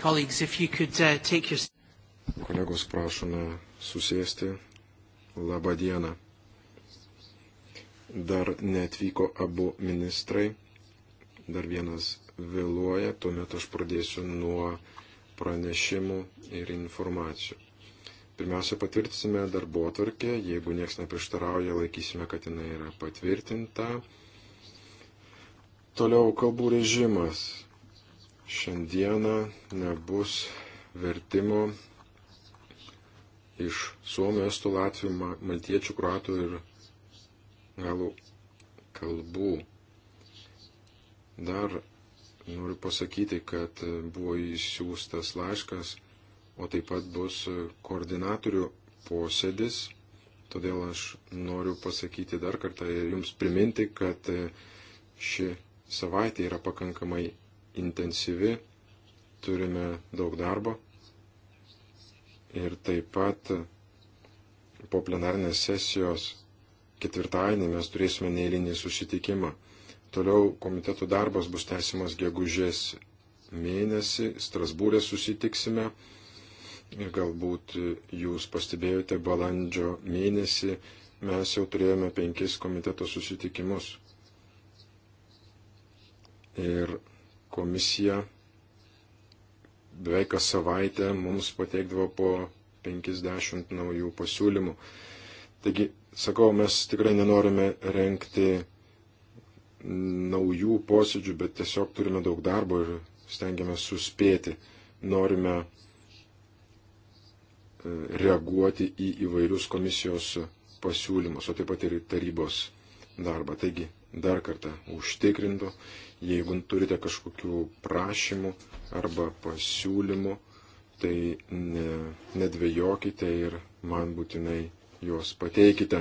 Colleagues, if you could uh, take your... Kolegos, prašome susėsti. Labą dieną. Dar netvyko abu ministrai. Dar vienas vėluoja. Tuomet aš pradėsiu nuo pranešimų ir informacijų. Pirmiausia, patvirtinsime darbo atvarkę. Jeigu nieks neprieštarauja, laikysime, kad jinai yra patvirtinta. Toliau kalbų režimas šiandieną nebus vertimo iš suomių, estų, latvių, maltiečių, kruatų ir galų kalbų. Dar noriu pasakyti, kad buvo įsiūstas laiškas, o taip pat bus koordinatorių posėdis. Todėl aš noriu pasakyti dar kartą ir jums priminti, kad ši savaitė yra pakankamai intensyvi, turime daug darbo ir taip pat po plenarnės sesijos ketvirtadienį mes turėsime neįlinį susitikimą. Toliau komitetų darbas bus tęsimas gegužės mėnesį, Strasbūrė susitiksime ir galbūt jūs pastebėjote balandžio mėnesį mes jau turėjome penkis komiteto susitikimus. Ir komisija beveik kas savaitę mums pateikdavo po 50 naujų pasiūlymų. Taigi, sakau, mes tikrai nenorime renkti naujų posėdžių, bet tiesiog turime daug darbo ir stengiamės suspėti. Norime e, reaguoti į įvairius komisijos pasiūlymus, o taip pat ir tarybos darbą. Taigi dar kartą užtikrintų. Jeigu turite kažkokių prašymų arba pasiūlymų, tai ne, nedvėjokite ir man būtinai juos pateikite.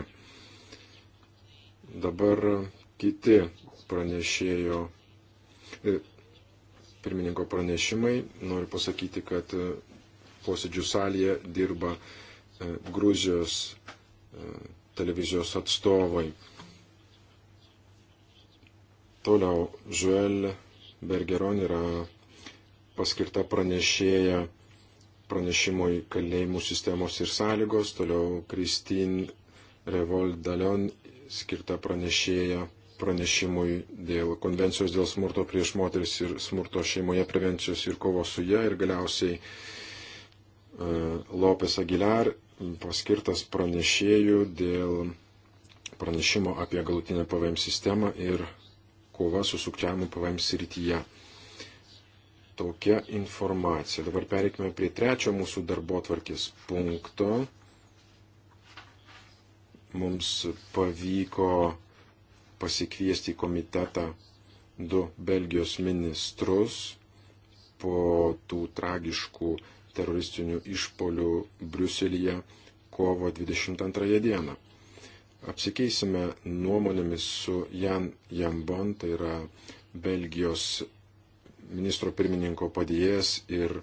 Dabar kiti pranešėjo, e, pirmininko pranešimai. Noriu pasakyti, kad e, posėdžių salėje dirba e, Gruzijos televizijos atstovai. Toliau, Žuel Bergeron yra paskirta pranešėja pranešimui kalėjimų sistemos ir sąlygos, toliau Kristin Revolt Dalion skirta pranešėja pranešimui dėl konvencijos dėl smurto prieš moteris ir smurto šeimoje prevencijos ir kovos su ja ir galiausiai e, Lopes Aguilar paskirtas pranešėjų dėl pranešimo apie galutinę PVM sistemą ir kova su sukčiavimu PVM srityje. Tokia informacija. Dabar pereikime prie trečio mūsų darbo tvarkės punkto. Mums pavyko pasikviesti į komitetą du Belgijos ministrus po tų tragiškų teroristinių išpolių Briuselyje kovo 22 dieną apsikeisime nuomonėmis su Jan Jambon, tai yra Belgijos ministro pirmininko padėjėjas ir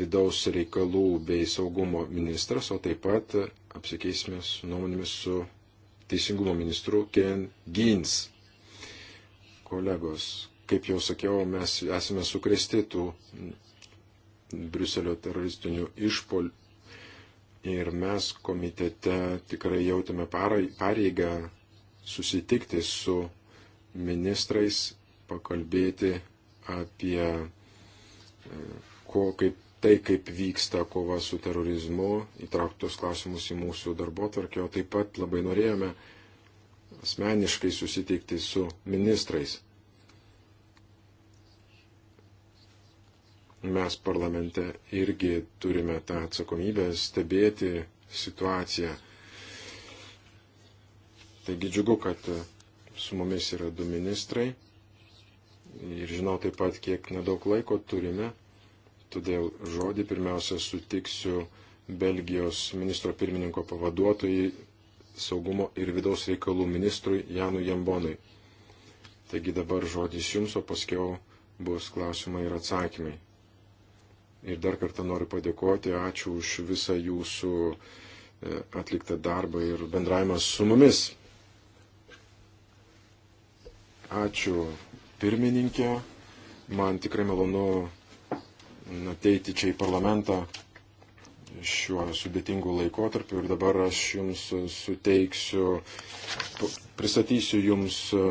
vidaus reikalų bei saugumo ministras, o taip pat apsikeisime su nuomonėmis su teisingumo ministru Ken Gins. Kolegos, kaip jau sakiau, mes esame sukresti tų Briuselio teroristinių išpolių Ir mes komitete tikrai jautėme pareigą susitikti su ministrais, pakalbėti apie e, ko, kaip, tai, kaip vyksta kova su terorizmu, įtrauktos klausimus į mūsų darbo tvarkio. Taip pat labai norėjome asmeniškai susitikti su ministrais. mes parlamente irgi turime tą atsakomybę stebėti situaciją. Taigi džiugu, kad su mumis yra du ministrai ir žinau taip pat, kiek nedaug laiko turime, todėl žodį pirmiausia sutiksiu Belgijos ministro pirmininko pavaduotojai saugumo ir vidaus reikalų ministrui Janui Jambonui. Taigi dabar žodis jums, o paskiau bus klausimai ir atsakymai. Ir dar kartą noriu padėkoti, ačiū už visą jūsų e, atliktą darbą ir bendravimą su mumis. Ačiū pirmininkė, man tikrai malonu ateiti čia į parlamentą šiuo sudėtingu laikotarpiu ir dabar aš jums suteiksiu, pristatysiu jums e,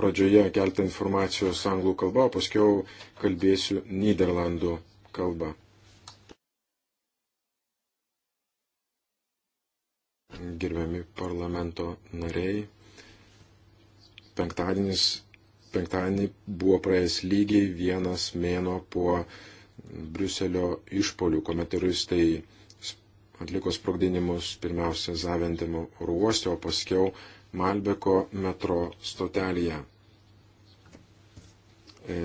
pradžioje keltą informacijos anglų kalbą, o paskiau kalbėsiu Niderlandų kalbą. Gerbiami parlamento nariai, penktadienis, penktadienį buvo praėjęs lygiai vienas mėno po Briuselio išpolių, kuomet teroristai atliko sprogdinimus pirmiausia Zaventimo ruostė, o paskiau Malbeko metro stotelėje. E,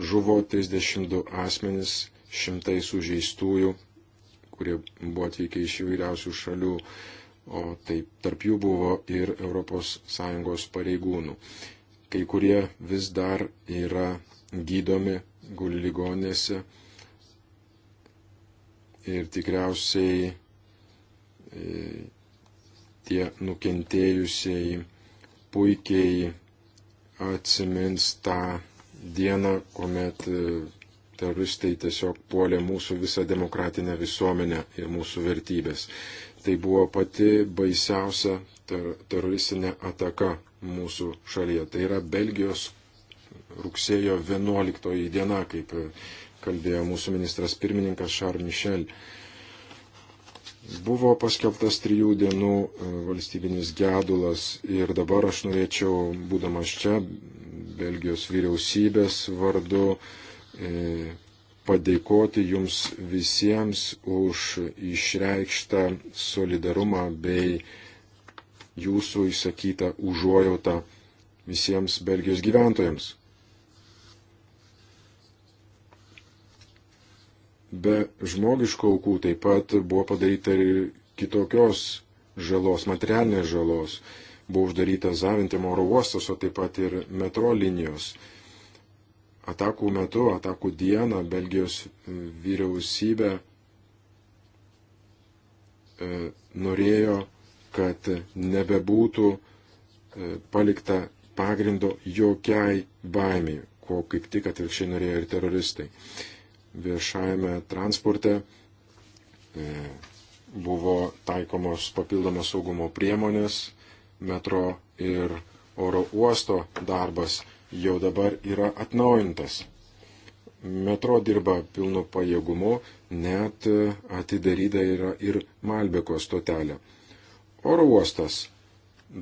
žuvo 32 asmenys, šimtai sužeistųjų, kurie buvo atvykę iš įvairiausių šalių, o taip tarp jų buvo ir ES pareigūnų. Kai kurie vis dar yra gydomi guli ligonėse ir tikriausiai e, tie nukentėjusieji puikiai atsimins tą dieną, kuomet e, teroristai tiesiog puolė mūsų visą demokratinę visuomenę ir mūsų vertybės. Tai buvo pati baisiausia ter teroristinė ataka mūsų šalyje. Tai yra Belgijos rugsėjo 11 diena, kaip e, kalbėjo mūsų ministras pirmininkas Charles Michel. Buvo paskelbtas trijų dienų e, valstybinis gedulas ir dabar aš norėčiau, būdamas čia, Belgijos vyriausybės vardu e, padėkoti jums visiems už išreikštą solidarumą bei jūsų įsakytą užuojautą visiems Belgijos gyventojams. Be žmogiško aukų taip pat buvo padaryta ir kitokios žalos, materialinės žalos buvo uždarytas Zavintimo oro uostas, o taip pat ir metro linijos. Atakų metu, atakų dieną Belgijos vyriausybė e, norėjo, kad nebebūtų e, palikta pagrindo jokiai baimiai, ko kaip tik atvirkščiai norėjo ir teroristai. Viešajame transporte e, buvo taikomos papildomos saugumo priemonės, metro ir oro uosto darbas jau dabar yra atnaujintas. Metro dirba pilnu pajėgumu, net atidaryta yra ir Malbeko stotelė. Oro uostas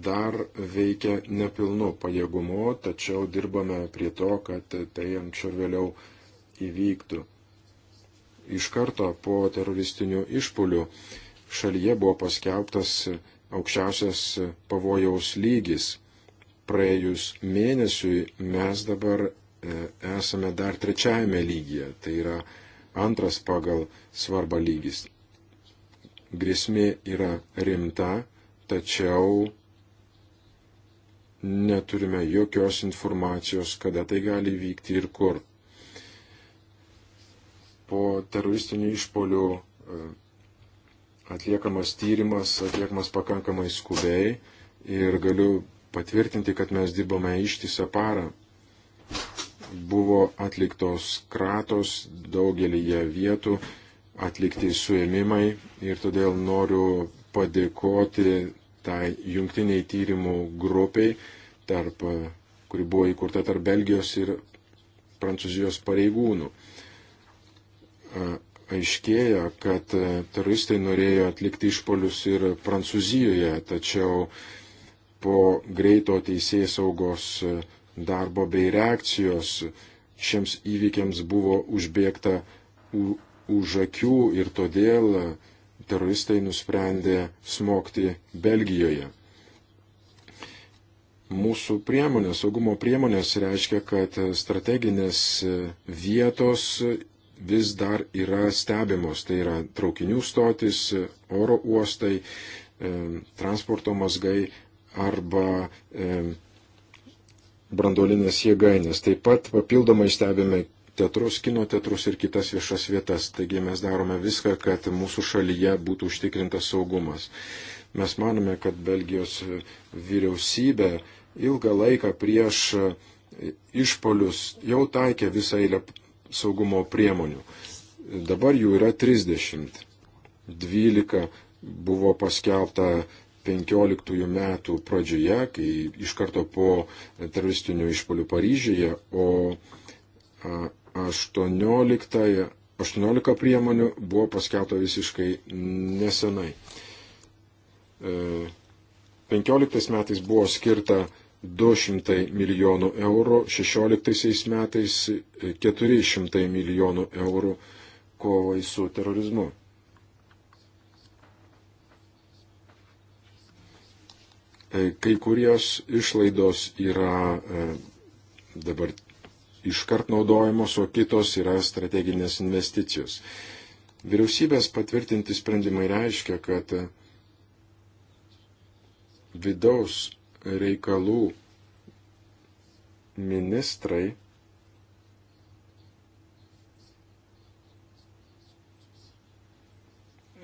dar veikia nepilnu pajėgumu, tačiau dirbame prie to, kad tai anksčiau ir vėliau įvyktų. Iš karto po teroristinių išpolių šalyje buvo paskelbtas aukščiausias pavojaus lygis. Praėjus mėnesiui mes dabar e, esame dar trečiajame lygyje, tai yra antras pagal svarbą lygis. Grėsmė yra rimta, tačiau neturime jokios informacijos, kada tai gali vykti ir kur. Po teroristinių išpolių e, atliekamas tyrimas, atliekamas pakankamai skubiai ir galiu patvirtinti, kad mes dirbame ištisę parą. Buvo atliktos kratos daugelįje vietų, atlikti suėmimai ir todėl noriu padėkoti tai jungtiniai tyrimų grupiai, tarp, kuri buvo įkurta tarp Belgijos ir Prancūzijos pareigūnų aiškėja, kad e, teroristai norėjo atlikti išpolius ir Prancūzijoje, tačiau po greito teisėjai saugos e, darbo bei reakcijos šiems įvykiams buvo užbėgta už akių ir todėl teroristai nusprendė smogti Belgijoje. Mūsų priemonės, saugumo priemonės reiškia, kad strateginės vietos vis dar yra stebimos. Tai yra traukinių stotis, oro uostai, e, transporto mazgai arba e, brandolinės jėgainės. Taip pat papildomai stebime teatrus, kino teatrus ir kitas viešas vietas. Taigi mes darome viską, kad mūsų šalyje būtų užtikrintas saugumas. Mes manome, kad Belgijos vyriausybė ilgą laiką prieš išpolius jau taikė visą eilę saugumo priemonių. Dabar jų yra 30. 12 buvo paskelbta 15 metų pradžioje, kai iš karto po teroristinių išpolių Paryžiuje, o 18, 18 priemonių buvo paskelbta visiškai nesenai. 15 e, metais buvo skirta 200 milijonų eurų, 16 metais 400 milijonų eurų kovai su terorizmu. E, kai kurios išlaidos yra e, dabar iškart naudojamos, o kitos yra strateginės investicijos. Vyriausybės patvirtinti sprendimai reiškia, kad vidaus reikalų ministrai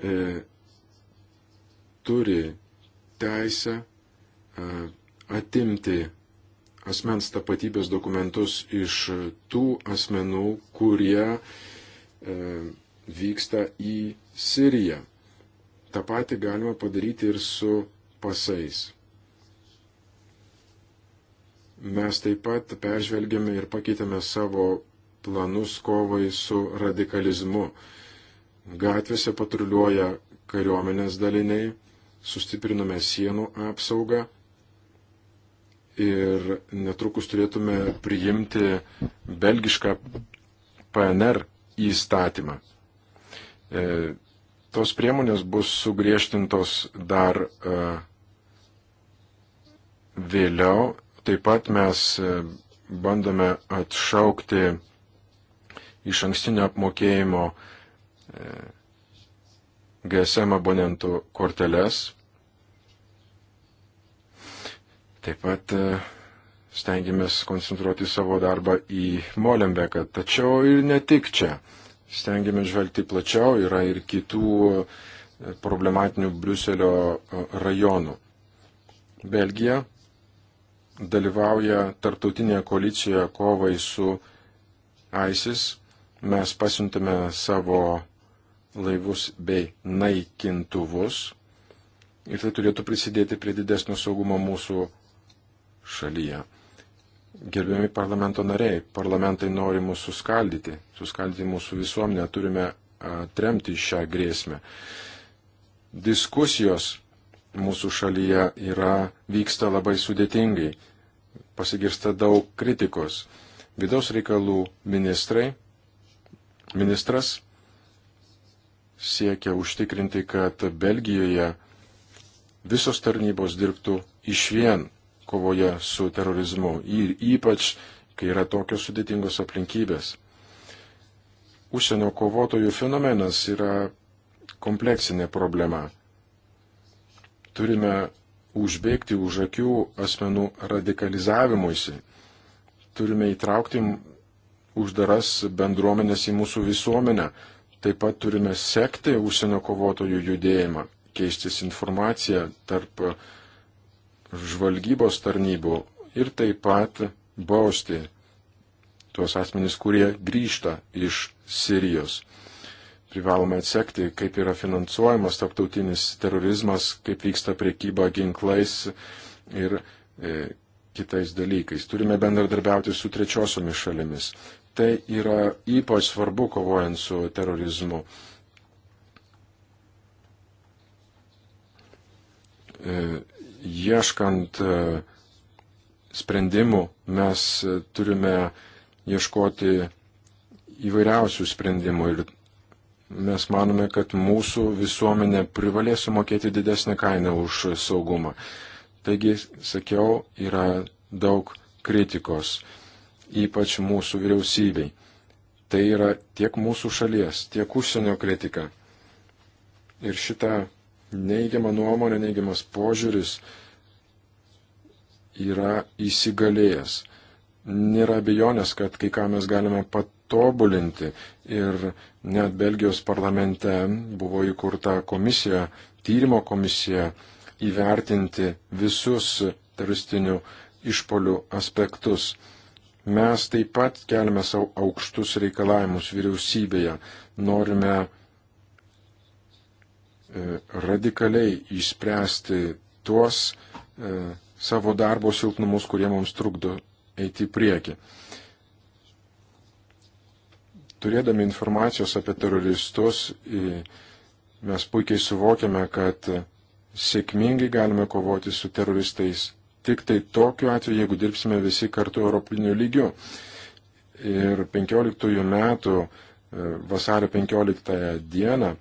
e, turi teisę e, atimti asmens tapatybės dokumentus iš tų asmenų, kurie e, vyksta į Siriją. Ta pati galima padaryti ir su pasais. Mes taip pat peržvelgėme ir pakeitėme savo planus kovai su radikalizmu. Gatvėse patruliuoja kariuomenės daliniai, sustiprinome sienų apsaugą ir netrukus turėtume priimti belgišką PNR įstatymą. E, tos priemonės bus sugriežtintos dar e, vėliau Taip pat mes e, bandome atšaukti iš ankstinio apmokėjimo e, GSM abonentų korteles. Taip pat e, stengiamės koncentruoti savo darbą į Molembeką, tačiau ir ne tik čia. Stengiamės žvelgti plačiau, yra ir kitų problematinių Briuselio rajonų. Belgija dalyvauja tarptautinėje koalicijoje kovai su ISIS. Mes pasiuntame savo laivus bei naikintuvus ir tai turėtų prisidėti prie didesnio saugumo mūsų šalyje. Gerbiami parlamento nariai, parlamentai nori mūsų suskaldyti, suskaldyti mūsų visuomenę, turime atremti šią grėsmę. Diskusijos mūsų šalyje yra, vyksta labai sudėtingai pasigirsta daug kritikos. Vidaus reikalų ministrai, ministras siekia užtikrinti, kad Belgijoje visos tarnybos dirbtų iš vien kovoje su terorizmu ir ypač, kai yra tokios sudėtingos aplinkybės. Užsienio kovotojų fenomenas yra kompleksinė problema. Turime užbėgti už akių asmenų radikalizavimuisi. Turime įtraukti uždaras bendruomenės į mūsų visuomenę. Taip pat turime sekti užsienio kovotojų judėjimą, keistis informaciją tarp žvalgybos tarnybų ir taip pat bausti tuos asmenys, kurie grįžta iš Sirijos. Privalome atsekti, kaip yra finansuojamas tarptautinis terorizmas, kaip vyksta priekyba ginklais ir e, kitais dalykais. Turime bendradarbiauti su trečiosiomis šalimis. Tai yra ypač svarbu kovojant su terorizmu. E, ieškant e, sprendimų mes turime ieškoti įvairiausių sprendimų ir mes manome, kad mūsų visuomenė privalės sumokėti didesnį kainą už saugumą. Taigi, sakiau, yra daug kritikos, ypač mūsų vyriausybei. Tai yra tiek mūsų šalies, tiek užsienio kritika. Ir šita neigiama nuomonė, neigiamas požiūris yra įsigalėjęs. Nėra abejonės, kad kai ką mes galime pat tobulinti. Ir net Belgijos parlamente buvo įkurta komisija, tyrimo komisija įvertinti visus teroristinių išpolių aspektus. Mes taip pat keliame savo aukštus reikalavimus vyriausybėje. Norime e, radikaliai išspręsti tuos e, savo darbo silpnumus, kurie mums trukdo eiti į priekį. Turėdami informacijos apie teroristus, mes puikiai suvokiame, kad sėkmingai galime kovoti su teroristais tik tai tokiu atveju, jeigu dirbsime visi kartu europiniu lygiu. Ir 15 metų e, vasario 15 dieną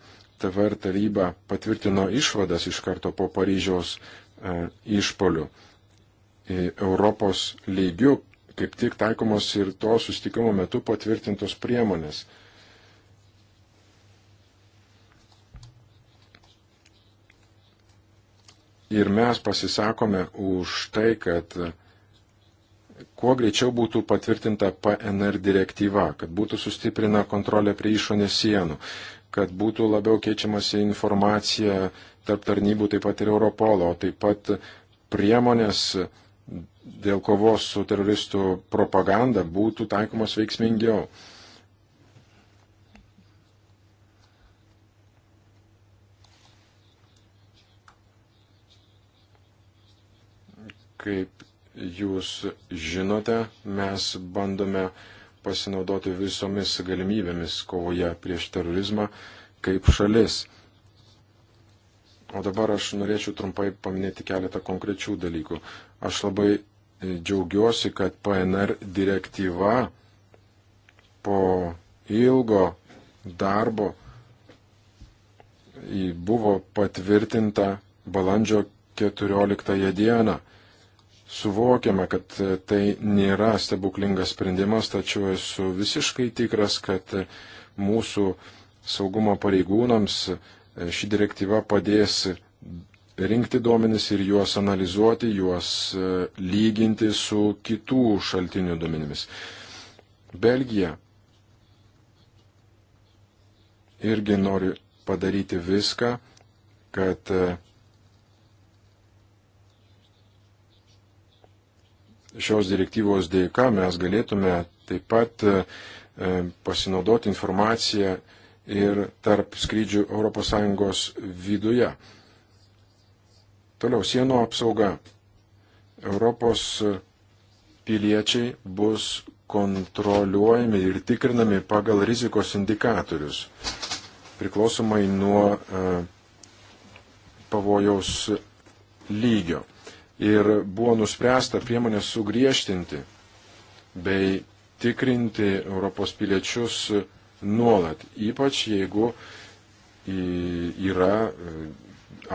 TVR taryba patvirtino išvadas iš karto po Paryžiaus e, išpolių. E, Europos lygių kaip tik taikomos ir to sustikimo metu patvirtintos priemonės. Ir mes pasisakome už tai, kad kuo greičiau būtų patvirtinta PNR direktyva, kad būtų sustiprina kontrolė prie išonės sienų, kad būtų labiau keičiamasi informacija tarp tarnybų, taip pat ir Europolo, taip pat priemonės dėl kovos su teroristų propaganda būtų taikomos veiksmingiau. Kaip jūs žinote, mes bandome pasinaudoti visomis galimybėmis kovoje prieš terorizmą kaip šalis. O dabar aš norėčiau trumpai paminėti keletą konkrečių dalykų. Aš labai e, džiaugiuosi, kad PNR direktyva po ilgo darbo e, buvo patvirtinta balandžio 14 dieną. Suvokiame, kad e, tai nėra stebuklingas sprendimas, tačiau esu visiškai tikras, kad mūsų saugumo pareigūnams ši direktyva padės rinkti duomenis ir juos analizuoti, juos e, lyginti su kitų šaltinių duomenimis. Belgija irgi nori padaryti viską, kad e, šios direktyvos dėka mes galėtume taip pat e, pasinaudoti informaciją ir tarp skrydžių ES viduje. Toliau sienų apsauga. Europos piliečiai bus kontroliuojami ir tikrinami pagal rizikos indikatorius, priklausomai nuo e, pavojaus lygio. Ir buvo nuspręsta priemonės sugriežtinti bei tikrinti Europos piliečius nuolat, ypač jeigu yra e,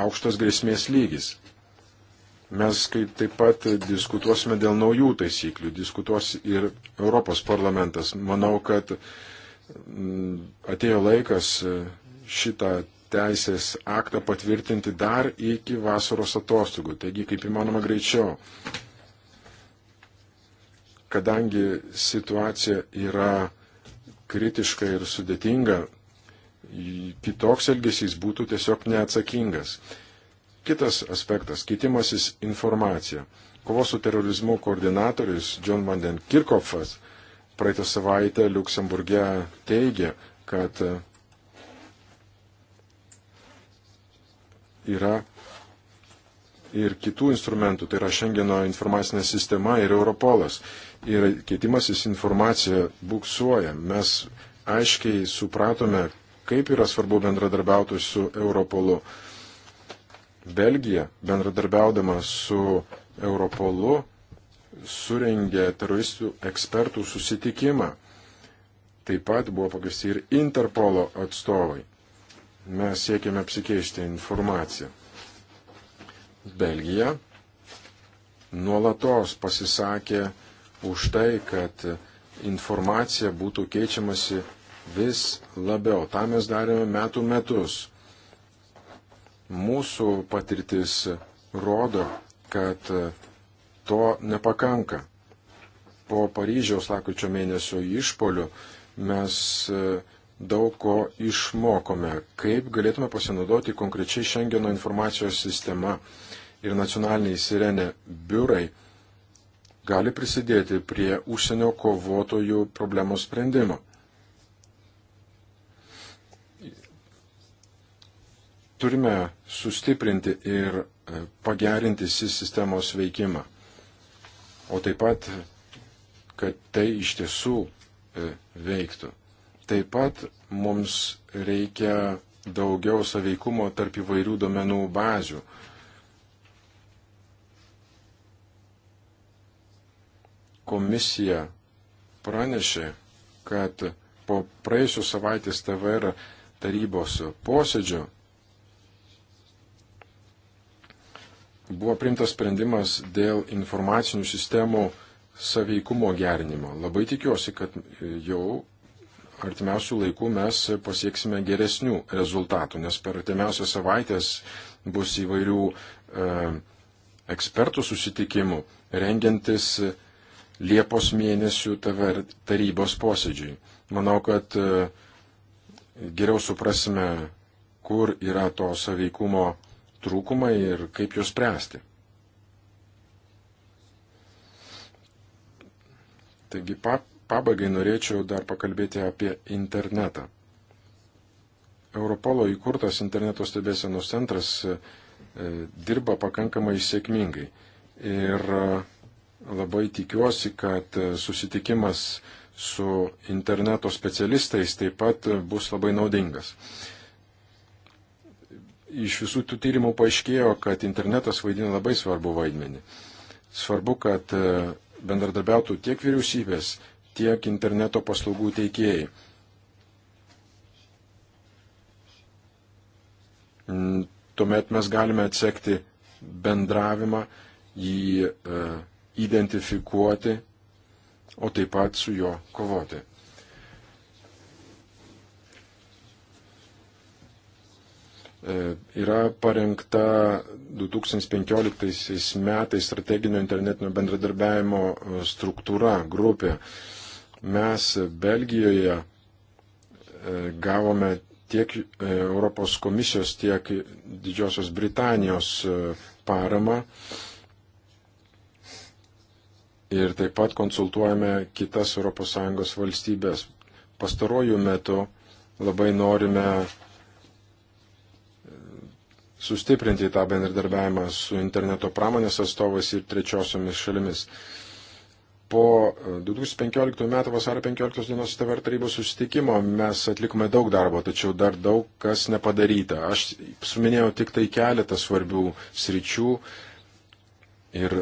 aukštas grėsmės lygis. Mes taip pat diskutuosime dėl naujų taisyklių, diskutuos ir Europos parlamentas. Manau, kad mm, atėjo laikas e, šitą teisės aktą patvirtinti dar iki vasaros atostogų, taigi kaip įmanoma greičiau. Kadangi situacija yra kritiška ir sudėtinga, kitoks elgesys būtų tiesiog neatsakingas. Kitas aspektas - kitimasis informacija. Kovos su terorizmu koordinatorius John Manden Kirkhoffas praeitą savaitę Luksemburge teigė, kad yra ir kitų instrumentų, tai yra Šengeno informacinė sistema ir Europolas ir keitimasis informacija buksuoja. Mes aiškiai supratome, kaip yra svarbu bendradarbiauti su Europolu. Belgija, bendradarbiaudama su Europolu, surengė teroristų ekspertų susitikimą. Taip pat buvo pakviesti ir Interpolo atstovai. Mes siekėme apsikeisti informaciją. Belgija nuolatos pasisakė už tai, kad informacija būtų keičiamasi vis labiau. Ta mes darėme metų metus. Mūsų patirtis rodo, kad to nepakanka. Po Paryžiaus lakučio mėnesio išpolių mes e, daug ko išmokome, kaip galėtume pasinaudoti konkrečiai Šengeno informacijos sistema ir nacionaliniai sirenė biurai gali prisidėti prie užsienio kovotojų problemos sprendimo. Turime sustiprinti ir e, pagerinti SIS sistemos veikimą. O taip pat, kad tai iš tiesų e, veiktų. Taip pat mums reikia daugiau saveikumo tarp įvairių domenų bazių komisija pranešė, kad po praėjusios savaitės TVR tarybos posėdžio buvo primtas sprendimas dėl informacinių sistemų saveikumo gerinimo. Labai tikiuosi, kad jau artimiausių laikų mes pasieksime geresnių rezultatų, nes per artimiausias savaitės bus įvairių e, ekspertų susitikimų, rengiantis Liepos mėnesių TVR tarybos posėdžiui. Manau, kad e, geriau suprasime, kur yra to saveikumo trūkumai ir kaip juos spręsti. Taigi pabaigai norėčiau dar pakalbėti apie internetą. Europolo įkurtas interneto stebėsenos centras e, dirba pakankamai sėkmingai. Ir e, Labai tikiuosi, kad e, susitikimas su interneto specialistais taip pat e, bus labai naudingas. Iš visų tų tyrimų paaiškėjo, kad internetas vaidina labai svarbu vaidmenį. Svarbu, kad e, bendradarbiautų tiek vyriausybės, tiek interneto paslaugų teikėjai. Tuomet mes galime atsekti bendravimą, jį e, identifikuoti, o taip pat su juo kovoti. E, yra parengta 2015 metais strateginio internetinio bendradarbiavimo e, struktūra, grupė. Mes Belgijoje e, gavome tiek Europos komisijos, tiek Didžiosios Britanijos paramą ir taip pat konsultuojame kitas ES valstybės. Pastarojų metų labai norime e, sustiprinti tą bendradarbiavimą su interneto pramonės atstovais ir trečiosiomis šalimis. Po 2015 e, m. vasario 15 dienos TVR tarybos susitikimo mes atlikome daug darbo, tačiau dar daug kas nepadaryta. Aš suminėjau tik tai keletą svarbių sričių ir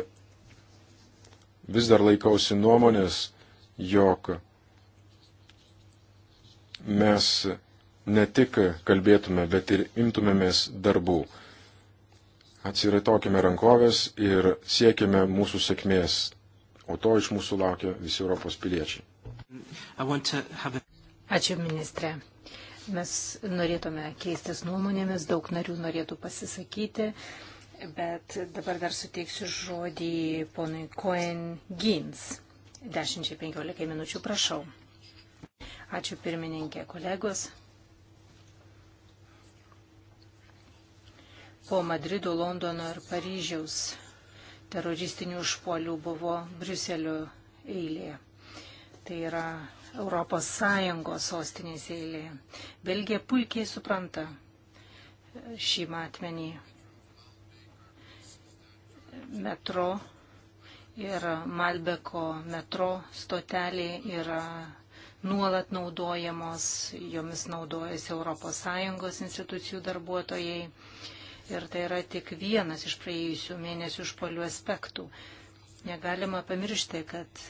vis dar laikausi nuomonės, jog mes ne tik kalbėtume, bet ir imtumėmės darbų. Atsiratokime rankovės ir siekime mūsų sėkmės, o to iš mūsų laukia visi Europos piliečiai. Ačiū, ministrė. Mes norėtume keistis nuomonėmis, daug narių norėtų pasisakyti bet dabar dar suteiksiu žodį ponui Cohen Gins. 10-15 minučių prašau. Ačiū pirmininkė kolegos. Po Madrido, Londono ir Paryžiaus teroristinių užpuolių buvo Briuselio eilė. Tai yra Europos Sąjungos sostinės eilė. Belgija puikiai supranta šį matmenį metro ir Malbeko metro stotelė yra nuolat naudojamos, jomis naudojasi ES institucijų darbuotojai. Ir tai yra tik vienas iš praėjusių mėnesių išpolių aspektų. Negalima pamiršti, kad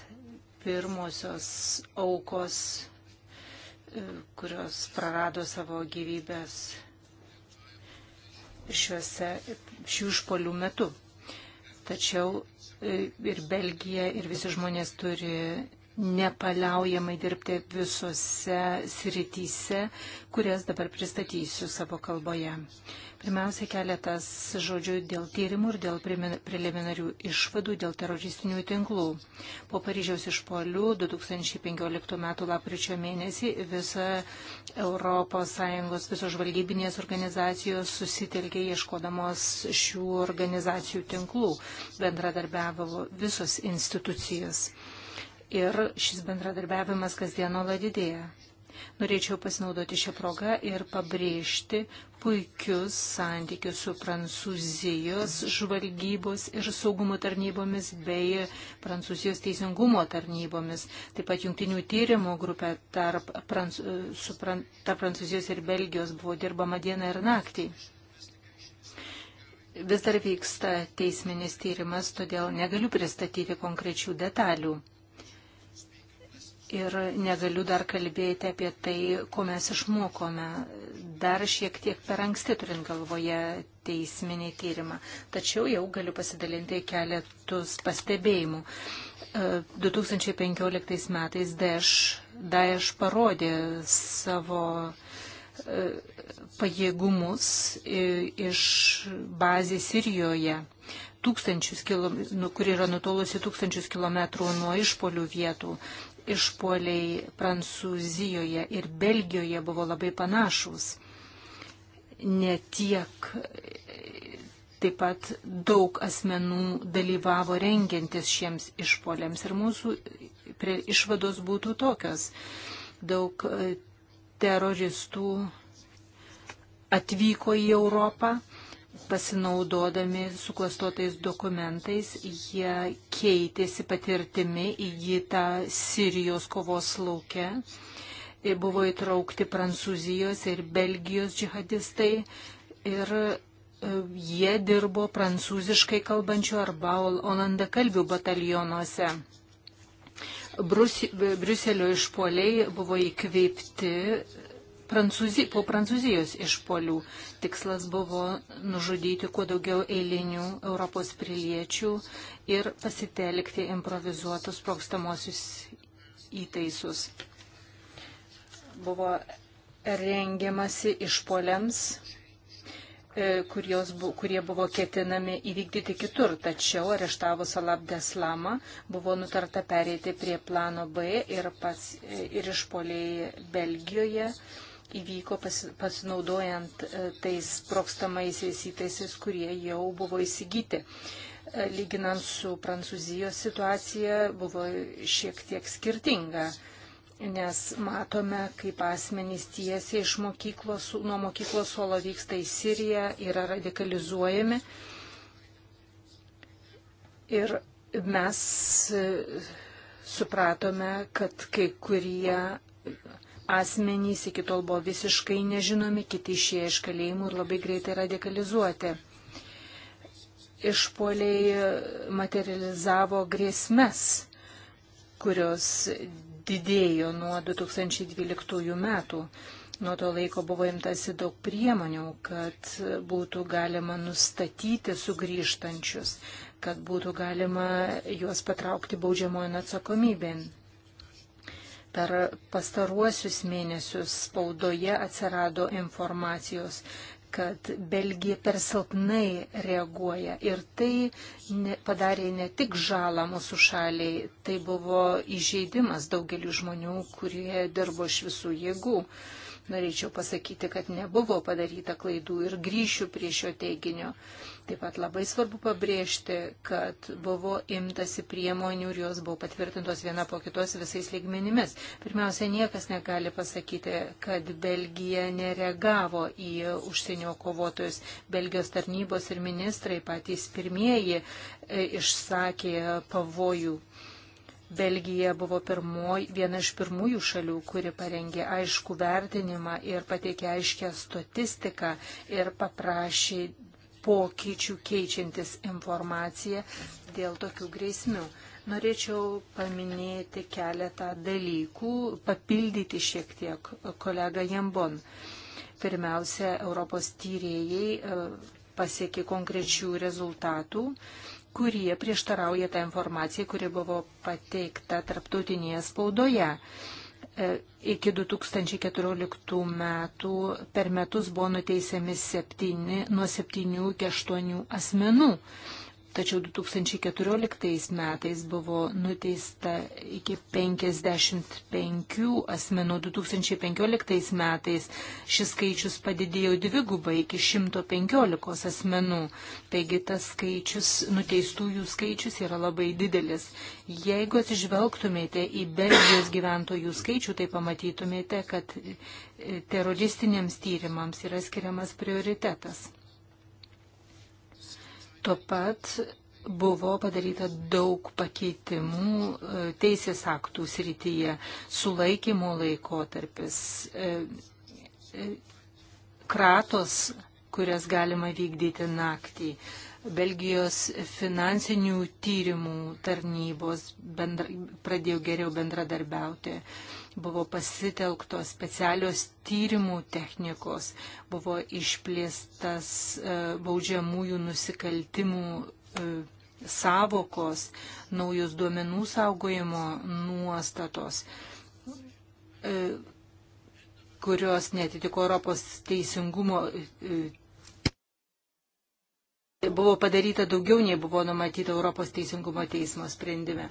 pirmosios aukos, e, kurios prarado savo gyvybės šiuose, šių išpolių metu. Tačiau e, ir Belgija, ir visi žmonės turi nepaliaujamai dirbti visose srityse, kurias dabar pristatysiu savo kalboje. Pirmiausia, keletas žodžių dėl tyrimų ir dėl preliminarių išvadų dėl teroristinių tinklų. Po Paryžiaus išpolių 2015 m. lapkričio mėnesį visa ES visos žvalgybinės organizacijos susitelkė ieškodamos šių organizacijų tinklų. Bendradarbiavo visos institucijos ir šis bendradarbiavimas kasdienola didėja. Norėčiau pasinaudoti šią progą ir pabrėžti puikius santykius su Prancūzijos žvalgybos ir saugumo tarnybomis bei Prancūzijos teisingumo tarnybomis, taip pat jungtinių tyrimų grupė tarp, Prancū, su, tarp Prancūzijos ir Belgijos buvo dirbama dieną ir naktį. Vis dar vyksta teisminis tyrimas, todėl negaliu pristatyti konkrečių detalių ir negaliu dar kalbėti apie tai, ko mes išmokome. Dar šiek tiek per anksti turint galvoje teisminį tyrimą. Tačiau jau galiu pasidalinti keletus pastebėjimų. 2015 e, metais Daesh, Daesh parodė savo e, pajėgumus e, iš bazės Sirijoje tūkstančius kilometrų, nu, kur yra nutolusi tūkstančius kilometrų nuo išpolių vietų išpoliai Prancūzijoje ir Belgijoje buvo labai panašus. Ne tiek taip pat daug asmenų dalyvavo rengiantis šiems išpoliams ir mūsų išvados būtų tokios. Daug e, teroristų atvyko į Europą pasinaudodami suklastotais dokumentais, jie keitėsi patirtimi įgytą Sirijos kovos lauke. E, buvo įtraukti Prancūzijos ir Belgijos džihadistai ir e, jie dirbo prancūziškai kalbančių arba olandakalbių batalionuose. Brus, Briuselio išpoliai buvo įkveipti Prancūzi, po Prancūzijos išpolių. Tikslas buvo nužudyti kuo daugiau eilinių Europos piliečių ir pasitelkti improvizuotus prokstamosius įtaisus. Buvo rengiamasi išpoliams e, kurios, kurie buvo ketinami įvykdyti kitur, tačiau areštavus Alabdeslamą buvo nutarta pereiti prie plano B ir, pas, ir išpoliai Belgijoje įvyko pas, pasinaudojant e, tais prokstamais įtaisais, kurie jau buvo įsigyti. E, lyginant su Prancūzijos situacija buvo šiek tiek skirtinga, nes matome, kaip asmenys tiesiai iš mokyklos, nuo mokyklos suolo vyksta į Siriją, yra radikalizuojami. Ir mes e, supratome, kad kai kurie asmenys iki tol buvo visiškai nežinomi, kiti išėję iš kalėjimų ir labai greitai radikalizuoti. Išpoliai materializavo grėsmes, kurios didėjo nuo 2012 metų. Nuo to laiko buvo imtasi daug priemonių, kad būtų galima nustatyti sugrįžtančius, kad būtų galima juos patraukti baudžiamojo atsakomybėn. Per pastaruosius mėnesius spaudoje atsirado informacijos, kad Belgija per silpnai reaguoja. Ir tai ne, padarė ne tik žalą mūsų šaliai, tai buvo įžeidimas daugeliu žmonių, kurie dirbo iš visų jėgų. Norėčiau pasakyti, kad nebuvo padaryta klaidų ir grįšiu prie šio teiginio. Taip pat labai svarbu pabrėžti, kad buvo imtasi priemonių ir jos buvo patvirtintos viena po kitos visais lygmenimis. Pirmiausia, niekas negali pasakyti, kad Belgija nereagavo į užsienio kovotojus. Belgijos tarnybos ir ministrai patys pirmieji e, išsakė pavojų Belgija buvo pirmoj, viena iš pirmųjų šalių, kuri parengė aišku vertinimą ir pateikė aiškę statistiką ir paprašė pokyčių keičiantis informaciją dėl tokių grėsmių. Norėčiau paminėti keletą dalykų, papildyti šiek tiek kolegą Jambon. Pirmiausia, Europos tyrėjai e, pasiekė konkrečių rezultatų kurie prieštarauja tą informaciją, kuri buvo pateikta tarptautinėje spaudoje. E, iki 2014 metų per metus buvo nuteisiami septyni, nuo 7 iki 8 asmenų tačiau 2014 metais buvo nuteista iki 55 asmenų, 2015 metais šis skaičius padidėjo dvigubai iki 115 asmenų, taigi tas skaičius, nuteistųjų skaičius yra labai didelis. Jeigu atsižvelgtumėte į Belgijos gyventojų skaičių, tai pamatytumėte, kad teroristiniams tyrimams yra skiriamas prioritetas. Tuo pat buvo padaryta daug pakeitimų e, teisės aktų srityje, sulaikymo laikotarpis, e, e, kratos, kurias galima vykdyti naktį. Belgijos finansinių tyrimų tarnybos bendra, pradėjo geriau bendradarbiauti. E, Buvo pasitelktos specialios tyrimų technikos, buvo išplėstas e, baudžiamųjų nusikaltimų e, savokos, naujos duomenų saugojimo nuostatos e, kurios netitiko Europos teisingumo. Buvo padaryta daugiau nei buvo numatyta Europos teisingumo teismo sprendime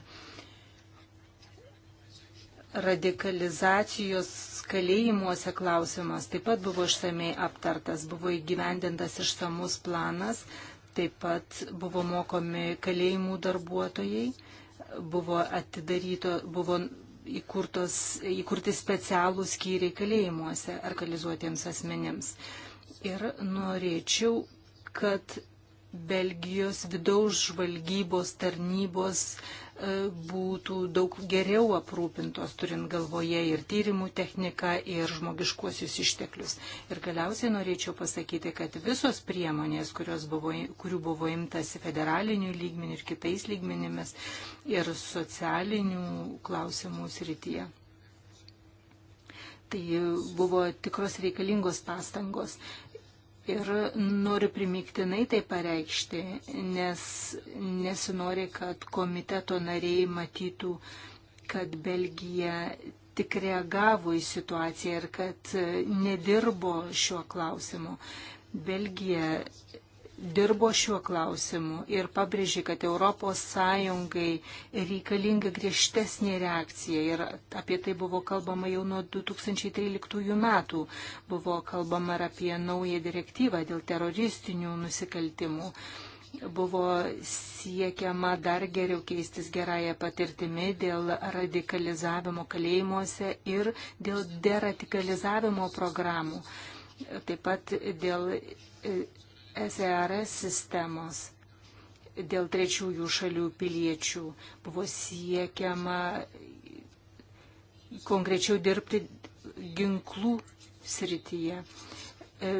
radikalizacijos kalėjimuose klausimas taip pat buvo išsamei aptartas, buvo įgyvendintas išsamus planas, taip pat buvo mokomi kalėjimų darbuotojai, buvo atidaryto, buvo įkurtos, įkurti specialų skyriai kalėjimuose arkalizuotiems asmenėms. Ir norėčiau, kad Belgijos vidaus žvalgybos tarnybos uh, būtų daug geriau aprūpintos, turint galvoje ir tyrimų techniką, ir žmogiškuosius išteklius. Ir galiausiai norėčiau pasakyti, kad visos priemonės, buvo, kurių buvo imtasi federalinių lygmenių ir kitais lygmenimis, ir socialinių klausimų srityje. Tai buvo tikros reikalingos pastangos ir noriu primiktinai tai pareikšti, nes nesinori, kad komiteto nariai matytų, kad Belgija tik reagavo į situaciją ir kad nedirbo šiuo klausimu. Belgija dirbo šiuo klausimu ir pabrėžė, kad ES reikalinga griežtesnė reakcija ir apie tai buvo kalbama jau nuo 2013 metų. Buvo kalbama ir apie naują direktyvą dėl teroristinių nusikaltimų. Buvo siekiama dar geriau keistis gerąją patirtimį dėl radikalizavimo kalėjimuose ir dėl deradikalizavimo programų. Taip pat dėl SRS sistemos dėl trečiųjų šalių piliečių buvo siekiama konkrečiau dirbti ginklų srityje. E,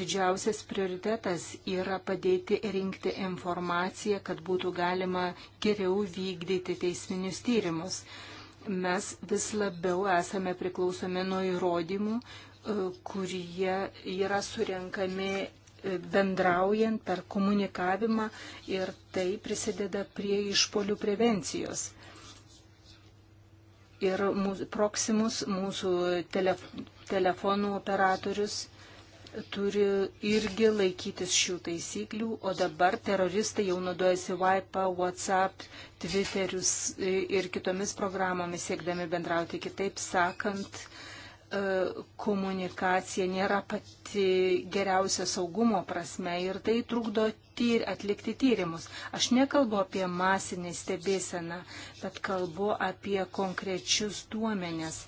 didžiausias prioritetas yra padėti rinkti informaciją, kad būtų galima geriau vykdyti teisminius tyrimus. Mes vis labiau esame priklausomi nuo įrodymų, e, kurie yra surenkami bendraujant per komunikavimą ir tai prisideda prie išpolių prevencijos. Ir mūsų, Proximus, mūsų telef, telefonų operatorius, turi irgi laikytis šių taisyklių, o dabar teroristai jau naudojasi Wi-Fi, WhatsApp, Twitterius ir kitomis programomis siekdami bendrauti. Kitaip sakant, uh, E, komunikacija nėra pati geriausia saugumo prasme ir tai trukdo tyr, atlikti tyrimus. Aš nekalbu apie masinį stebėseną, bet kalbu apie konkrečius duomenis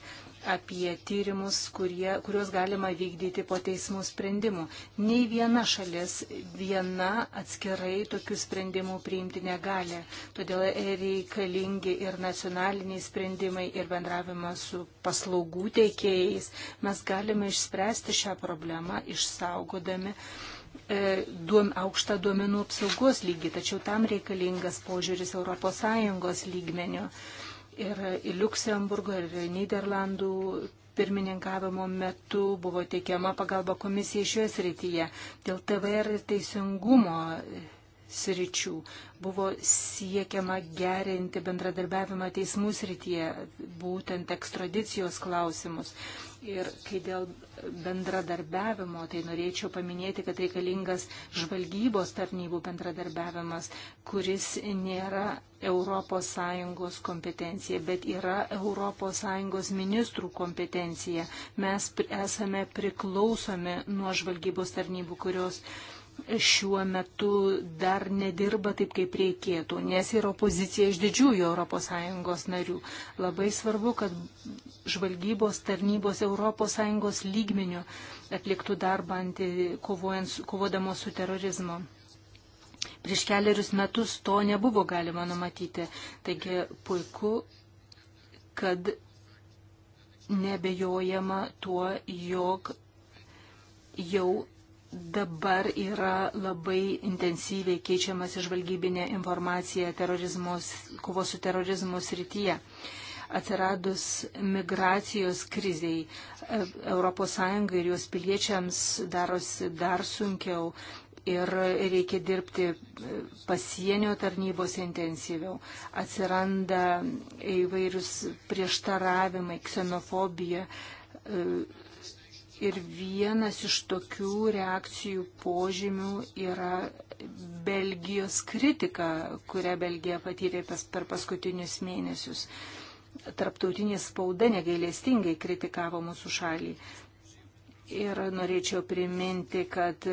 apie tyrimus, kurie, kuriuos galima vykdyti po teismų sprendimų. Nei viena šalis viena atskirai tokių sprendimų priimti negali. Todėl reikalingi ir nacionaliniai sprendimai, ir bendravimas su paslaugų teikėjais. Mes galime išspręsti šią problemą išsaugodami e, duom, aukštą duomenų apsaugos lygį, tačiau tam reikalingas požiūris ES lygmenio. Ir į Luksemburgo ir Niderlandų pirmininkavimo metu buvo teikiama pagalba komisijai šioje srityje dėl TVR teisingumo sričių. Buvo siekiama gerinti bendradarbiavimą teismų srityje, būtent ekstradicijos klausimus. Ir kai dėl bendradarbiavimo, tai norėčiau paminėti, kad reikalingas žvalgybos tarnybų bendradarbiavimas, kuris nėra ES kompetencija, bet yra ES ministrų kompetencija. Mes esame priklausomi nuo žvalgybos tarnybų, kurios uh, šiuo metu dar nedirba taip, kaip reikėtų, nes yra opozicija iš didžiųjų ES narių. Labai svarbu, kad žvalgybos tarnybos ES lygmenių atliktų darbą kovodamos su terorizmu. Prieš keliarius metus to nebuvo galima numatyti. Taigi puiku, kad nebejojama tuo, jog jau dabar yra labai intensyviai keičiamas išvalgybinė informacija kovos su terorizmu srityje. Atsiradus migracijos kriziai ES ir jos piliečiams darosi dar sunkiau ir reikia dirbti e, pasienio tarnybos intensyviau. Atsiranda įvairius prieštaravimai, ksenofobija e, Ir vienas iš tokių reakcijų požymių yra Belgijos kritika, kurią Belgija patyrė per paskutinius mėnesius. Tarptautinė spauda negailestingai kritikavo mūsų šalį. Ir norėčiau priminti, kad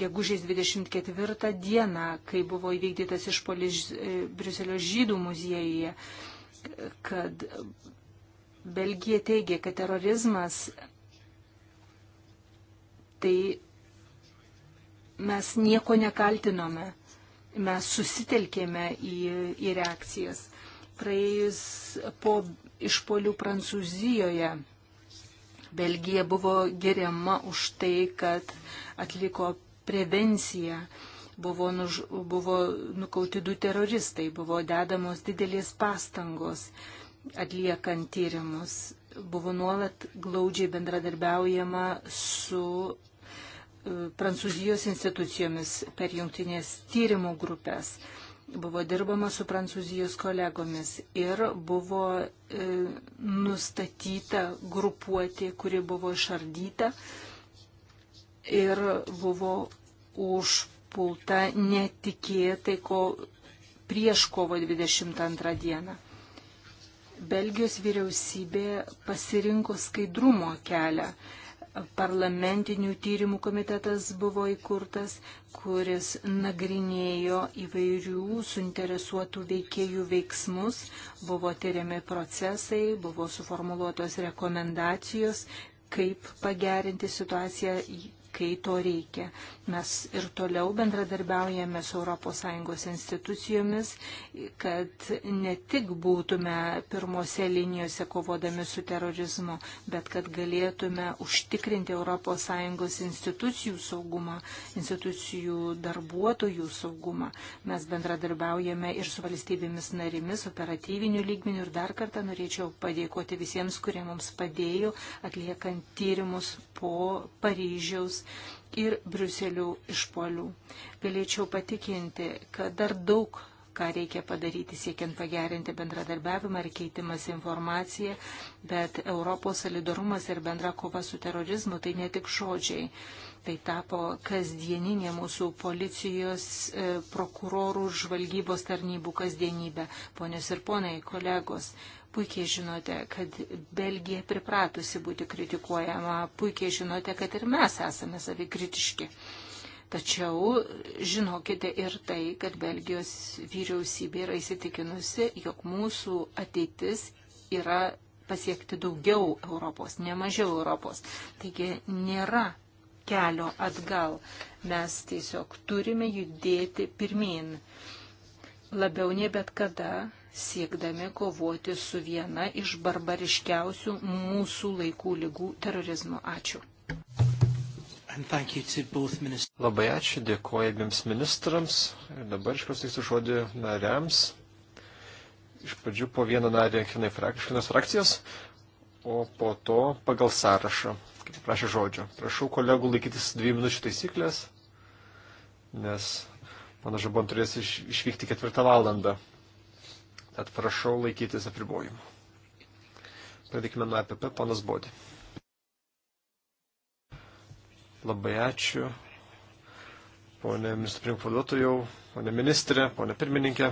gegužės 24 dieną, kai buvo įvykdytas išpolis e, Briuselio žydų muziejuje, kad Belgija teigia, kad terorizmas tai mes nieko nekaltinome, mes susitelkėme į, į reakcijas. Praėjus po išpolių Prancūzijoje, Belgija buvo geriama už tai, kad atliko prevenciją. Buvo, nuž, buvo nukauti du teroristai, buvo dedamos didelės pastangos atliekant tyrimus buvo nuolat glaudžiai bendradarbiaujama su Prancūzijos institucijomis per jungtinės tyrimų grupės. Buvo dirbama su Prancūzijos kolegomis ir buvo e, nustatyta grupuotė, kuri buvo išardyta ir buvo užpulta netikėtai ko, prieš kovo 22 dieną. Belgijos vyriausybė pasirinko skaidrumo kelią parlamentinių tyrimų komitetas buvo įkurtas, kuris nagrinėjo įvairių suinteresuotų veikėjų veiksmus, buvo tyriami procesai, buvo suformuluotos rekomendacijos, kaip pagerinti situaciją kai to reikia. Mes ir toliau bendradarbiaujame su ES institucijomis, kad ne tik būtume pirmose linijose kovodami su terorizmu, bet kad galėtume užtikrinti ES institucijų saugumą, institucijų darbuotojų saugumą. Mes bendradarbiaujame ir su valstybėmis narimis, operatyviniu lygmeniu ir dar kartą norėčiau padėkoti visiems, kurie mums padėjo atliekant tyrimus po Paryžiaus ir Briuselių išpolių. Galėčiau patikinti, kad dar daug ką reikia padaryti siekiant pagerinti bendradarbiavimą ir keitimas informaciją, bet Europos solidarumas ir bendra kova su terorizmu tai ne tik žodžiai. Tai tapo kasdieninė mūsų policijos, e, prokurorų, žvalgybos tarnybų kasdienybė. Ponios ir ponai, kolegos, Puikiai žinote, kad Belgija pripratusi būti kritikuojama, puikiai žinote, kad ir mes esame savikritiški. Tačiau žinokite ir tai, kad Belgijos vyriausybė yra įsitikinusi, jog mūsų ateitis yra pasiekti daugiau Europos, ne mažiau Europos. Taigi nėra kelio atgal. Mes tiesiog turime judėti pirmin. Labiau nei bet kada siekdami kovoti su viena iš barbariškiausių mūsų laikų lygų terorizmu. Ačiū. Labai ačiū, dėkoju abiems ministrams. Ir dabar išklausysiu žodį nariams. Iš pradžių po vieną narį kiekvienai frakcijos, frakcijos, o po to pagal sąrašą, kaip prašė žodžio. Prašau kolegų laikytis dviejų minučių taisyklės, nes mano žabon turės iš, išvykti ketvirtą valandą tad prašau laikytis apribojimų. Pradėkime nuo APP, e panas Bodė. Labai ačiū. Pone ministro prinkvaduotojau, pone ministrė, pone pirmininkė.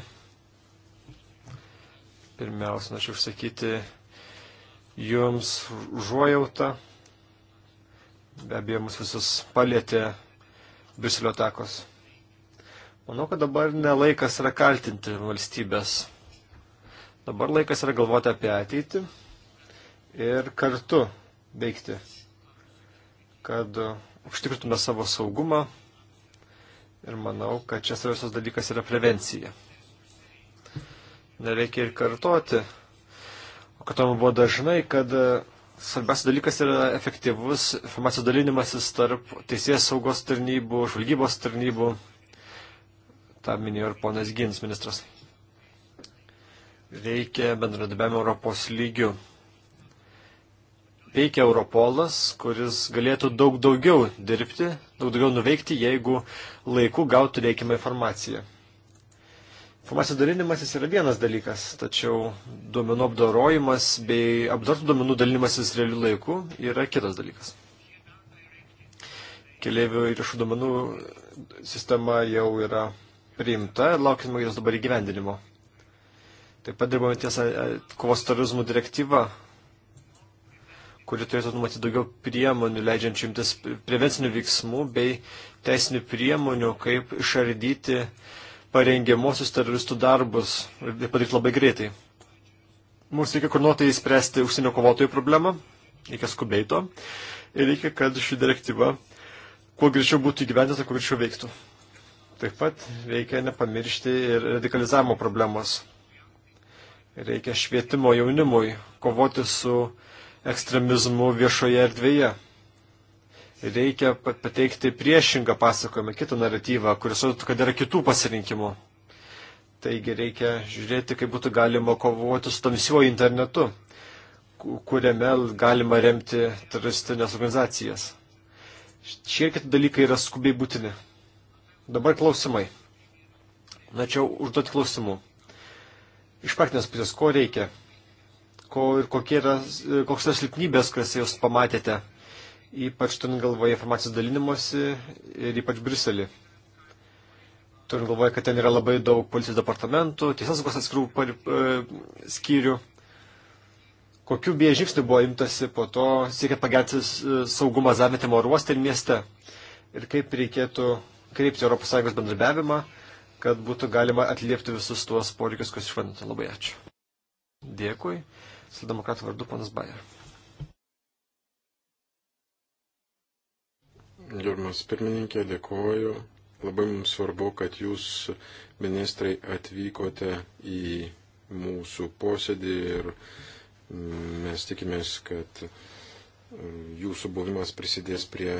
Pirmiausia, norėčiau užsakyti jums užuojautą. Be abejo, mus visus palėtė Briuselio takos. Manau, kad dabar nelaikas yra kaltinti valstybės Dabar laikas yra galvoti apie ateitį ir kartu veikti, kad užtikrintume savo saugumą ir manau, kad čia svarbiausias dalykas yra prevencija. Nereikia ir kartoti, o kartoma buvo dažnai, kad svarbiausias dalykas yra efektyvus informacijos dalinimasis tarp teisės saugos tarnybų, žvalgybos tarnybų. Ta minėjo ir ponas Gins ministras veikia bendradarbiavimo Europos lygių. Veikia Europolas, kuris galėtų daug daugiau dirbti, daug daugiau nuveikti, jeigu laiku gautų reikiamą informaciją. Informacijos dalinimasis yra vienas dalykas, tačiau duomenų apdorojimas bei apdartų duomenų dalinimasis realių laikų yra kitas dalykas. Keleivių įrašų duomenų sistema jau yra priimta ir laukime jos dabar įgyvendinimo. Taip pat dirbame ties kovos terorizmų direktyva, kuri turėtų numatyti daugiau priemonių, leidžiančių imtis prevencinių veiksmų bei teisinių priemonių, kaip išardyti parengiamosius teroristų darbus ir tai padaryti labai greitai. Mums reikia koordinuotai spręsti užsienio kovotojų problemą, reikia skubiai to ir reikia, kad ši direktyva kuo greičiau būtų įgyvendinta, kuo greičiau veiktų. Taip pat reikia nepamiršti ir radikalizavimo problemos. Reikia švietimo jaunimui, kovoti su ekstremizmu viešoje erdvėje. Reikia pateikti priešingą pasakojimą, kitą naratyvą, kuris rodytų, kad yra kitų pasirinkimų. Taigi reikia žiūrėti, kaip būtų galima kovoti su tamsiuoju internetu, kuriame galima remti teroristinės organizacijas. Šie ir kiti dalykai yra skubiai būtini. Dabar klausimai. Načiau užduoti klausimų iš praktinės pusės, ko reikia, ko ir yra, koks yra silpnybės, kurias jūs pamatėte, ypač turint galvoje informacijos dalinimuose ir ypač Briselį. Turint galvoje, kad ten yra labai daug policijos departamentų, tiesasaugos atskirų par, e, skyrių. Kokių bėje žingsnių buvo imtasi po to, siekiant pagerinti saugumą Zavetimo oro uoste ir mieste? Ir kaip reikėtų kreipti ES bendradarbiavimą kad būtų galima atliepti visus tuos poreikius, kas išvardinti. Labai ačiū. Dėkui. Sildemokratų vardu panas Bayer. Gerbiamas pirmininkė, dėkoju. Labai mums svarbu, kad jūs, ministrai, atvykote į mūsų posėdį ir mes tikimės, kad um, jūsų buvimas prisidės prie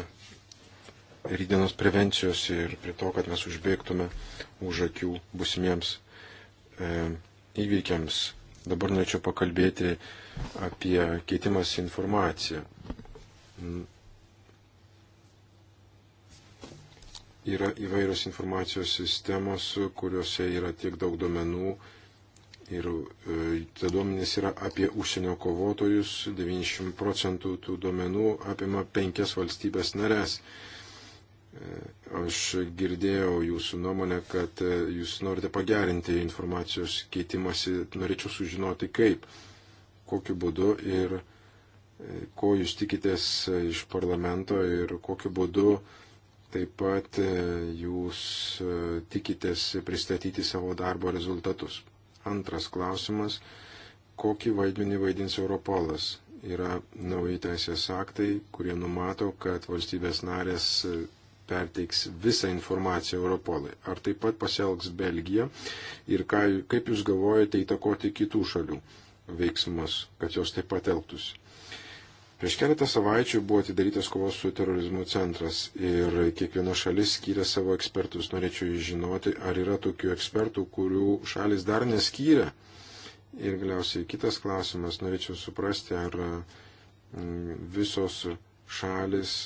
rydienos prevencijos ir prie to, kad mes užbėgtume už akių busimiems e, įvykiams. Dabar norėčiau pakalbėti apie keitimas informaciją. Mm. Yra įvairios informacijos sistemos, kuriuose yra tiek daug duomenų ir e, tie duomenys yra apie užsienio kovotojus, 90 procentų tų duomenų apima penkias valstybės narės. E, Aš girdėjau jūsų nuomonę, kad e, jūs norite pagerinti informacijos keitimąsi, norėčiau sužinoti kaip, kokiu būdu ir e, ko jūs tikitės e, iš parlamento ir kokiu būdu taip pat jūs tikitės pristatyti savo darbo rezultatus. Antras klausimas, kokį vaidmenį vaidins Europolas? Yra nauji teisės aktai, kurie numato, kad valstybės narės perteiks visą informaciją Europolai. Ar taip pat pasielgs Belgija ir ką, kaip jūs galvojate įtakoti kitų šalių veiksmus, kad jos taip pat elgtųsi. Prieš keletą savaičių buvo atidarytas kovos su terorizmu centras ir kiekviena šalis skyrė savo ekspertus. Norėčiau žinoti, ar yra tokių ekspertų, kurių šalis dar neskyrė. Ir galiausiai kitas klausimas, norėčiau suprasti, ar mm, visos šalis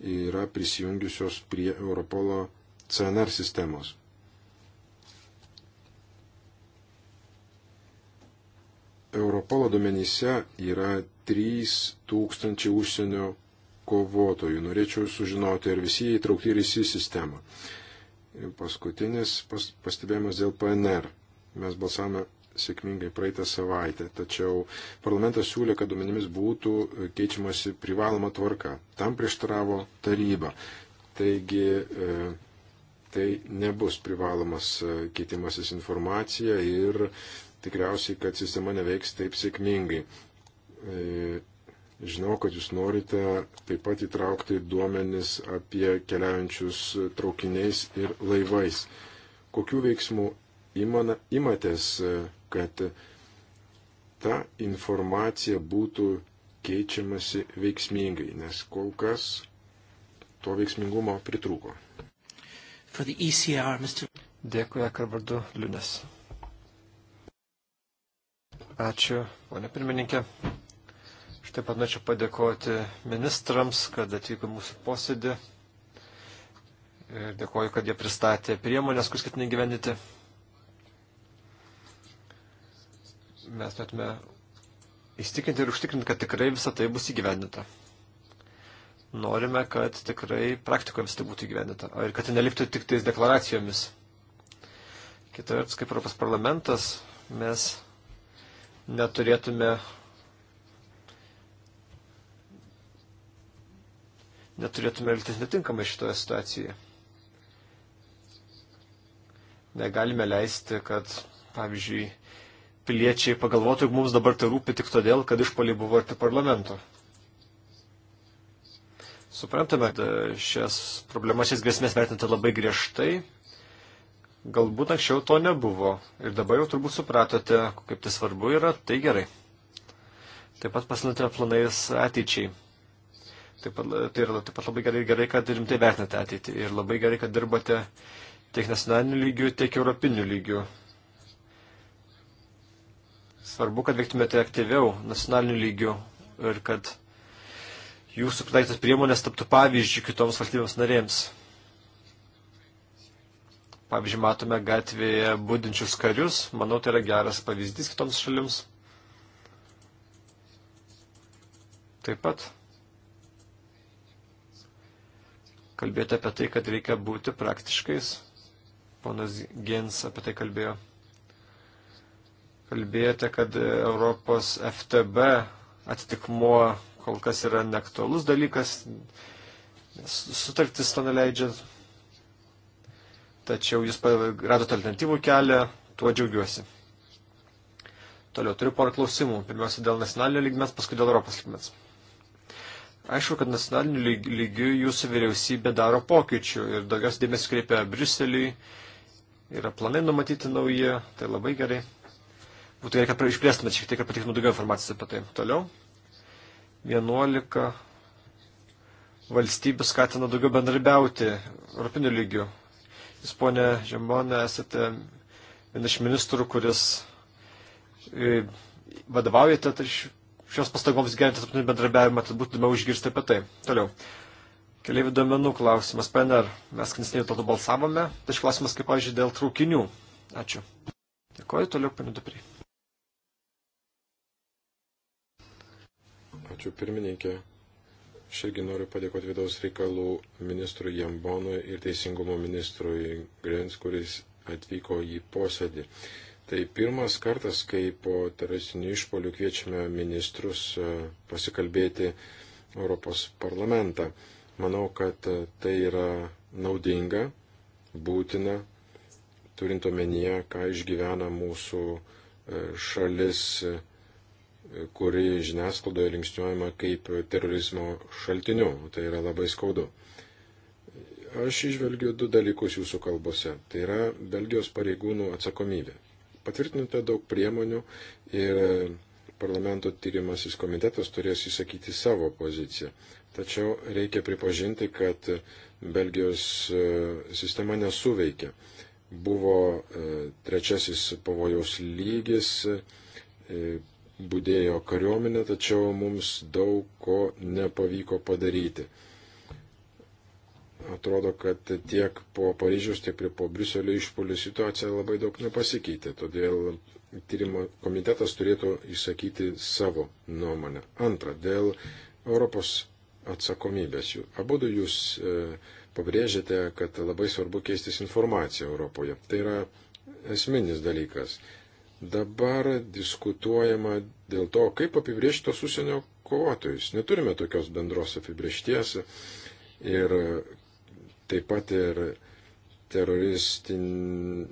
yra prisijungiusios prie Europolo CNR sistemos. Europolo domenyse yra 3000 užsienio kovotojų. Norėčiau sužinoti, ar visi jie įtraukti ir į SI sistemą. Paskutinis pas, pastebėjimas dėl PNR. Mes balsavome sėkmingai praeitą savaitę, tačiau parlamentas siūlė, kad duomenimis būtų keičiamasi privaloma tvarka. Tam prieštaravo taryba. Taigi e, tai nebus privalomas e, keitimasis informacija ir tikriausiai, kad sistema neveiks taip sėkmingai. E, žinau, kad jūs norite taip pat įtraukti duomenis apie keliaujančius traukiniais ir laivais. Kokių veiksmų imana, imatės kad ta informacija būtų keičiamasi veiksmingai, nes kol kas to veiksmingumo pritrūko. ECR, e Mr... Dėkui, Akarvardu Liūnės. Ačiū, ponė pirmininkė. Aš taip pat norėčiau padėkoti ministrams, kad atvyko mūsų posėdį. Ir dėkoju, kad jie pristatė priemonės, kur skirtinai gyvendyti. mes turėtume įstikinti ir užtikrinti, kad tikrai visa tai bus įgyvendinta. Norime, kad tikrai praktikoje visą tai būtų įgyvendinta, ir kad tai neliktų tik tais deklaracijomis. Kita vertus, kaip Europos parlamentas, mes neturėtume neturėtume elgtis netinkamai šitoje situacijoje. Negalime leisti, kad, pavyzdžiui, piliečiai pagalvotų, jog mums dabar tai rūpi tik todėl, kad išpoliai buvo arti parlamento. Suprantame, kad šias problemas, šias grėsmės vertinti labai griežtai. Galbūt anksčiau to nebuvo. Ir dabar jau turbūt supratote, kaip tai svarbu yra, tai gerai. Taip pat pasinatėme planais ateičiai. Taip pat, tai yra taip pat labai gerai, gerai, kad rimtai vertinate ateitį. Ir labai gerai, kad dirbate tiek nacionaliniu lygiu, tiek europiniu lygiu. Svarbu, kad veiktumėte aktyviau nacionaliniu lygiu ir kad jūsų pritaikytos priemonės taptų pavyzdžių kitoms valstybėms narėms. Pavyzdžiui, matome gatvėje būdinčius karius, manau, tai yra geras pavyzdys kitoms šalims. Taip pat kalbėti apie tai, kad reikia būti praktiškais. Ponas Gens apie tai kalbėjo kalbėjote, kad Europos FTB atitikmuo kol kas yra neaktualus dalykas, sutartis to neleidžia. Tačiau jūs radote alternatyvų kelią, tuo džiaugiuosi. Toliau turiu porą klausimų. Pirmiausia, dėl nacionalinio lygmens, paskui dėl Europos lygmens. Aišku, kad nacionaliniu lygiu jūsų vyriausybė daro pokyčių ir daugiausiai dėmesio kreipia Briseliui. Yra planai numatyti nauji, tai labai gerai būtų gerai, kad išplėstumėt šiek tiek ir patikrintų daugiau informacijos apie tai. Toliau. 11 valstybių skatina daugiau bendrabiauti europinių lygių. Jūs, ponė Žemonė, esate vienas iš ministrų, kuris e, vadovaujate tai šios pastangoms gerinti tarptautinį bendrabiavimą, tad būtų įdomiau išgirsti apie tai. Toliau. Keliaivių duomenų klausimas. PNR. Mes neseniai dėl to balsavome. Tai klausimas, kaip, pavyzdžiui, dėl traukinių. Ačiū. Dėkuoju, toliau, panė Dupri. Ačiū pirmininkė. Aš irgi noriu padėkoti vidaus reikalų ministrui Jambonui ir teisingumo ministrui Grins, kuris atvyko į posėdį. Tai pirmas kartas, kai po teroristinių išpolių kviečiame ministrus e, pasikalbėti Europos parlamentą. Manau, kad e, tai yra naudinga, būtina, turint omenyje, ką išgyvena mūsų e, šalis kuri žiniasklaidoje linksniuojama kaip terorizmo šaltiniu. Tai yra labai skaudu. Aš išvelgiu du dalykus jūsų kalbose. Tai yra Belgijos pareigūnų atsakomybė. Patvirtinote daug priemonių ir parlamento tyrimasis komitetas turės įsakyti savo poziciją. Tačiau reikia pripažinti, kad Belgijos e, sistema nesuveikia. Buvo e, trečiasis pavojaus lygis, e, būdėjo kariuomenė, tačiau mums daug ko nepavyko padaryti. Atrodo, kad tiek po Paryžiaus, tiek prie po Briuselio išpolių situacija labai daug nepasikeitė, todėl tyrimo komitetas turėtų išsakyti savo nuomonę. Antra, dėl Europos atsakomybės. Abu jūs e, pabrėžėte, kad labai svarbu keistis informaciją Europoje. Tai yra esminis dalykas. Dabar diskutuojama dėl to, kaip apibriežti tos užsienio kovotojus. Neturime tokios bendros apibriešties ir taip pat ir teroristin...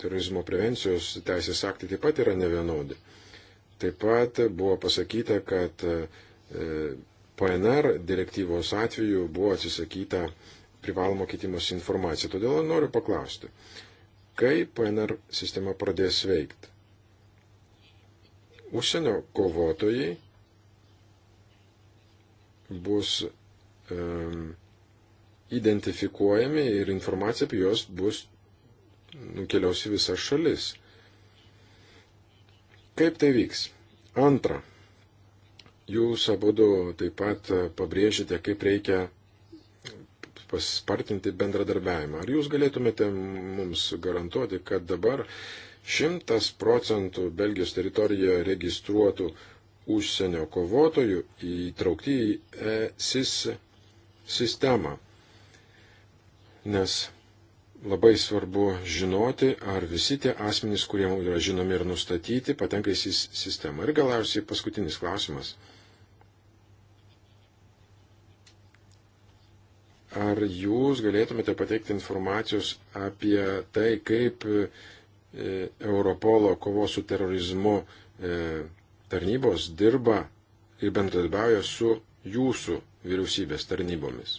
terorizmo prevencijos teisės aktai taip pat yra nevienodi. Taip pat buvo pasakyta, kad e, PNR direktyvos atveju buvo atsisakyta privalomo keitimus informaciją. Todėl noriu paklausti, kai PNR sistema pradės veikti. Užsienio kovotojai bus um, identifikuojami ir informacija apie juos bus nukeliaus į visas šalis. Kaip tai vyks? Antra, jūs abudu taip pat pabrėžite, kaip reikia paspartinti bendradarbiavimą. Ar jūs galėtumėte mums garantuoti, kad dabar šimtas procentų Belgijos teritorijoje registruotų užsienio kovotojų įtraukti į ESIS sistemą? Nes labai svarbu žinoti, ar visi tie asmenys, kurie yra žinomi ir nustatyti, patenka į sistemą. Ir galiausiai paskutinis klausimas. Ar jūs galėtumėte pateikti informacijos apie tai, kaip e, Europolo kovos su terorizmu e, tarnybos dirba ir bendradarbiauja su jūsų vyriausybės tarnybomis?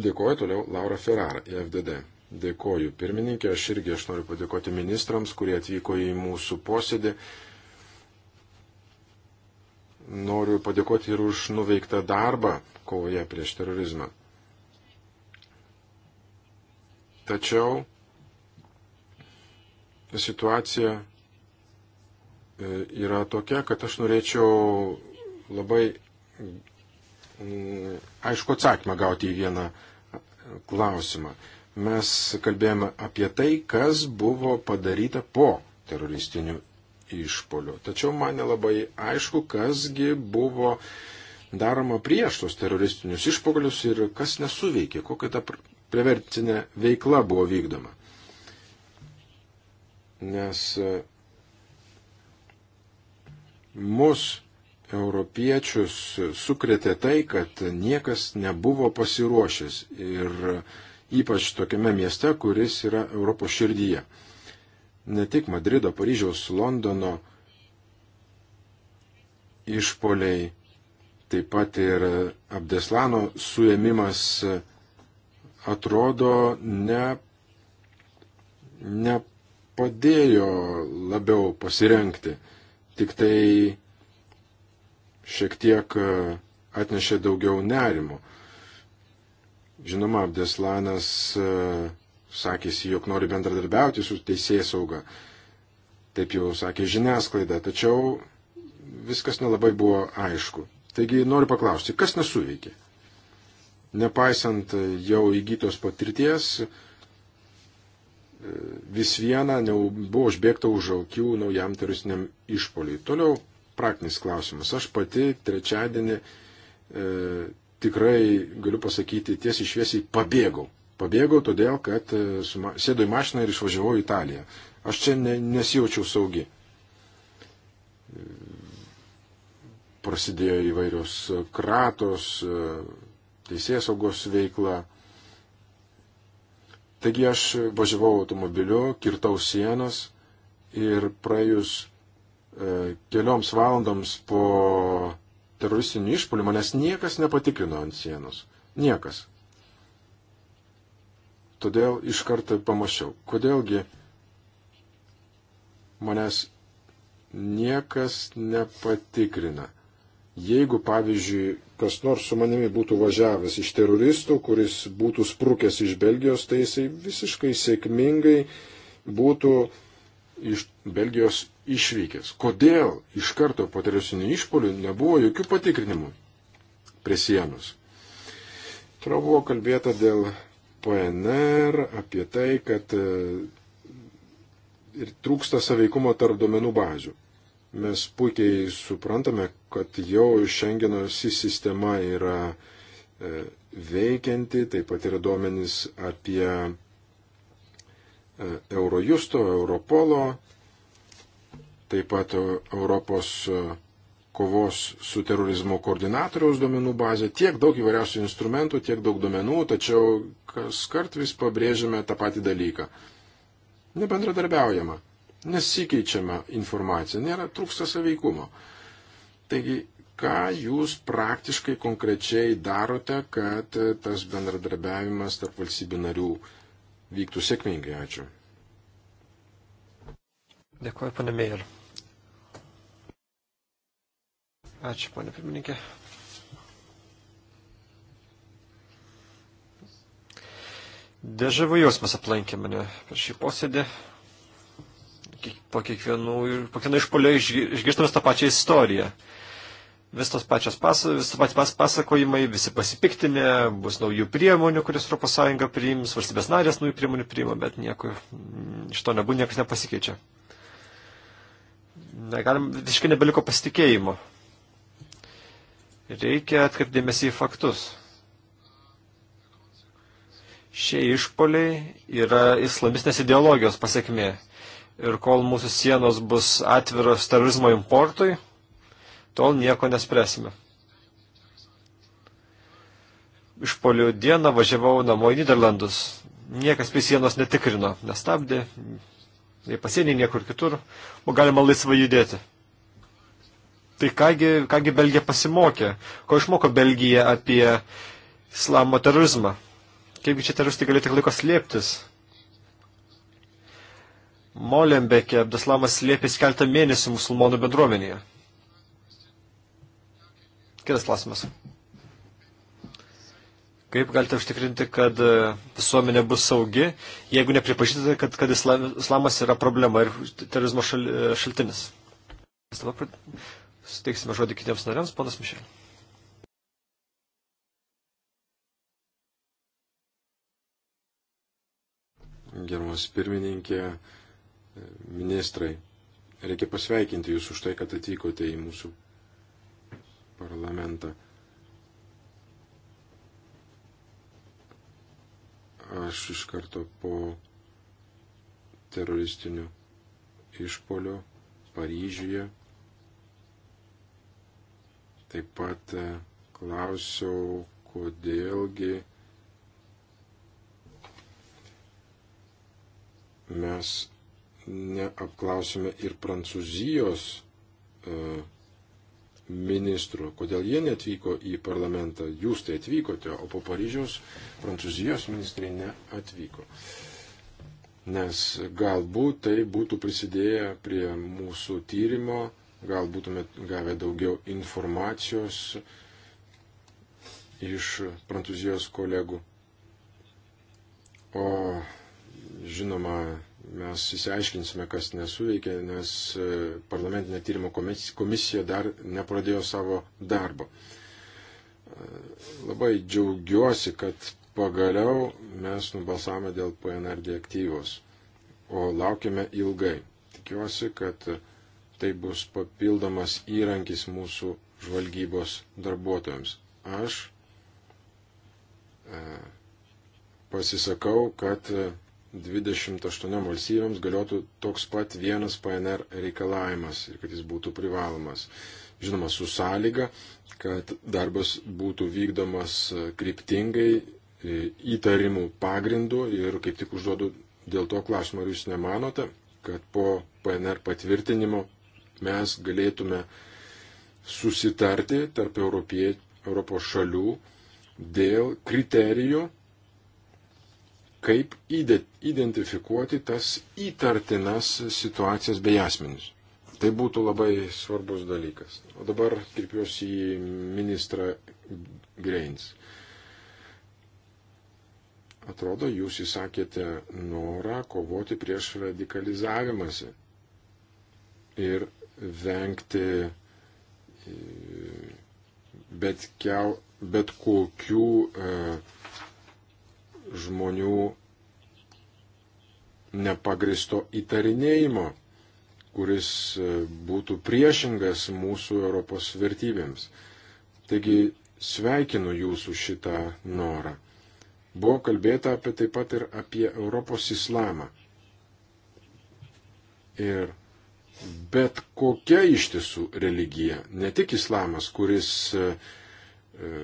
Dėkuoju toliau Laura Ferrara, IFDD. E Dėkuoju pirmininkė, aš irgi aš noriu padėkoti ministrams, kurie atvyko į mūsų posėdį. Noriu padėkoti ir už nuveiktą darbą, kovoje prieš terorizmą. Tačiau situacija e, yra tokia, kad aš norėčiau labai mm, aišku atsakymą gauti į vieną klausimą. Mes kalbėjome apie tai, kas buvo padaryta po teroristinių išpolių. Tačiau man nelabai aišku, kasgi buvo uh, daroma prieš tos teroristinius išpogalius ir kas nesuveikė, kokia ta prevercinė veikla buvo vykdoma. Nes e, mus, europiečius, sukrėtė tai, kad niekas nebuvo pasiruošęs ir e, ypač tokiame mieste, kuris yra Europos širdyje. Ne tik Madrido, Paryžiaus, Londono išpoliai taip pat ir Abdeslano suėmimas atrodo ne, nepadėjo labiau pasirenkti, tik tai šiek tiek atnešė daugiau nerimo. Žinoma, Abdeslanas e, sakėsi, jog nori bendradarbiauti su teisėjai sauga. Taip jau sakė žiniasklaida, tačiau viskas nelabai buvo aišku. Taigi noriu paklausti, kas nesuveikė? Nepaisant jau įgytos patirties, vis viena buvo užbėgta už aukių naujam teroristiniam išpoliui. Toliau praktinis klausimas. Aš pati trečiadienį e, tikrai galiu pasakyti tiesiai šviesiai pabėgau. Pabėgau todėl, kad e, suma, sėdau į mašiną ir išvažiavau į Italiją. Aš čia ne, nesijaučiau saugi prasidėjo įvairios e, kratos, e, teisės saugos veikla. Taigi aš važiavau automobiliu, kirtau sienas ir praėjus e, kelioms valandoms po teroristinių išpolių manęs niekas nepatikrino ant sienos. Niekas. Todėl iš karto pamačiau, kodėlgi manęs niekas nepatikrina. Jeigu, pavyzdžiui, kas nors su manimi būtų važiavęs iš teroristų, kuris būtų sprukęs iš Belgijos, tai jisai visiškai sėkmingai būtų iš Belgijos išvykęs. Kodėl iš karto po teroristinių išpolių nebuvo jokių patikrinimų prie sienos? Toliau buvo kalbėta dėl PNR apie tai, kad e, ir trūksta saveikumo tarp domenų bazių. Mes puikiai suprantame, kad jau Schengeno sistema yra e, veikianti, taip pat yra duomenys apie e, Eurojusto, Europolo, taip pat e, Europos kovos su terorizmo koordinatoriaus duomenų bazė, tiek daug įvairiausių instrumentų, tiek daug duomenų, tačiau kas kart vis pabrėžiame tą patį dalyką. Nebendradarbiaujama nesikeičiama informacija, nėra trūksta saveikumo. Taigi, ką jūs praktiškai konkrečiai darote, kad e, tas bendradarbiavimas tarp valstybių narių vyktų sėkmingai? Ačiū. Dėkuoju, pane Meijer. Ačiū, pane pirmininkė. Dežavų jausmas aplankė mane per šį posėdį po, kiekvienų, po kiekvieno išpolio išgirstame tą pačią istoriją. Vis tos pačios pas, vis to pat pas, pasakojimai, visi pasipiktinę, bus naujų priemonių, kuris ES priims, valstybės narės naujų priemonių priima, bet nieko, mm, iš to nebūtų, niekas nepasikeičia. Negalim, visiškai nebeliko pasitikėjimo. Reikia atkreipdėmėsi į faktus šie išpoliai yra islamistinės ideologijos pasiekmė ir kol mūsų sienos bus atviros terorizmo importui, tol nieko nespręsime. Iš polių dieną važiavau namo į Niderlandus. Niekas prie sienos netikrino, nestabdė, nei pasienį, niekur kitur, o galima laisvai judėti. Tai kągi, kągi Belgija pasimokė, ko išmoko Belgija apie islamo terorizmą. Kaipgi čia teroristai galėjo tik laiko slėptis, Molembeke Abdeslamas liepė skeltą mėnesį musulmonų bendruomenėje. Kitas klausimas. Kaip galite užtikrinti, kad e, visuomenė bus saugi, jeigu nepripažįstate, kad, kad islamas yra problema ir terorizmo šal, e, šaltinis? Dabar suteiksime žodį kitiems nariams, ponas Mišel. Gerbiamas pirmininkė, Ministrai, reikia pasveikinti Jūs už tai, kad atvykote į mūsų parlamentą. Aš iš karto po teroristinių išpolių Paryžiuje taip pat e, klausiau, kodėlgi mes neapklausime ir Prancūzijos e, ministrų, kodėl jie netvyko į parlamentą, jūs tai atvykote, o po Paryžiaus Prancūzijos ministrai neatvyko. Nes galbūt tai būtų prisidėję prie mūsų tyrimo, gal būtume gavę daugiau informacijos iš Prancūzijos kolegų. O žinoma, mes įsiaiškinsime, kas nesuveikė, nes e, parlamentinė tyrimo komisija dar nepradėjo savo darbo. E, labai džiaugiuosi, kad pagaliau mes nubalsavome dėl PNR direktyvos, o laukime ilgai. Tikiuosi, kad tai bus papildomas įrankis mūsų žvalgybos darbuotojams. Aš e, pasisakau, kad 28 valstybėms galiotų toks pat vienas PNR reikalavimas ir kad jis būtų privalomas. Žinoma, su sąlyga, kad darbas būtų vykdomas e, kryptingai, e, įtarimų pagrindų ir kaip tik užduodu dėl to klausimą, ar jūs nemanote, kad po PNR patvirtinimo mes galėtume susitarti tarp europie, Europos šalių dėl kriterijų kaip identifikuoti tas įtartinas situacijas bei asmenis. Tai būtų labai svarbus dalykas. O dabar kreipiuosi į ministrą Greins. Atrodo, jūs įsakėte norą kovoti prieš radikalizavimąsi ir vengti e, bet, kiau, bet kokių uh, žmonių nepagristo įtarinėjimo, kuris e, būtų priešingas mūsų Europos vertybėms. Taigi sveikinu jūsų šitą norą. Buvo kalbėta apie taip pat ir apie Europos islamą. Ir bet kokia iš tiesų religija, ne tik islamas, kuris e, e,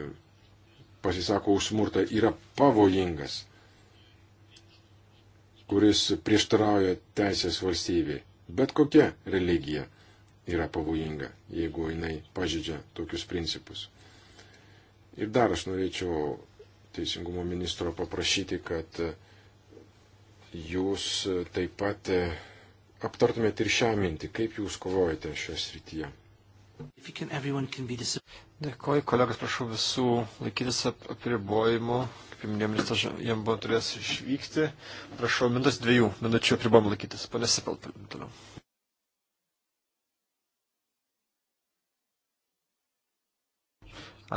pasisako už smurtą, yra pavojingas, kuris prieštarauja teisės valstybei. Bet kokia religija yra pavojinga, jeigu jinai pažydžia tokius principus. Ir dar aš norėčiau Teisingumo ministro paprašyti, kad jūs taip pat aptartumėte ir šią mintį, kaip jūs kovojate šioje srityje. Dėkuoju, kolegas, prašau visų laikytis apribojimų. Kaip jau minėjau, ministras jam buvo turės išvykti. Prašau, mintas dviejų minučių apribojimų laikytis. Pane Sipel, toliau.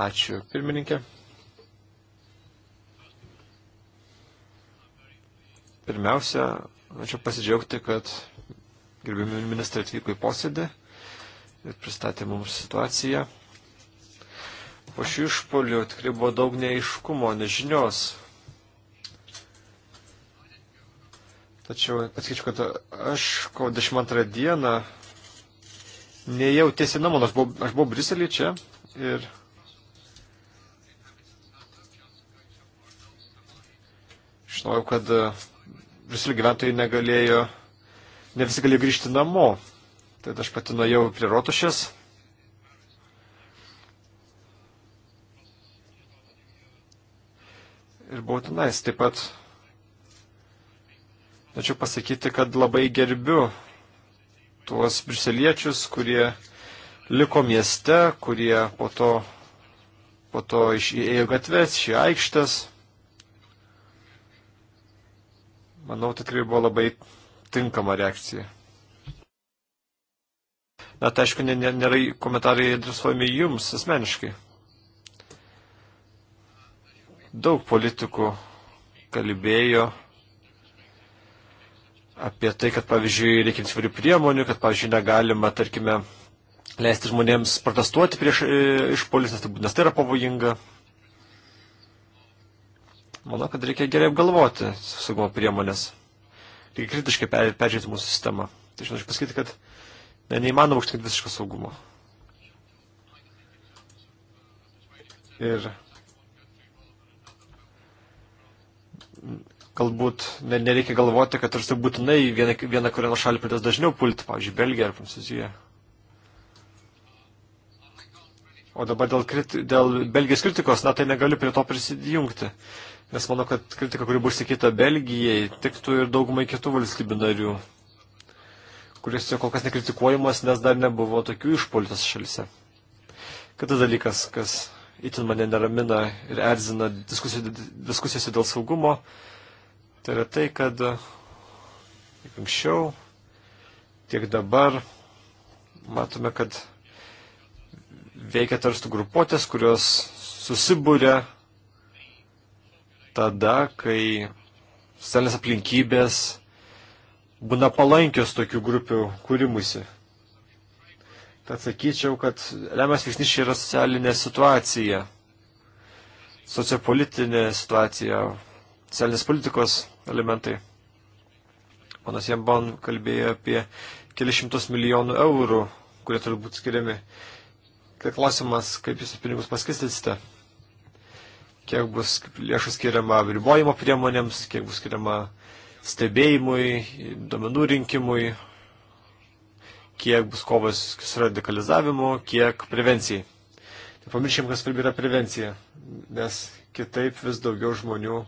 Ačiū, pirmininkė. Pirmiausia, norėčiau pasidžiaugti, kad gerbimi ministrai atvyko į posėdį ir pristatė mums situaciją. Po šių išpolių tikrai buvo daug neaiškumo, nežinios. Tačiau pasakyčiau, kad aš kovo 22 dieną nejau tiesiai namo, aš buvau, aš buvau Briselį čia ir žinojau, kad Briselio gyventojai negalėjo, ne visi galėjo grįžti namo. Tai aš pati nuėjau prie rotušės. Ir buvau tenais. Taip pat tačiau pasakyti, kad labai gerbiu tuos briseliečius, kurie liko mieste, kurie po to, po to išėjo gatves, šį aikštės. Manau, tikrai buvo labai tinkama reakcija bet tai aišku, nėra komentarai adresuojami jums asmeniškai. Daug politikų kalbėjo apie tai, kad, pavyzdžiui, reikia įvairių priemonių, kad, pavyzdžiui, negalima, tarkime, leisti žmonėms protestuoti prieš e, išpolius, nes, tai nes tai yra pavojinga. Manau, kad reikia gerai apgalvoti saugumo priemonės. Reikia kritiškai peržiūrėti mūsų sistemą. Tai žinau, aš pasakyti, kad ne, neįmanoma užtikrinti visiško saugumo. Ir galbūt nereikia galvoti, kad ir tai būtinai vieną, vieną kurią nors šalį pradės dažniau pulti, pavyzdžiui, Belgija ar Prancūzija. O dabar dėl, kriti, dėl Belgijos kritikos, na tai negaliu prie to prisijungti, nes manau, kad kritika, kuri bus sakyta Belgijai, tiktų ir daugumai kitų valstybių narių kuris kol kas nekritikuojamas, nes dar nebuvo tokių išpolitas šalise. Kitas dalykas, kas itin mane neramina ir erzina diskusijose dėl saugumo, tai yra tai, kad tiek anksčiau, tiek dabar matome, kad veikia tarstų grupuotės, kurios susibūrė tada, kai socialinės aplinkybės būna palankios tokių grupių kūrimusi. Tad sakyčiau, kad lemiamas veiksnys čia yra socialinė situacija, sociopolitinė situacija, socialinės politikos elementai. Panas Jambon kalbėjo apie kelišimtus milijonų eurų, kurie turi būti skiriami. Tai klausimas, kaip jūs pinigus paskistysite? Kiek bus lėšų skiriama ribojimo priemonėms, kiek bus skiriama stebėjimui, domenų rinkimui, kiek bus kovas su radikalizavimu, kiek prevencijai. Nepamirškim, tai kas svarbi yra prevencija, nes kitaip vis daugiau žmonių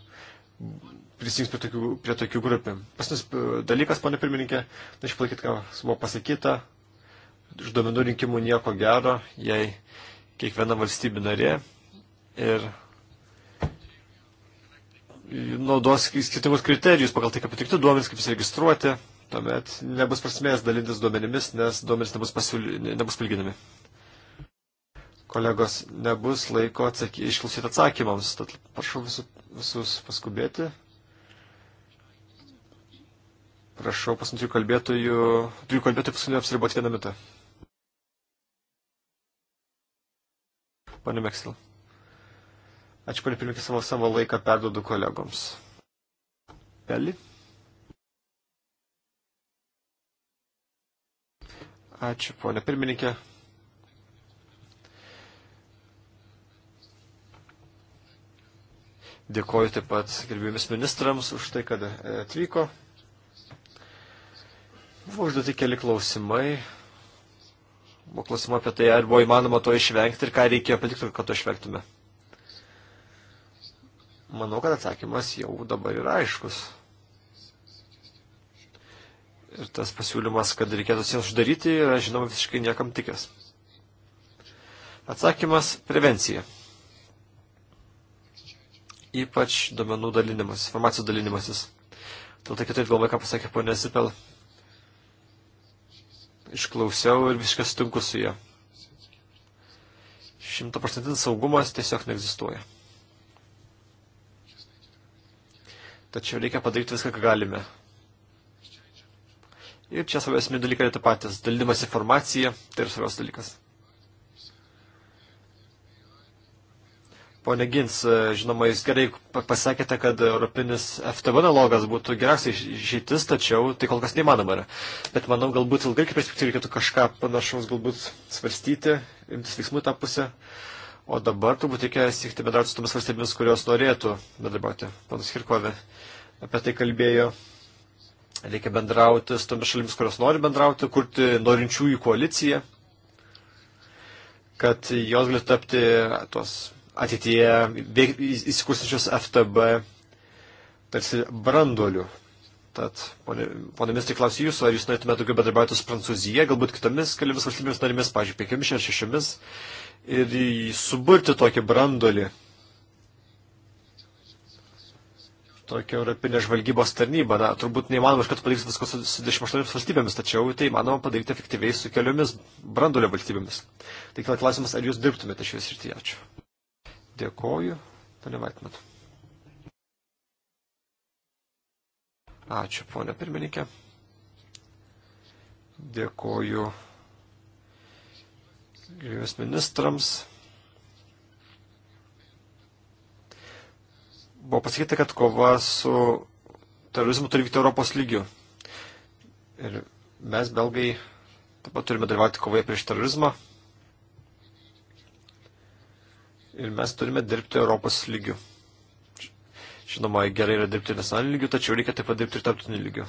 prisijungs prie tokių, prie tokių grupių. Pasinis e, dalykas, ponė pirmininkė, na, tai išplaikyti, kas buvo pasakyta, iš duomenų rinkimų nieko gero, jei kiekviena valstybė narė ir naudos skirtingus kriterijus pagal tai, kaip patikti duomenys, kaip įsiregistruoti, tuomet nebus prasmės dalintis duomenimis, nes duomenys nebus, pasiūly, nebus pilginami. Kolegos, nebus laiko atsaky, išklausyti atsakymams, tad prašau visus, visus paskubėti. Prašau paskutinių kalbėtojų, turiu kalbėtojų paskutinių apsiriboti vieną minutę. Pane Meksel. Ačiū, ponė pirmininkė, savo, savo laiką perdodu kolegoms. Peli. Ačiū, ponė pirmininkė. Dėkoju taip pat gerbėjomis ministrams už tai, kad e, atvyko. Buvo užduoti keli klausimai. Buvo klausimai apie tai, ar buvo įmanoma to išvengti ir ką reikėjo patikti, kad to išvengtume. Manau, kad atsakymas jau dabar yra aiškus. Ir tas pasiūlymas, kad reikėtų jas uždaryti, yra žinoma visiškai niekam tikęs. Atsakymas - prevencija. Ypač domenų dalinimas, informacijos dalinimasis. Dėl to kitaip galvoju, ką pasakė ponė Zipel. Išklausiau ir visiškai sutinku su ja. Šimtaprocentinis saugumas tiesiog neegzistuoja. Tačiau reikia padaryti viską, ką galime. Ir čia savęs mėg dalykai yra ta patys. Dalymas informacija, tai yra savęs dalykas. Pone Gins, žinoma, jūs gerai pasakėte, kad europinis FTB analogas būtų geriausia išeitis, tačiau tai kol kas neįmanoma yra. Bet manau, galbūt ilgai kaip perspektyvai reikėtų kažką panašaus galbūt svarstyti, imtis veiksmų tą pusę. Uh, O dabar turbūt reikia siekti bendrauti su tomis valstybėmis, kurios norėtų bendrauti. Panas Kirkovė apie tai kalbėjo. Reikia bendrauti su tomis šalimis, kurios nori bendrauti, kurti norinčiųjų koaliciją, kad jos galėtų tapti tos ateityje įsikursinčios FTB tarsi branduoliu. Tad, ponė ministrai, klausiu jūsų, ar jūs norėtumėte daugiau bendrabiauti su Prancūzija, galbūt kitomis keliomis valstybėmis narėmis, pažiūrėjau, penkiomis ar šešiomis, ir suburti tokį brandolį. Tokia Europinė žvalgybos tarnyba. Na, turbūt neįmanoma iš karto padaryti visko su 28 valstybėmis, tačiau tai įmanoma padaryti efektyviai su keliomis brandolio valstybėmis. Tai kila klausimas, ar jūs dirbtumėte šioje srityje. Ačiū. Dėkoju, ponė Vaitman. Ačiū, ponė pirmininkė. Dėkoju ir jos ministrams buvo pasakyta, kad kova su terorizmu turi vykti Europos lygiu. Ir mes, belgai, taip pat turime dalyvauti kovoje prieš terorizmą. Ir mes turime dirbti Europos lygiu. Žinoma, gerai yra dirbti nacionaliniu lygiu, tačiau reikia taip pat dirbti ir tarptautiniu lygiu.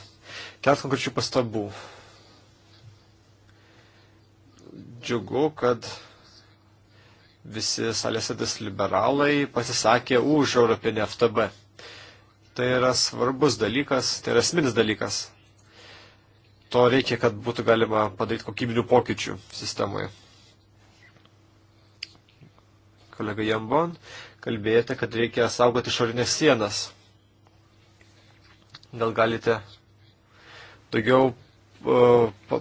Kelt konkrečių pastabų džiugu, kad visi salėsėdis liberalai pasisakė už Europinį FTB. Tai yra svarbus dalykas, tai yra esminis dalykas. To reikia, kad būtų galima padaryti kokybinių pokyčių sistemoje. Kolega Jambon, kalbėjote, kad reikia saugoti išorinės sienas. Gal galite daugiau uh, pa,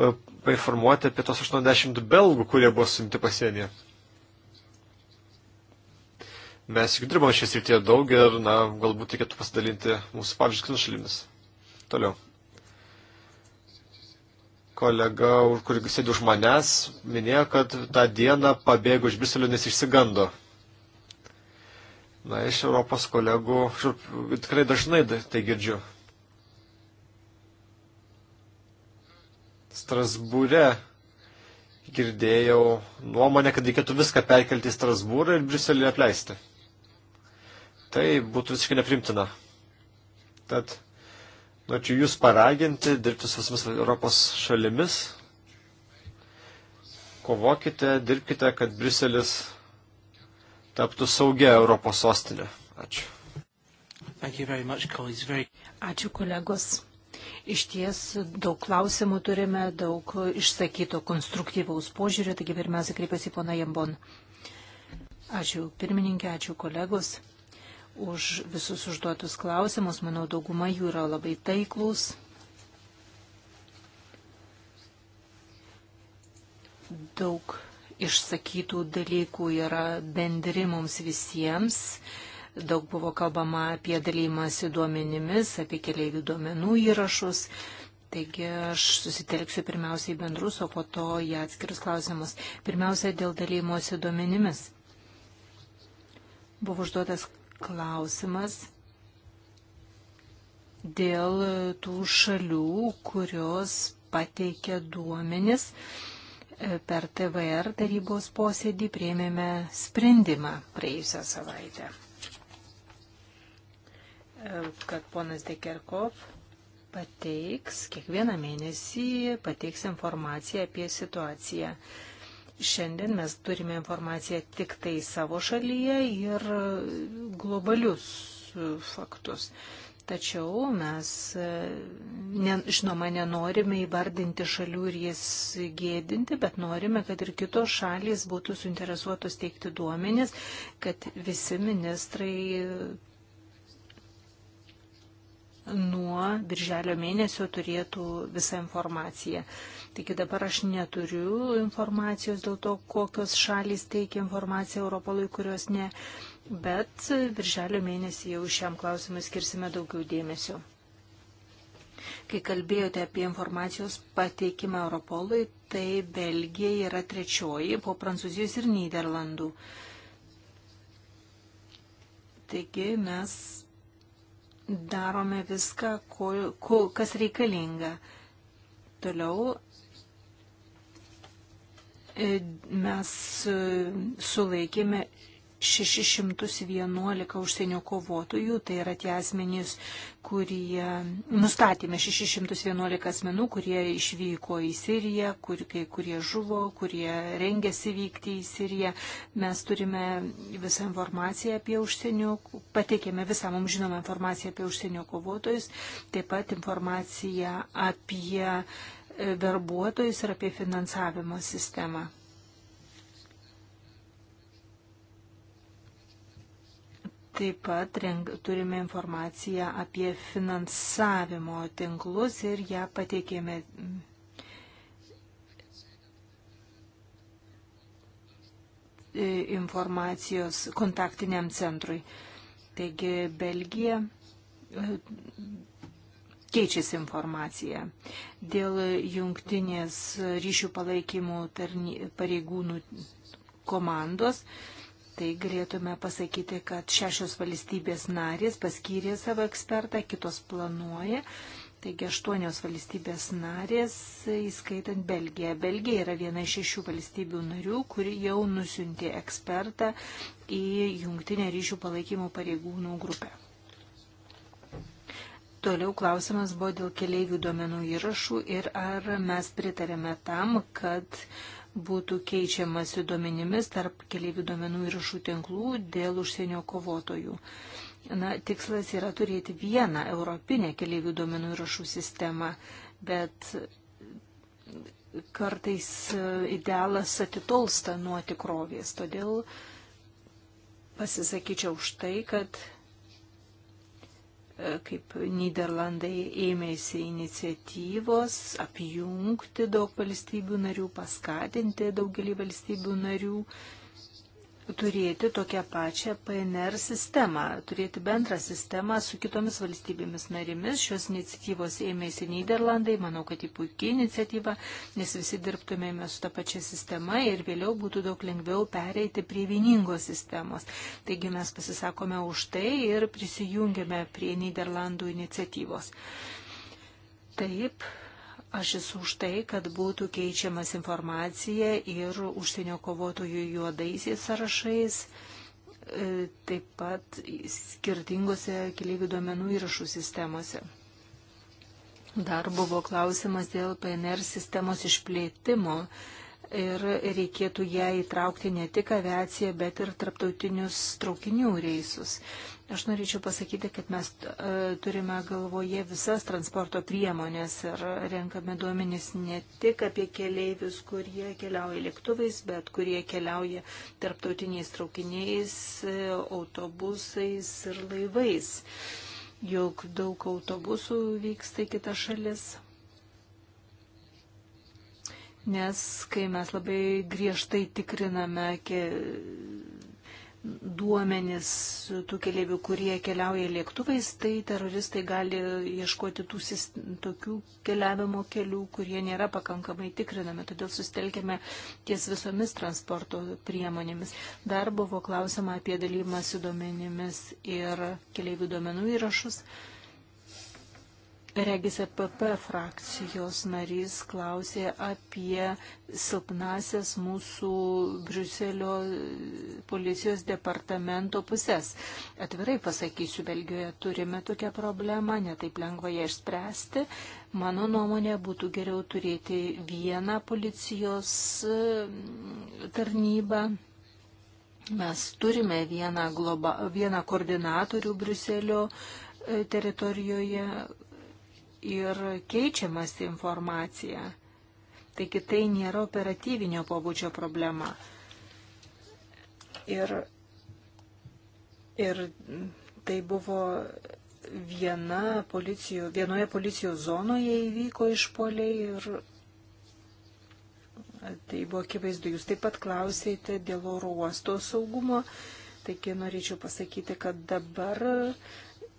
uh, painformuoti apie tos 80 belgų, kurie buvo suimti pasienyje. Mes juk dirbame šią srityje daug ir, na, galbūt reikėtų pasidalinti mūsų pavyzdžius kitus šalimis. Toliau. Kolega, kuris sėdi už manęs, minėjo, kad tą dieną pabėgo iš Briselio, nes išsigando. Na, iš Europos kolegų, tikrai dažnai tai girdžiu. Strasbūre girdėjau nuomonę, kad reikėtų viską perkelti į Strasbūrą ir Briuselį apleisti. Tai būtų visiškai neprimtina. Tad norėčiau Jūs paraginti, dirbti su visomis Europos šalimis. Kovokite, dirbkite, kad Briuselis taptų saugia Europos sostinė. Ačiū. Much, Very... Ačiū kolegos. Iš ties daug klausimų turime, daug išsakyto konstruktyvaus požiūrio, taigi pirmiausia kreipiasi pona Jambon. Ačiū pirmininkė, ačiū kolegos už visus užduotus klausimus. Manau, dauguma jų yra labai taiklus. Daug išsakytų dalykų yra bendri mums visiems. Daug buvo kalbama apie dalymąsi duomenimis, apie keliaivių duomenų įrašus. Taigi aš susitelksiu pirmiausiai bendrus, o po to į atskirus klausimus. Pirmiausia, dėl dalymosi duomenimis. Buvo užduotas klausimas dėl tų šalių, kurios pateikė duomenis. Per TVR tarybos posėdį prieimėme sprendimą praėjusią savaitę kad ponas Dekerkov pateiks, kiekvieną mėnesį pateiks informaciją apie situaciją. Šiandien mes turime informaciją tik tai savo šalyje ir globalius faktus. Tačiau mes, ne, žinoma, nenorime įvardinti šalių ir jas gėdinti, bet norime, kad ir kitos šalys būtų suinteresuotos teikti duomenis, kad visi ministrai nuo birželio mėnesio turėtų visą informaciją. Taigi dabar aš neturiu informacijos dėl to, kokios šalys teikia informaciją Europolui, kurios ne, bet birželio mėnesį jau šiam klausimui skirsime daugiau dėmesio. Kai kalbėjote apie informacijos pateikimą Europolui, tai Belgija yra trečioji po Prancūzijos ir Niderlandų. Taigi mes darome viską, ko, ko, kas reikalinga. Toliau e, mes e, sulaikėme 611 užsienio kovotojų, tai yra tie asmenys, kurie nustatėme 611 asmenų, kurie išvyko į Siriją, kur, kai kurie žuvo, kurie rengėsi vykti į Siriją. Mes turime visą informaciją apie užsienio, pateikėme visą mums žinomą informaciją apie užsienio kovotojus, taip pat informaciją apie verbuotojus ir apie finansavimo sistemą. Taip pat renk, turime informaciją apie finansavimo tinklus ir ją pateikėme. E, informacijos kontaktiniam centrui. Taigi Belgija e, keičiasi informacija. Dėl jungtinės ryšių palaikymų pareigūnų komandos tai galėtume pasakyti, kad šešios valstybės narės paskyrė savo ekspertą, kitos planuoja. Taigi aštuonios valstybės narės, įskaitant Belgiją. Belgija yra viena iš šešių valstybių narių, kuri jau nusiuntė ekspertą į jungtinę ryšių palaikymo pareigūnų grupę. Toliau klausimas buvo dėl keliaivių duomenų įrašų ir ar mes pritarėme tam, kad uh, būtų keičiamasi duomenimis tarp keliaivių duomenų įrašų tinklų dėl užsienio kovotojų. Na, tikslas yra turėti vieną europinę keliaivių duomenų įrašų sistemą, bet kartais idealas atitolsta nuo tikrovės. Todėl pasisakyčiau už tai, kad kaip Niderlandai ėmėsi iniciatyvos apjungti daug valstybių narių, paskatinti daugelį valstybių narių turėti tokią pačią PNR sistemą, turėti bendrą sistemą su kitomis valstybėmis narimis. Šios iniciatyvos ėmėsi Niderlandai, manau, kad į puikiai iniciatyva, nes visi dirbtumėme su ta pačia sistema ir vėliau būtų daug lengviau pereiti prie vieningos sistemos. Taigi mes pasisakome už tai ir prisijungiame prie Niderlandų iniciatyvos. Taip, Aš esu už tai, kad būtų keičiamas informacija ir užsienio kovotojų juodaisiais sąrašais, e, taip pat skirtingose keliaivių duomenų įrašų sistemose. Dar buvo klausimas dėl PNR sistemos išplėtimo ir reikėtų ją įtraukti ne tik aviaciją, bet ir tarptautinius traukinių reisus. Aš norėčiau pasakyti, kad mes e, turime galvoje visas transporto priemonės ir renkame duomenys ne tik apie keleivius, kurie keliauja lėktuvais, bet kurie keliauja tarptautiniais traukiniais, e, autobusais ir laivais. Juk daug autobusų vyksta į kitas šalis. Nes kai mes labai griežtai tikriname duomenis tų keliaivių, kurie keliauja lėktuvais, tai teroristai gali ieškoti tų tokių keliavimo kelių, kurie nėra pakankamai tikrinami. Todėl sustelkėme ties visomis transporto priemonėmis. Dar buvo klausima apie dalymąsi duomenimis ir keliaivių duomenų įrašus. Uh, Regis EPP frakcijos narys klausė apie silpnasias mūsų Briuselio policijos departamento pusės. Atvirai pasakysiu, Belgijoje turime tokią problemą, netaip lengva ją išspręsti. Mano nuomonė būtų geriau turėti vieną policijos e, tarnybą. Mes turime vieną, globa, vieną koordinatorių Briuselio e, teritorijoje ir keičiamas informacija. Taigi tai nėra operatyvinio pobūdžio problema. Ir, ir tai buvo viena policijų, vienoje policijos zonoje įvyko išpoliai ir tai buvo akivaizdu. Jūs taip pat klausėte dėl oro uosto saugumo. Taigi norėčiau pasakyti, kad dabar uh,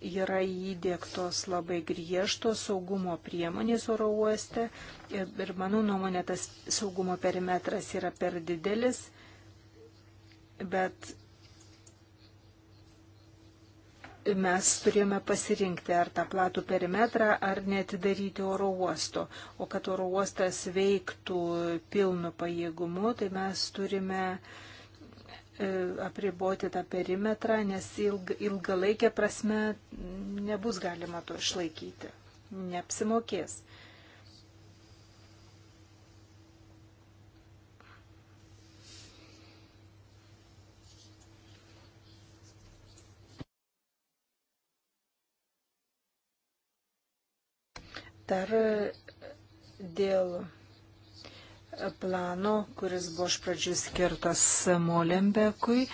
yra įdėktos labai griežtos saugumo priemonės oro uoste ir, ir mano nuomonė tas saugumo perimetras yra per didelis, bet mes turėjome pasirinkti ar tą platų perimetrą, ar netidaryti oro uosto. O kad oro uostas veiktų pilnu pajėgumu, tai mes turime uh, E, apriboti tą perimetrą, nes ilg, ilgalaikė prasme nebus galima to išlaikyti. Neapsimokės. Dar e, dėl plano, kuris buvo iš pradžių skirtas Molembekui,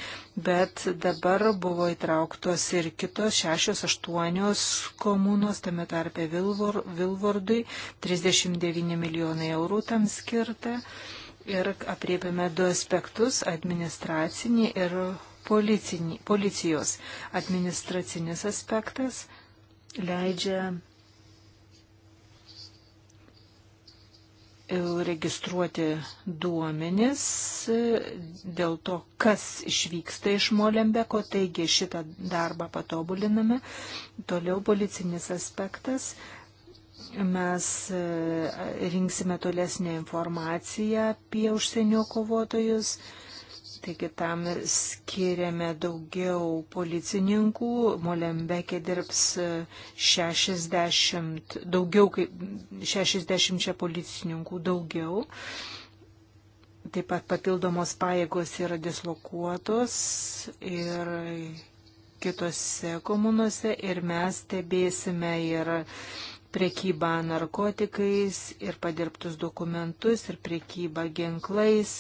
bet dabar buvo įtrauktos ir kitos šešios, aštuonios komunos, tame tarpe Vilvor, Vilvordui, 39 milijonai eurų tam skirta. Ir apriepėme du aspektus - administracinį ir policinį, policijos. Administracinis aspektas leidžia registruoti duomenis e, dėl to, kas išvyksta iš Molembeko, taigi šitą darbą patobuliname. Toliau policinis aspektas. Mes e, rinksime tolesnę informaciją apie užsienio kovotojus. Taigi tam skiriame daugiau policininkų, Molembekė dirbs 60, daugiau kaip 60 policininkų daugiau. Taip pat papildomos pajėgos yra dislokuotos ir kitose komunose ir mes stebėsime ir priekybą narkotikais ir padirbtus dokumentus ir priekybą ginklais.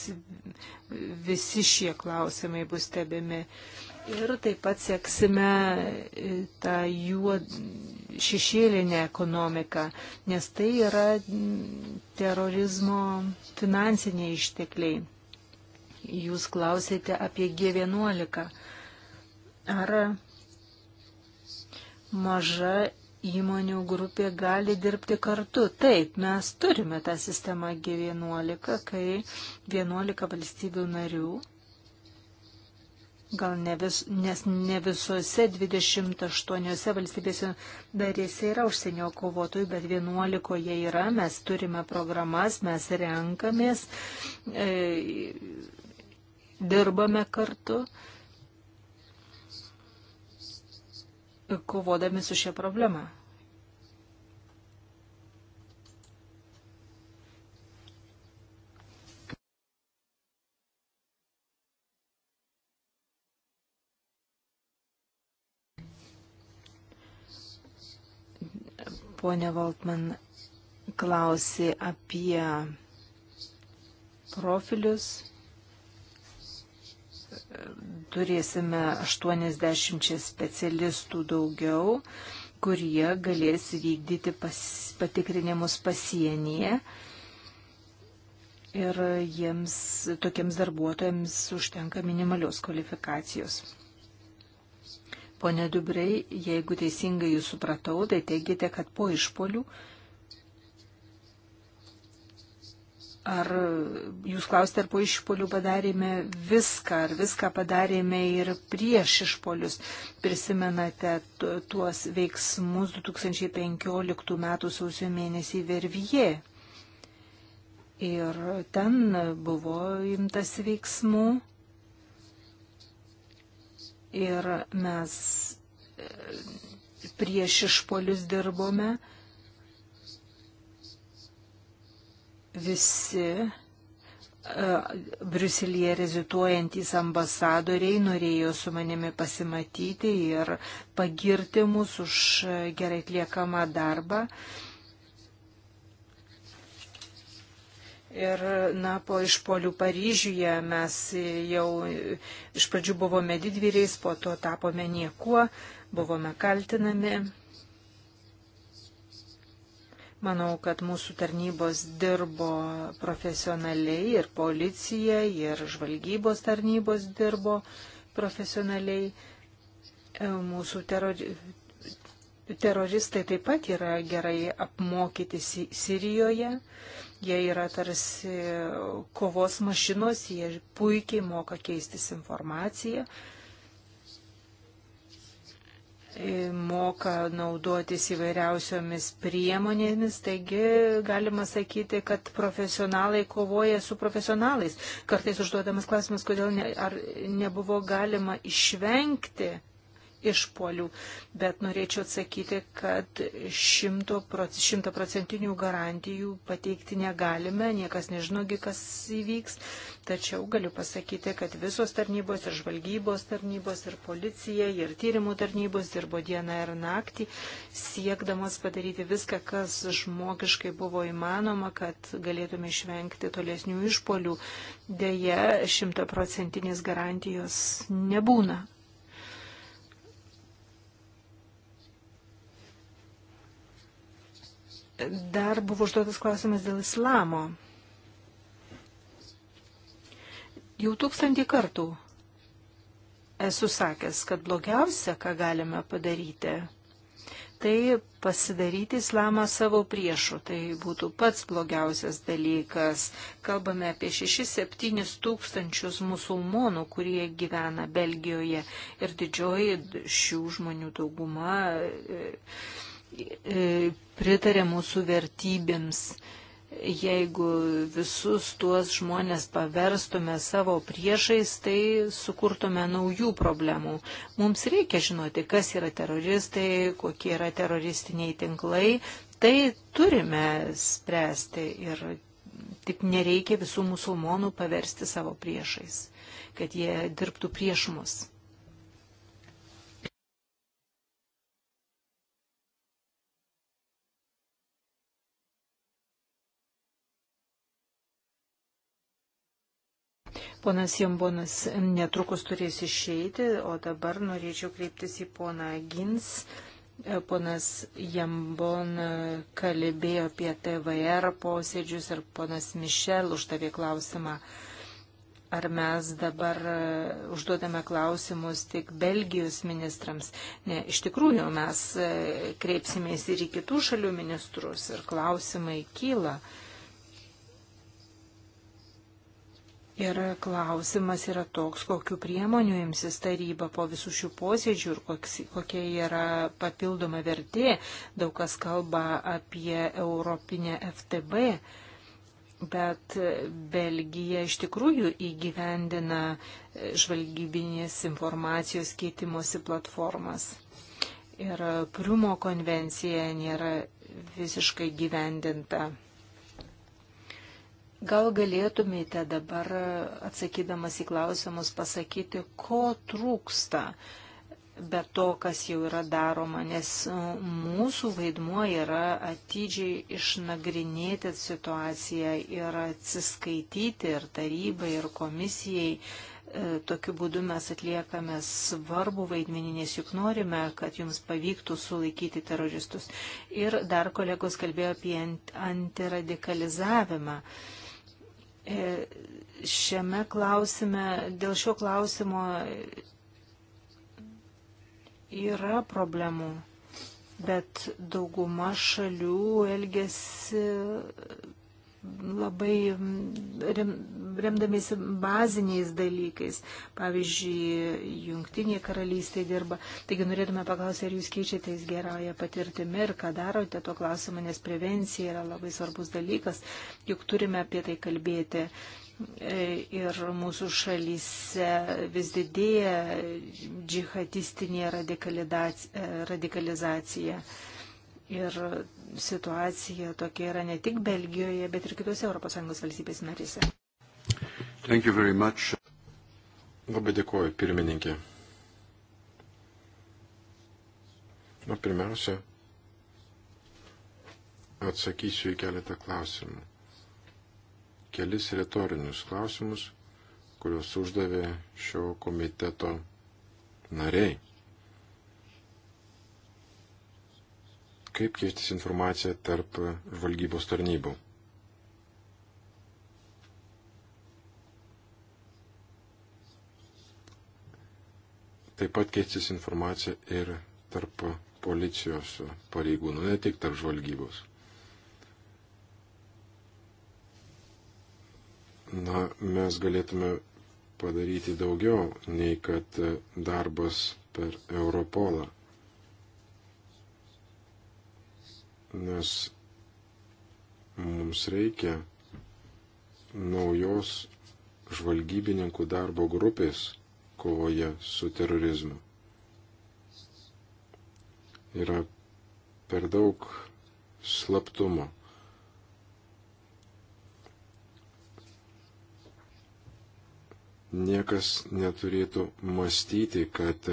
Visi šie klausimai bus stebimi. Ir taip pat seksime e, tą juod šešėlinę ekonomiką, nes tai yra terorizmo finansiniai ištekliai. Jūs klausėte apie G11. Ar maža įmonių grupė gali dirbti kartu. Taip, mes turime tą sistemą G11, kai 11 valstybių narių, gal ne vis, nes ne visose 28 valstybėse narėse yra užsienio kovotojų, bet 11 jie yra, mes turime programas, mes renkamės, e, dirbame kartu. E, kovodami su šia problema. Pone Voltman klausė apie profilius turėsime 80 specialistų daugiau, kurie galės vykdyti pas, patikrinimus pasienyje. Ir jiems, tokiems darbuotojams užtenka minimalios kvalifikacijos. Pone Dubrei, jeigu teisingai jūs supratau, tai teigite, kad po išpolių Ar jūs klausite, ar po išpolių padarėme viską, ar viską padarėme ir prieš išpolius? Prisimenate tuos veiksmus 2015 m. sausio mėnesį Vervije. Ir ten buvo imtas veiksmų. Ir mes e, prieš išpolius dirbome visi e, Briuselėje rezituojantys ambasadoriai norėjo su manimi pasimatyti ir pagirti mus už gerai atliekamą darbą. Ir, na, po išpolių Paryžiuje mes jau iš pradžių buvome didvyriais, po to tapome niekuo, buvome kaltinami. Manau, kad mūsų tarnybos dirbo profesionaliai ir policija, ir žvalgybos tarnybos dirbo profesionaliai. E, mūsų terori... teroristai taip pat yra gerai apmokyti Sirijoje. Jie yra tarsi kovos mašinos, jie puikiai moka keistis informaciją. E, moka naudotis įvairiausiomis priemonėmis, taigi galima sakyti, kad profesionalai kovoja su profesionalais. Kartais užduodamas klausimas, kodėl ne, ar nebuvo galima išvengti išpolių, bet norėčiau atsakyti, kad šimtaprocentinių garantijų pateikti negalime, niekas nežinogi, kas įvyks, tačiau galiu pasakyti, kad visos tarnybos ir žvalgybos tarnybos ir policija ir tyrimų tarnybos dirbo dieną ir naktį, siekdamas padaryti viską, kas žmogiškai buvo įmanoma, kad galėtume išvengti tolesnių išpolių. Deja, šimtaprocentinės garantijos nebūna. Dar buvo užduotas klausimas dėl islamo. Jau tūkstantį kartų esu sakęs, kad blogiausia, ką galime padaryti, tai pasidaryti islamą savo priešu. Tai būtų pats blogiausias dalykas. Kalbame apie 6-7 tūkstančius musulmonų, kurie gyvena Belgijoje ir didžioji šių žmonių dauguma. E, E, pritarė mūsų vertybėms. Jeigu visus tuos žmonės paverstume savo priešais, tai sukurtume naujų problemų. Mums reikia žinoti, kas yra teroristai, kokie yra teroristiniai tinklai. Tai turime spręsti ir tik nereikia visų musulmonų paversti savo priešais, kad jie dirbtų prieš mus. Ponas Jambonas netrukus turės išeiti, o dabar norėčiau kreiptis į poną Gins. Ponas Jambon kalbėjo apie TVR posėdžius ir ponas Mišel uždavė klausimą, ar mes dabar užduodame klausimus tik Belgijos ministrams. Ne, iš tikrųjų mes kreipsimės ir į kitų šalių ministrus ir klausimai kyla. Uh, Ir klausimas yra toks, kokiu priemoniu imsis taryba po visų šių posėdžių ir koks, kokia yra papildoma vertė. Daug kas kalba apie Europinę FTB, bet Belgija iš tikrųjų įgyvendina žvalgybinės informacijos keitimosi platformas. Ir Priumo konvencija nėra visiškai gyvendinta. Gal galėtumėte dabar, atsakydamas į klausimus, pasakyti, ko trūksta be to, kas jau yra daroma, nes e, mūsų vaidmuo yra atidžiai išnagrinėti situaciją ir atsiskaityti ir tarybai, ir komisijai. E, tokiu būdu mes atliekame svarbų vaidmenį, nes juk norime, kad jums pavyktų sulaikyti teroristus. Ir dar kolegos kalbėjo apie antiradikalizavimą. Ant E, šiame klausime, dėl šio klausimo yra problemų, bet dauguma šalių elgesi labai mm, rem, remdamėsi baziniais dalykais. Pavyzdžiui, jungtinė karalystė dirba. Taigi norėtume paklausti, ar jūs keičiateis gerąją patirtimį ir ką darote tuo klausimu, nes prevencija yra labai svarbus dalykas, juk turime apie tai kalbėti. E, ir mūsų šalyse vis didėja džihadistinė e, radikalizacija. Ir situacija tokia yra ne tik Belgijoje, bet ir kitose ES valstybės narėse. Labai dėkuoju, pirmininkė. Na, pirmiausia, atsakysiu į keletą klausimų. Kelis retorinius klausimus, kuriuos uždavė šio komiteto nariai. kaip keistis informacija tarp žvalgybos tarnybų. Taip pat keistis informacija ir tarp policijos pareigūnų, ne tik tarp žvalgybos. Na, mes galėtume padaryti daugiau nei kad darbas per Europolą nes mums reikia naujos žvalgybininkų darbo grupės kovoje su terorizmu. Yra per daug slaptumo. Niekas neturėtų mąstyti, kad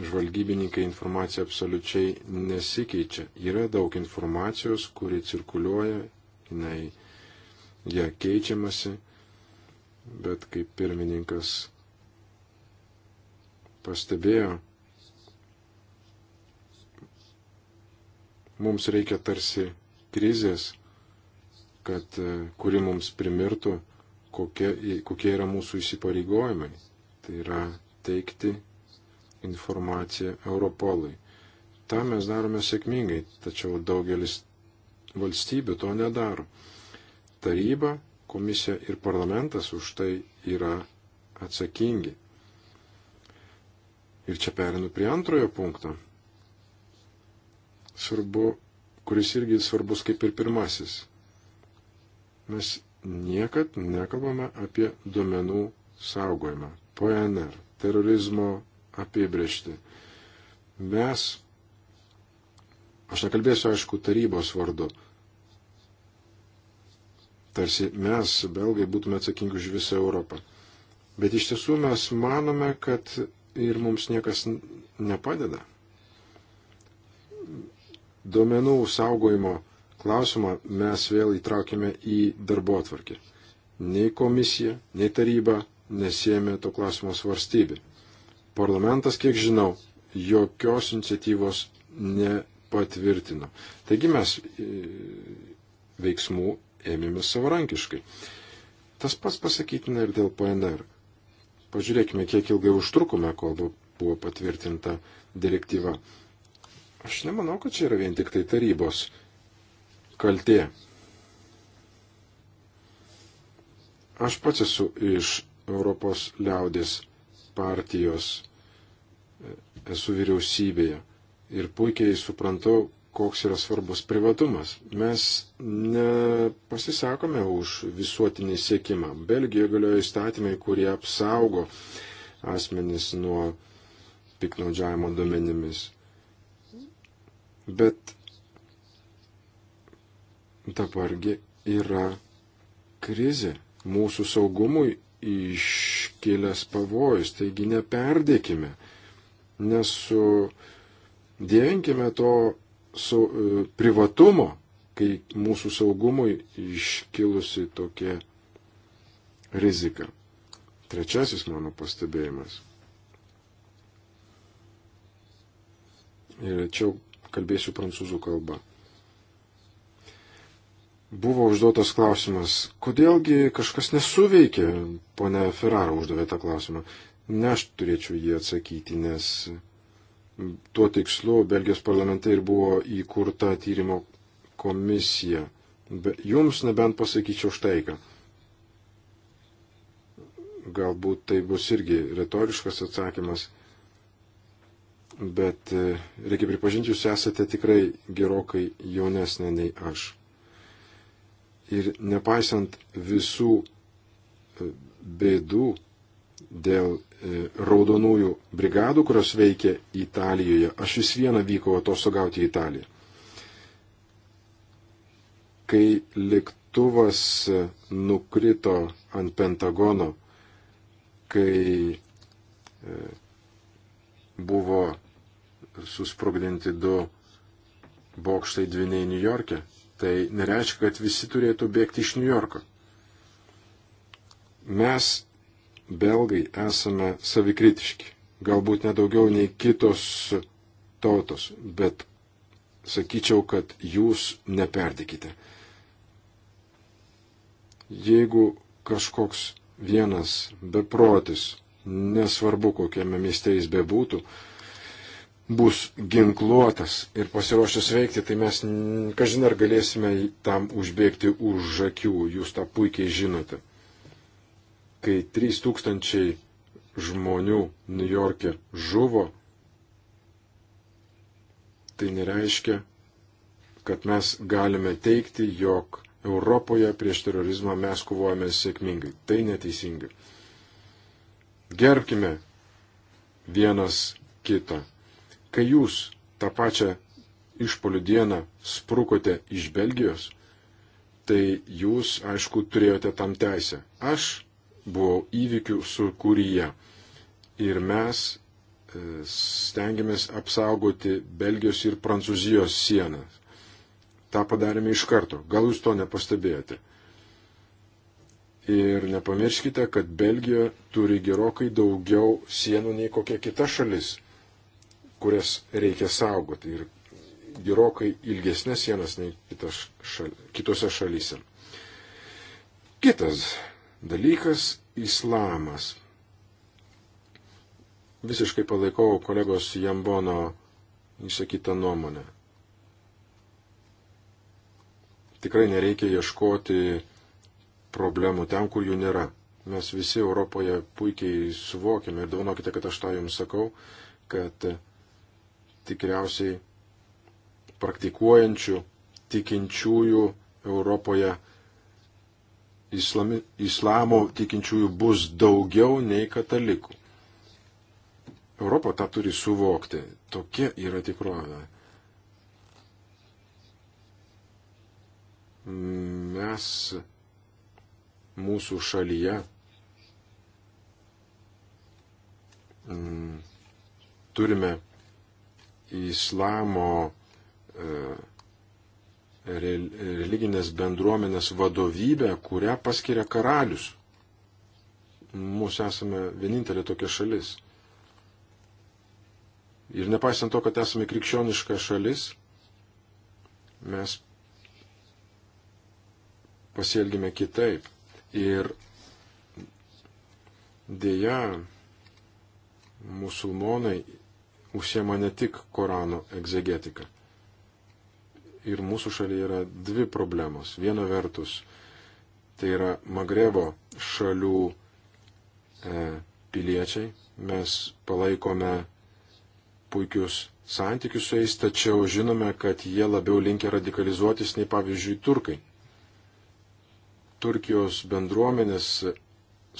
žvalgybininkai informacija absoliučiai nesikeičia. Yra daug informacijos, kuri cirkuliuoja, jinai ją keičiamasi, bet kaip pirmininkas pastebėjo, mums reikia tarsi krizės, kad, e, kuri mums primirtų, kokie, kokie yra mūsų įsipareigojimai. Tai yra teikti informaciją Europolui. Ta mes darome sėkmingai, tačiau daugelis valstybių to nedaro. Taryba, komisija ir parlamentas už tai yra atsakingi. Ir čia perinu prie antrojo punkto. Svarbu, kuris irgi svarbus kaip ir pirmasis. Mes niekad nekalbame apie duomenų saugojimą. PNR, terorizmo apibriežti. Mes, aš nekalbėsiu aišku tarybos vardu, tarsi mes, belgai, būtume atsakingi už visą Europą. Bet iš tiesų mes manome, kad ir mums niekas nepadeda. Duomenų saugojimo klausimą mes vėl įtraukėme į darbo atvarkį. Nei komisija, nei taryba nesėmė to klausimo svarstybė parlamentas, kiek žinau, jokios iniciatyvos nepatvirtino. Taigi mes e, veiksmų ėmėmės savarankiškai. Tas pats pasakytina ir dėl PNR. Pažiūrėkime, kiek ilgai užtrukome, kol buvo patvirtinta direktyva. Aš nemanau, kad čia yra vien tik tai tarybos kaltė. Aš pats esu iš Europos liaudės partijos, e, esu vyriausybėje ir puikiai suprantu, koks yra svarbus privatumas. Mes nepasisakome už visuotinį siekimą. Belgijoje galioja įstatymai, kurie apsaugo asmenys nuo piknaudžiavimo domenimis. Bet dabargi yra krizė. Mūsų saugumui iškilęs pavojus, taigi neperdėkime, nesudėkime to su, e, privatumo, kai mūsų saugumui iškilusi tokia rizika. Trečiasis mano pastebėjimas. Ir čia kalbėsiu prancūzų kalbą buvo užduotas klausimas, kodėlgi kažkas nesuveikė, ponė Ferrara uždavė tą klausimą. Ne aš turėčiau jį atsakyti, nes tuo tikslu Belgijos parlamente ir buvo įkurta tyrimo komisija. Be, jums nebent pasakyčiau štai ką. Galbūt tai bus irgi retoriškas atsakymas, bet e, reikia pripažinti, jūs esate tikrai gerokai jaunesnė nei aš. Ir nepaisant visų e, bėdų dėl e, raudonųjų brigadų, kurios veikia Italijoje, aš vis vieną vykau atostogauti į Italiją. Kai lėktuvas e, nukrito ant Pentagono, kai buvo susprogdinti du bokštai dviniai Niujorke, Tai nereiškia, kad visi turėtų bėgti iš New Yorko. Mes, belgai, esame savikritiški. Galbūt nedaugiau nei kitos tautos, bet sakyčiau, kad jūs neperdikite. Jeigu kažkoks vienas beprotis, nesvarbu kokiame mieste jis bebūtų, bus ginkluotas ir pasiruošęs veikti, tai mes, kažin ar galėsime tam užbėgti už akių, jūs tą puikiai žinote. Kai 3000 žmonių New York'e žuvo, tai nereiškia, kad mes galime teikti, jog Europoje prieš terorizmą mes kovojame sėkmingai. Tai neteisingai. Gerbkime vienas kitą Kai jūs tą pačią išpolių dieną sprukote iš Belgijos, tai jūs, aišku, turėjote tam teisę. Aš buvau įvykių sukūryje ir mes e, stengiamės apsaugoti Belgijos ir Prancūzijos sieną. Ta padarėme iš karto. Gal jūs to nepastebėjote? Ir nepamirškite, kad Belgija turi gerokai daugiau sienų nei kokia kita šalis kurias reikia saugoti ir gerokai ilgesnės sienas nei šal, kitose šalyse. Kitas dalykas - islamas. Visiškai palaikau kolegos Jambono išsakytą nuomonę. Tikrai nereikia ieškoti problemų ten, kur jų nėra. Mes visi Europoje puikiai suvokime ir davonokite, kad aš tą jums sakau, kad tikriausiai praktikuojančių tikinčiųjų Europoje islami, islamo tikinčiųjų bus daugiau nei katalikų. Europa tą turi suvokti. Tokia yra tikrovė. Mes mūsų šalyje mm, turime islamo e, religinės bendruomenės vadovybę, kurią paskiria karalius. Mūsų esame vienintelė tokia šalis. Ir nepaisant to, kad esame krikščioniška šalis, mes pasielgime kitaip. Ir dėja, musulmonai užsiema ne tik Korano egzegetika. Ir mūsų šalyje yra dvi problemos. Viena vertus, tai yra Magrebo šalių e, piliečiai. Mes palaikome puikius santykius su jais, tačiau žinome, kad jie labiau linkia radikalizuotis nei pavyzdžiui turkai. Turkijos bendruomenės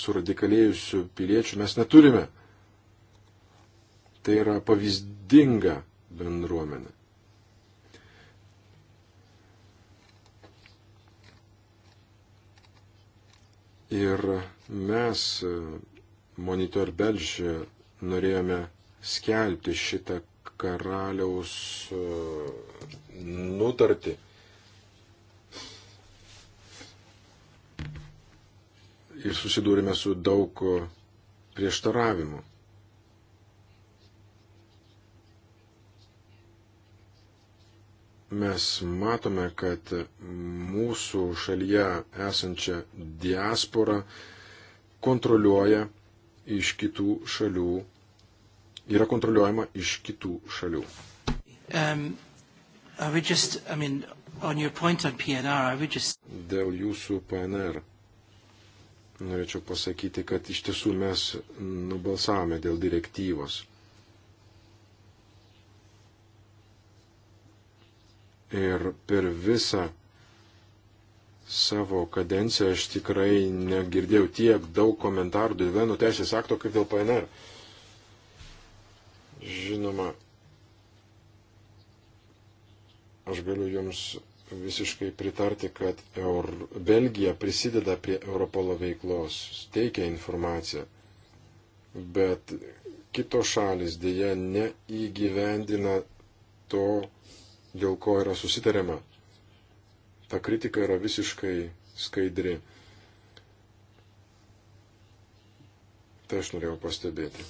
suradikalėjusių piliečių mes neturime Tai yra pavyzdinga bendruomenė. Ir mes Monitor Belge norėjome skelbti šitą karaliaus nutartį. Ir susidūrėme su daug prieštaravimų. mes matome, kad mūsų šalyje esančią diasporą kontroliuoja iš kitų šalių, yra kontroliuojama iš kitų šalių. Um, just, I mean, PNR, just... Dėl jūsų PNR norėčiau pasakyti, kad iš tiesų mes nubalsavome dėl direktyvos Ir per visą savo kadenciją aš tikrai negirdėjau tiek daug komentarų dėl vieno teisės akto kaip dėl PNR. Žinoma, aš galiu Jums visiškai pritarti, kad Eur... Belgija prisideda prie Europolo veiklos, teikia informaciją, bet kitos šalis dėja neįgyvendina to dėl ko yra susitarėma. Ta kritika yra visiškai skaidri. Tai aš norėjau pastebėti.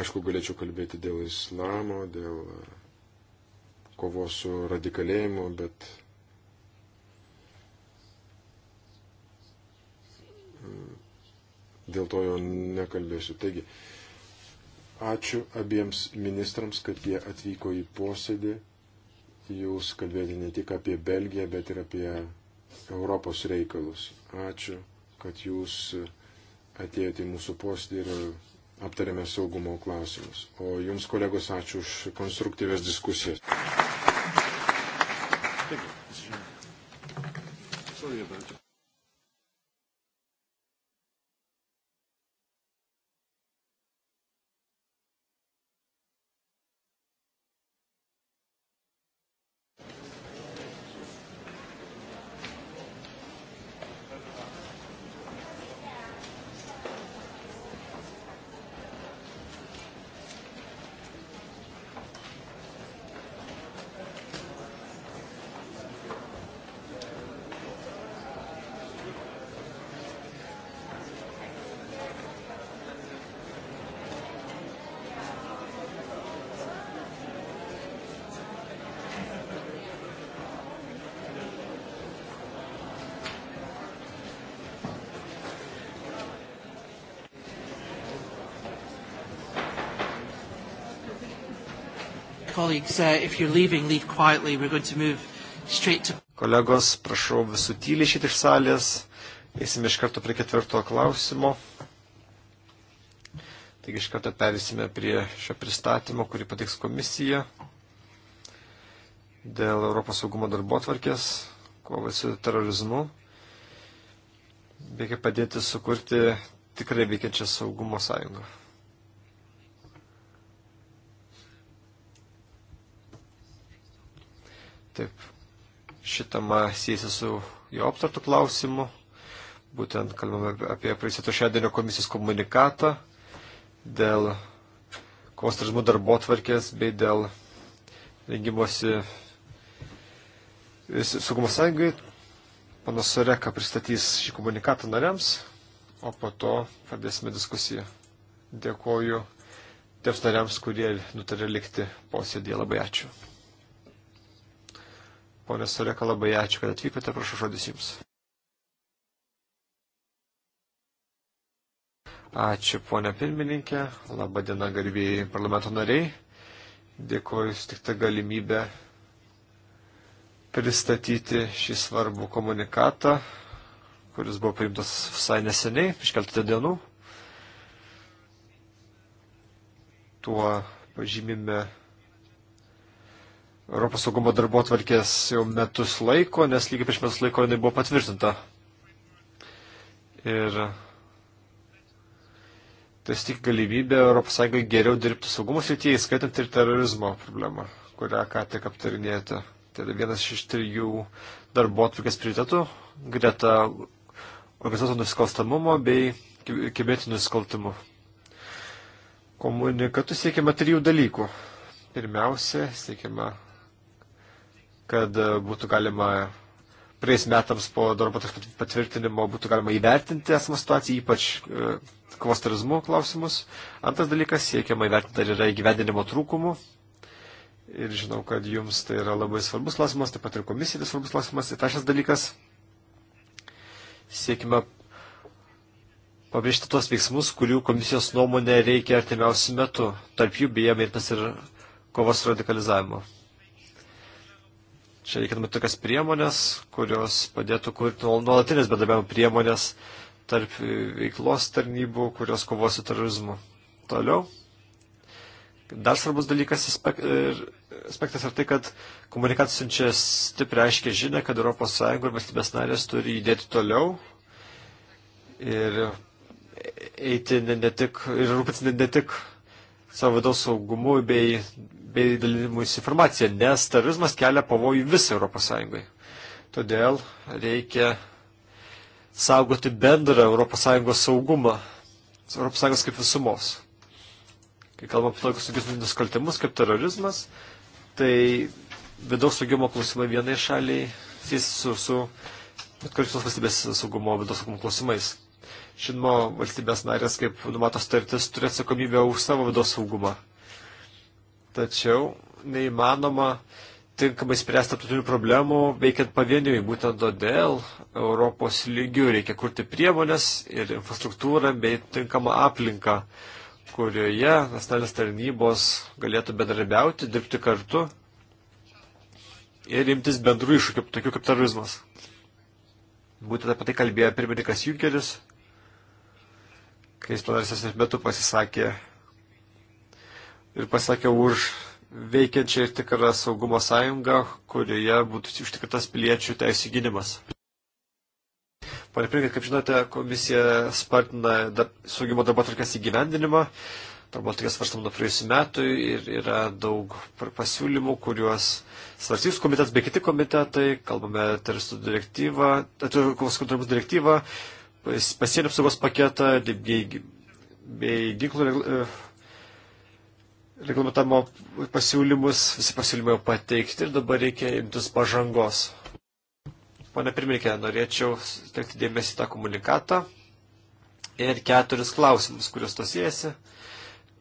Aišku, galėčiau kalbėti dėl islamo, dėl kovos su radikalėjimu, bet dėl to jo nekalbėsiu. Taigi, Ačiū abiems ministrams, kad jie atvyko į posėdį. Jūs kalbėjote ne tik apie Belgiją, bet ir apie Europos reikalus. Ačiū, kad jūs atėjote į mūsų posėdį ir aptarėme saugumo klausimus. O jums, kolegos, ačiū už konstruktyvės diskusijas. Sorry about it. Colleagues, uh, if you're leaving, leave quietly. We're going to move straight to... Kolegos, prašau visų tyliai šit iš salės. Eisime iš karto prie ketvirto klausimo. Taigi iš karto perėsime prie šio pristatymo, kurį patiks komisija dėl Europos saugumo darbo atvarkės, kovai su terorizmu. Reikia padėti sukurti tikrai veikiančią saugumo sąjungą. Taip, šitama siejasi su jo aptartų klausimu. Būtent kalbame apie praeisėto šiandienio komisijos komunikatą dėl kostrazmų darbo tvarkės bei dėl rengimosi saugumo sąjungai. Panas Soreka pristatys šį komunikatą nariams, o po to pradėsime diskusiją. Dėkoju tiems nariams, kurie nutarė likti posėdėje. Labai ačiū. Pone Soleka, labai ačiū, kad atvykote, prašau žodis Jums. Ačiū, ponė pirmininkė, laba diena, garbėjai parlamento nariai. Dėkuoju sutiktą galimybę pristatyti šį svarbų komunikatą, kuris buvo priimtas visai neseniai, prieš keletą dienų. Tuo pažymime Europos saugumo darbo atvarkės jau metus laiko, nes lygiai prieš metus laiko jinai buvo patvirtinta. Ir tai tik galimybė ES geriau dirbti saugumo srityje, įskaitant ir terorizmo problemą, kurią ką tik aptarinėjote. Tai yra vienas iš trijų darbo atvarkės prioritetų greta organizuoto nusikalstamumo bei kibetinių nusikaltimų. Komunikatu siekiama trijų dalykų. Pirmiausia, siekiama kad e, būtų galima praeis metams po darbo toks patvirtinimo būtų galima įvertinti esamą situaciją, ypač e, kovos terorizmo klausimus. Antras dalykas, siekiama įvertinti, ar yra įgyvendinimo trūkumų. Ir žinau, kad jums tai yra labai svarbus klausimas, taip pat ir komisijai tai svarbus klausimas. Ir trečias dalykas, siekime pabrėžti tuos veiksmus, kurių komisijos nuomonė reikia artimiausių metų, tarp jų beje mirtas ir kovos radikalizavimo. Čia reikėtume tokias priemonės, kurios padėtų kurti nuolatinės bedarbiavimo priemonės tarp veiklos tarnybų, kurios kovos su terorizmu. Toliau. Dar svarbus dalykas aspektas yra tai, kad komunikacija siunčia stiprią aiškę žinę, kad ES ir valstybės narės turi judėti toliau ir eiti ne, ne tik, ir rūpintis ne, ne tik savo vidaus saugumu bei bei dalinimus informaciją, nes terorizmas kelia pavojų visą Europos Sąjungai. Todėl reikia saugoti bendrą ES saugumą, ES kaip visumos. Kai kalbam apie tokius tokius nusikaltimus kaip terorizmas, tai vidaus saugumo klausimai vienai šaliai sės su, su bet kokios valstybės saugumo vidaus saugumo klausimais. Žinoma, valstybės narės, kaip numato startis, turi atsakomybę už savo vidaus saugumą tačiau neįmanoma tinkamai spręsti tarptautinių problemų veikiant pavieniui. Būtent todėl Europos lygių reikia kurti priemonės ir infrastruktūrą bei tinkamą aplinką, kurioje nacionalinės tarnybos galėtų bendradarbiauti, dirbti kartu ir imtis bendrų iššūkių, tokių kaip terorizmas. Būtent apie tai kalbėjo pirmininkas Junkeris, kai jis padaręs metu pasisakė ir pasakė už veikiančią ir tikrą saugumo sąjungą, kurioje būtų užtikrintas piliečių teisų gynimas. Pane Prinkė, kaip žinote, komisija spartina dar, saugimo darbo atvarkės įgyvendinimą. Darbo atvarkės svarstam nuo praėjusių metų ir yra daug pasiūlymų, kuriuos svarstys komitetas bei kiti komitetai. Kalbame teroristų direktyvą, e, kovos kontramus direktyvą, pasienio apsaugos paketą bei ginklų e, reglamentavimo pasiūlymus, visi pasiūlymai jau pateikti ir dabar reikia imtis pažangos. Pone pirmininkė, norėčiau sutelkti dėmesį tą komunikatą ir keturis klausimus, kuriuos tos jėsi,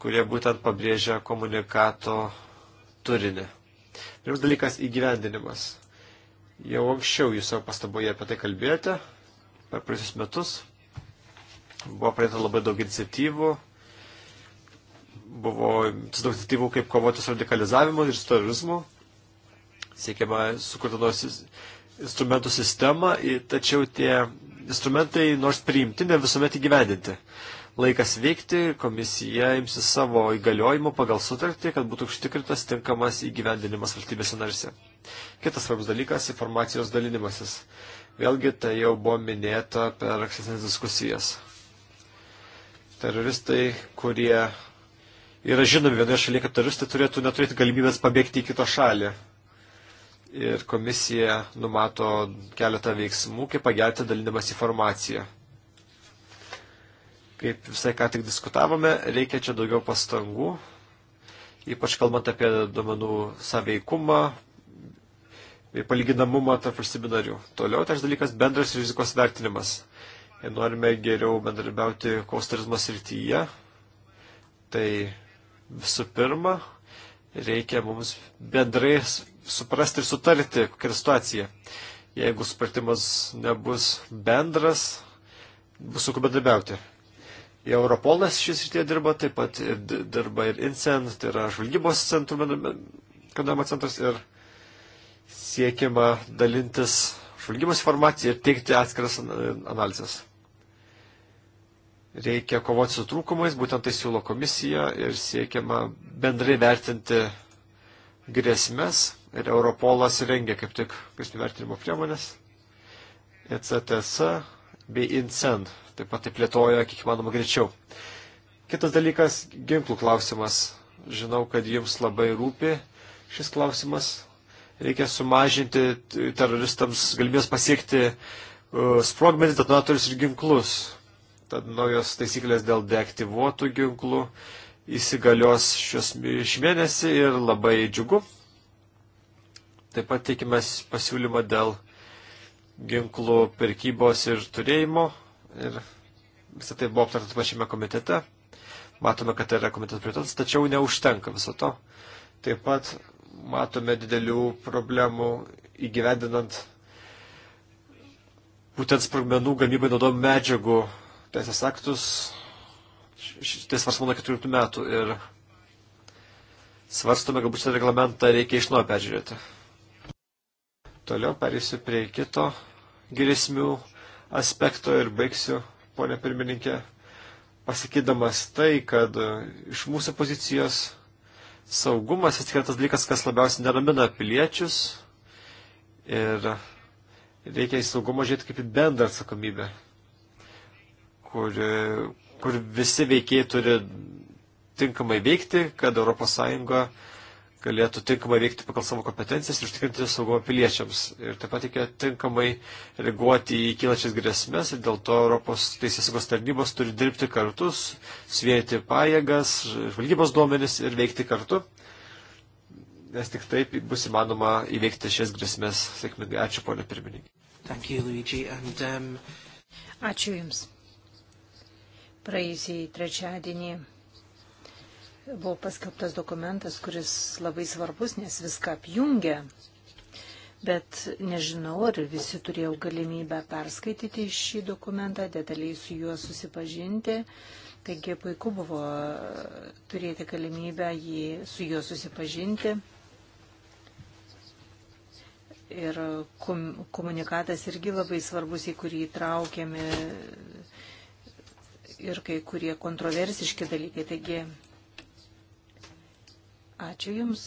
kurie būtent pabrėžia komunikato turinį. Pirmas dalykas - įgyvendinimas. Jau anksčiau jūs savo pastaboje apie tai kalbėjote, per praėjusius metus buvo praeita labai daug iniciatyvų, buvo daug iniciatyvų kaip kovoti su radikalizavimu ir su terorizmu. Siekiama sukurti nors instrumentų sistemą, tačiau tie instrumentai, nors priimti, ne visuomet įgyvendinti. Laikas veikti, komisija imsi savo įgaliojimų pagal sutartį, kad būtų užtikrintas tinkamas įgyvendinimas valstybėse narse. Kitas svarbus dalykas - informacijos dalinimasis. Vėlgi tai jau buvo minėta per ankstesnės diskusijas. Teroristai, kurie yra žinomi vienoje šalyje, kad turistai turėtų neturėti galimybės pabėgti į kitą šalį. Ir komisija numato keletą veiksmų, kaip pagerti dalinimas informaciją. Kaip visai ką tik diskutavome, reikia čia daugiau pastangų, ypač kalbant apie duomenų saveikumą ir palyginamumą tarp valstybių narių. Toliau tas dalykas bendras rizikos vertinimas. Jei norime geriau bendradarbiauti kaustarizmo srityje, tai Visų pirma, reikia mums bendrai suprasti ir sutarti, kokia situacija. Jeigu supratimas nebus bendras, bus sunku bendrabiauti. Europolas šis rytėje dirba, taip pat ir dirba ir INCEN, tai yra žvalgybos centrų bendradarbiavimo centras ir siekiama dalintis žvalgybos informaciją ir teikti atskiras analizės reikia kovoti su trūkumais, būtent tai siūlo komisija ir siekiama bendrai vertinti grėsmės ir Europolas rengia kaip tik grėsmių vertinimo priemonės, ECTS bei INCEN, e taip pat tai plėtoja kiek manoma greičiau. Kitas dalykas - ginklų klausimas. Žinau, kad jums labai rūpi šis klausimas. Reikia sumažinti teroristams galimybės pasiekti uh, sprogmenis, detonatorius ir ginklus Tad naujos taisyklės dėl deaktyvuotų ginklų įsigalios šios iš mėnesį ir labai džiugu. Taip pat tikimės pasiūlymą dėl ginklų pirkybos ir turėjimo. Ir visą tai buvo aptarta pačiame komitete. Matome, kad tai yra komiteto prioritetas, tačiau neužtenka viso to. Taip pat matome didelių problemų įgyvendinant būtent sprogmenų gamybai naudojamų medžiagų teisės aktus, tai svarstama nuo 14 metų ir svarstome, galbūt šitą reglamentą reikia iš naujo peržiūrėti. Toliau perėsiu prie kito grėsmių aspekto ir baigsiu, ponė pirmininkė, pasakydamas tai, kad iš mūsų pozicijos saugumas vis tik yra tas dalykas, kas labiausiai neramina piliečius ir reikia į saugumą žiūrėti kaip į bendrą atsakomybę kur, kur visi veikiai turi tinkamai veikti, kad ES galėtų tinkamai veikti pagal savo kompetencijas ir užtikrinti saugumą piliečiams. Ir taip pat reikia tinkamai reaguoti į kylačias grėsmės ir dėl to Europos Teisės saugos tarnybos turi dirbti kartu, suvienyti pajėgas, žvalgybos duomenis ir veikti kartu, nes tik taip bus įmanoma įveikti šias grėsmės sėkmingai. Ačiū, ponė pirmininkė. Um... Ačiū Jums. Praėjusį trečiadienį buvo paskelbtas dokumentas, kuris labai svarbus, nes viską apjungia. Bet nežinau, ar visi turėjau galimybę perskaityti šį dokumentą, detaliai su juo susipažinti. Taigi puiku buvo turėti galimybę jį, su juo susipažinti. Ir komunikatas irgi labai svarbus, į kurį traukiami ir kai kurie kontroversiški dalykai. Taigi, ačiū Jums.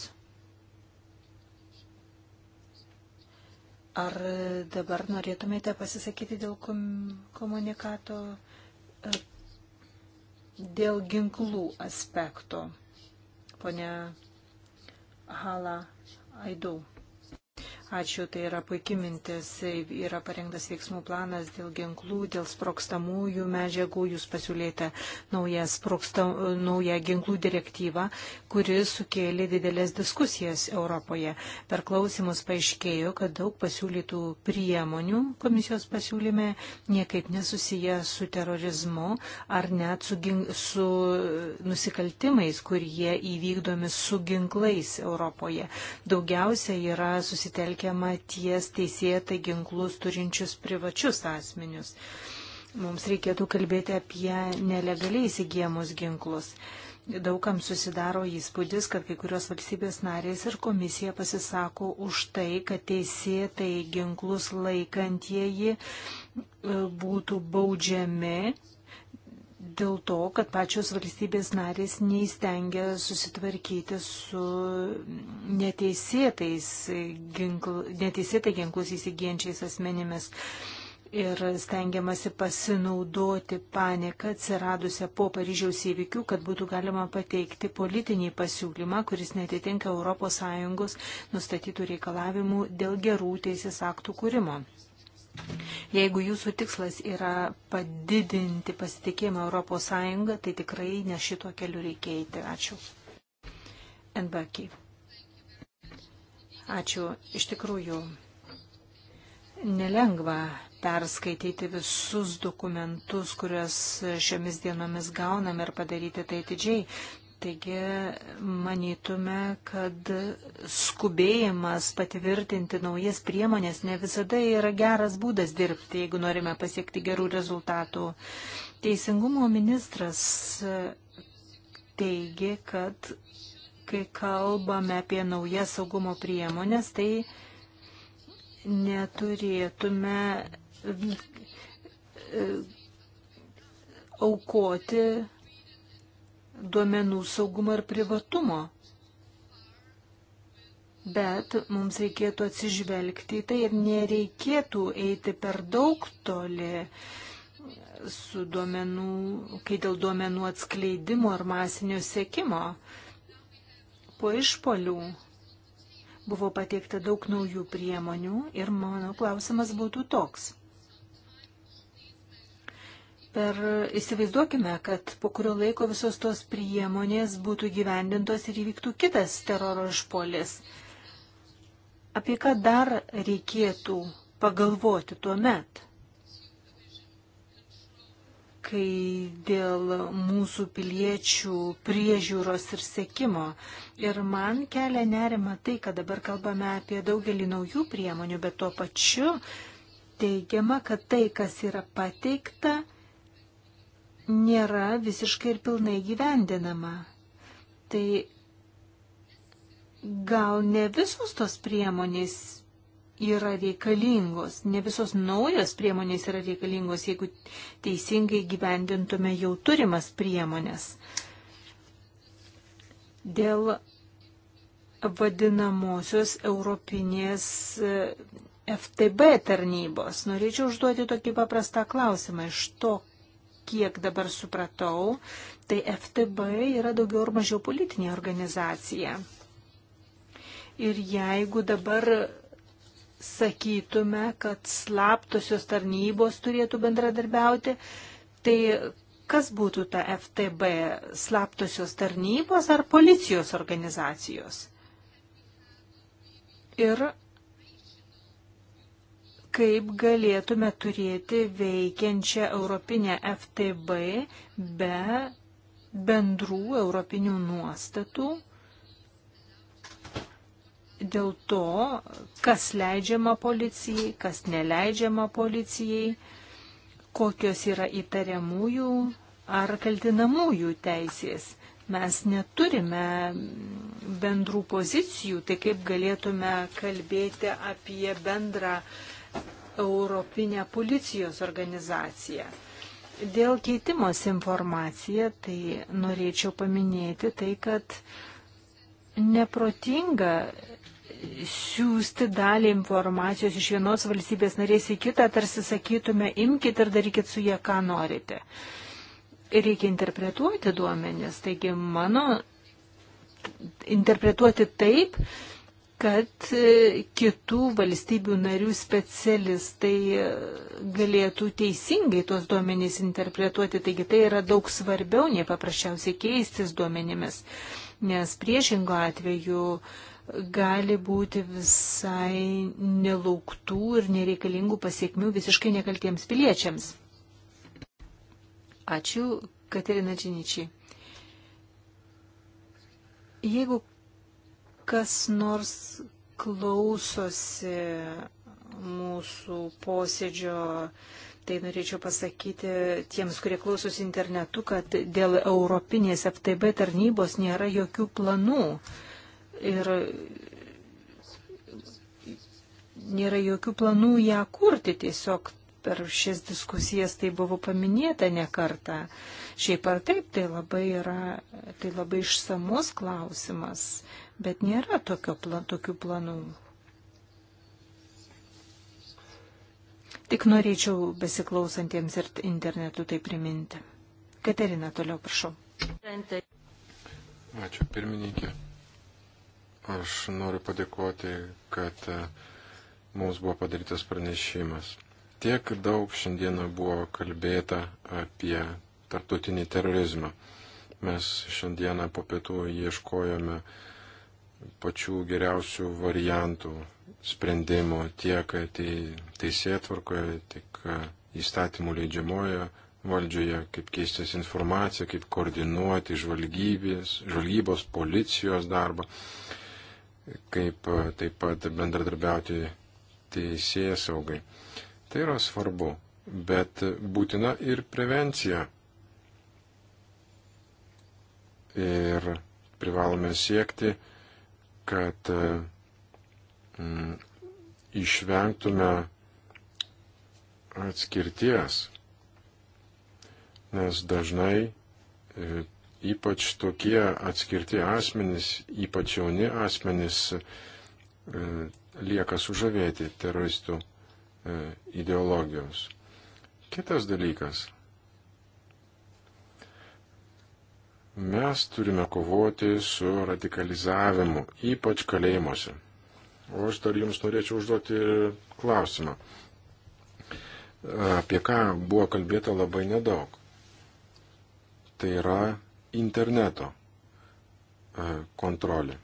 Ar dabar norėtumėte pasisakyti dėl komunikato, e, dėl ginklų aspekto, ponia Hala Aidau? Ačiū, tai yra puikia mintis. Yra parengtas veiksmų planas dėl ginklų, dėl sprokstamųjų medžiagų. Jūs pasiūlėte naują, sproksta, naują ginklų direktyvą, kuri sukėlė didelės diskusijas Europoje. Per klausimus paaiškėjo, kad daug pasiūlytų priemonių komisijos pasiūlyme niekaip nesusiję su terorizmu ar net su, gink, su nusikaltimais, kurie įvykdomi su ginklais Europoje. Daugiausia yra susitelkę sutelkiama ties teisėtai ginklus turinčius privačius asmenius. Mums reikėtų kalbėti apie nelegaliai įsigijamus ginklus. Daugam susidaro įspūdis, kad kai kurios valstybės narės ir komisija pasisako už tai, kad teisėtai ginklus laikantieji e, būtų baudžiami dėl to, kad pačios valstybės narės neįstengia susitvarkyti su neteisėtais ginkl, neteisėtai ginklus įsigienčiais asmenimis ir stengiamasi pasinaudoti paniką atsiradusią po Paryžiaus įvykių, kad būtų galima pateikti politinį pasiūlymą, kuris netitinka ES nustatytų reikalavimų dėl gerų teisės aktų kūrimo. Jeigu jūsų tikslas yra padidinti pasitikėjimą ES, tai tikrai ne šito keliu reikia eiti. Ačiū. Enbaki. Ačiū. Iš tikrųjų, nelengva perskaityti visus dokumentus, kuriuos šiomis dienomis gauname ir padaryti tai didžiai. Taigi manytume, kad skubėjimas patvirtinti naujas priemonės ne visada yra geras būdas dirbti, jeigu norime pasiekti gerų rezultatų. Teisingumo ministras teigia, kad kai kalbame apie naujas saugumo priemonės, tai neturėtume e, aukoti duomenų saugumo ir privatumo. Bet mums reikėtų atsižvelgti į tai ir nereikėtų eiti per daug toli su duomenų, kai dėl duomenų atskleidimo ar masinio sėkimo. Po išpolių buvo pateikta daug naujų priemonių ir mano klausimas būtų toks. Per įsivaizduokime, kad po kurio laiko visos tos priemonės būtų gyvendintos ir įvyktų kitas teroro išpolis. Apie ką dar reikėtų pagalvoti tuo met, kai dėl mūsų piliečių priežiūros ir sekimo. Ir man kelia nerima tai, kad dabar kalbame apie daugelį naujų priemonių, bet tuo pačiu teigiama, kad tai, kas yra pateikta, nėra visiškai ir pilnai gyvendinama. Tai gal ne visos tos priemonės yra reikalingos, ne visos naujos priemonės yra reikalingos, jeigu teisingai gyvendintume jau turimas priemonės. Dėl vadinamosios Europinės e, FTB tarnybos norėčiau užduoti tokį paprastą klausimą iš to, kiek dabar supratau, tai FTB yra daugiau ar mažiau politinė organizacija. Ir jeigu dabar sakytume, kad slaptosios tarnybos turėtų bendradarbiauti, tai kas būtų ta FTB - slaptosios tarnybos ar policijos organizacijos? Ir kaip galėtume turėti veikiančią Europinę FTB be bendrų europinių nuostatų dėl to, kas leidžiama policijai, kas neleidžiama policijai, kokios yra įtariamųjų ar kaltinamųjų teisės. Mes neturime bendrų pozicijų, tai kaip galėtume kalbėti apie bendrą uh, Europinę policijos organizaciją. Dėl keitimos informacija, tai norėčiau paminėti tai, kad neprotinga siūsti dalį informacijos iš vienos valstybės narės į kitą, tarsi sakytume, imkite ir darykit su jie, ką norite. Reikia interpretuoti duomenis, taigi mano interpretuoti taip, kad e, kitų valstybių narių specialistai e, galėtų teisingai tuos duomenys interpretuoti. Taigi tai yra daug svarbiau nei paprasčiausiai keistis duomenimis, nes priešingo atveju e, gali būti visai nelauktų ir nereikalingų pasiekmių visiškai nekaltiems piliečiams. Ačiū, Katerina Činičiai. Jeigu kas nors klausosi mūsų posėdžio, tai norėčiau pasakyti tiems, kurie klausosi internetu, kad dėl Europinės FTB tarnybos nėra jokių planų. Ir nėra jokių planų ją kurti, tiesiog per šias diskusijas tai buvo paminėta ne kartą. Šiaip ar taip, tai labai, yra, tai labai išsamus klausimas bet nėra plan, tokių planų. Tik norėčiau besiklausantiems ir internetu tai priminti. Katerina, toliau prašau. Ačiū, pirmininkė. Aš noriu padėkoti, kad e, mums buvo padarytas pranešimas. Tiek daug šiandieną buvo kalbėta apie tarptautinį terorizmą. Mes šiandieną po pietų ieškojome uh, pačių geriausių variantų sprendimų tiek teisėtvarkoje, tiek e, įstatymų leidžiamojo valdžioje, kaip keistis informacija, kaip koordinuoti žvalgybos, policijos darbą, kaip e, taip pat bendradarbiauti teisėje saugai. Tai yra svarbu, bet būtina ir prevencija. Ir privalome siekti kad mm, išvengtume atskirties, nes dažnai e, ypač tokie atskirti asmenys, ypač jauni asmenys e, lieka sužavėti teroristų ideologijos. Kitas dalykas Mes turime kovoti su radikalizavimu, ypač kalėjimuose. O aš dar jums norėčiau užduoti klausimą, apie ką buvo kalbėta labai nedaug. Tai yra interneto e, kontrolė.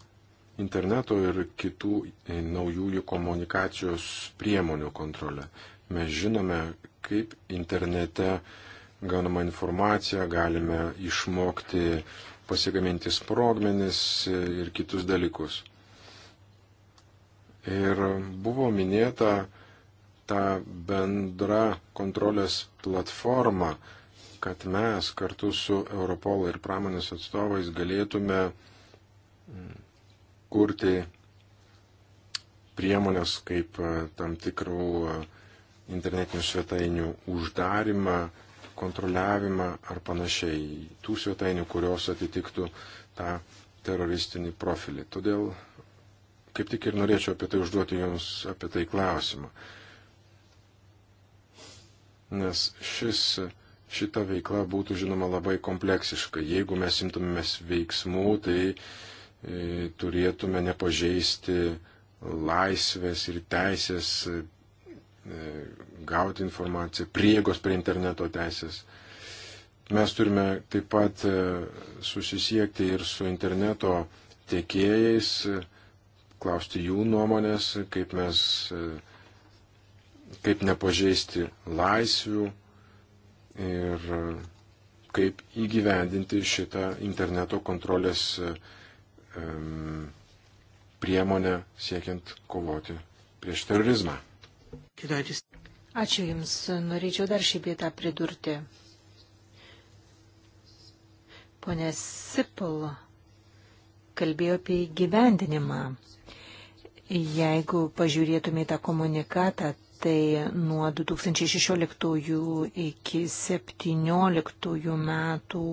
Interneto ir kitų e, naujųjų komunikacijos priemonių kontrolė. Mes žinome, kaip internete uh, gaunamą informaciją, galime išmokti pasigaminti sprogmenis ir kitus dalykus. Ir buvo minėta ta bendra kontrolės platforma, kad mes kartu su Europolo ir pramonės atstovais galėtume mm, kurti priemonės kaip e, tam tikrų e, internetinių svetainių uždarimą, kontroliavimą ar panašiai, tų svetainių, kurios atitiktų tą teroristinį profilį. Todėl kaip tik ir norėčiau apie tai užduoti Jums apie tai klausimą. Nes šis, šita veikla būtų žinoma labai kompleksiška. Jeigu mes imtumėmės veiksmų, tai e, turėtume nepažeisti laisvės ir teisės E, gauti informaciją, priegos prie interneto teisės. Mes turime taip pat e, susisiekti ir su interneto tiekėjais, klausti jų nuomonės, kaip mes, e, kaip nepažeisti laisvių ir kaip įgyvendinti šitą interneto kontrolės priemonę siekiant kovoti prieš terorizmą. Ačiū Jums. Norėčiau dar šį vietą pridurti. Pone Sipul kalbėjo apie įgyvendinimą. Jeigu pažiūrėtume tą komunikatą, tai nuo 2016 iki 2017 metų,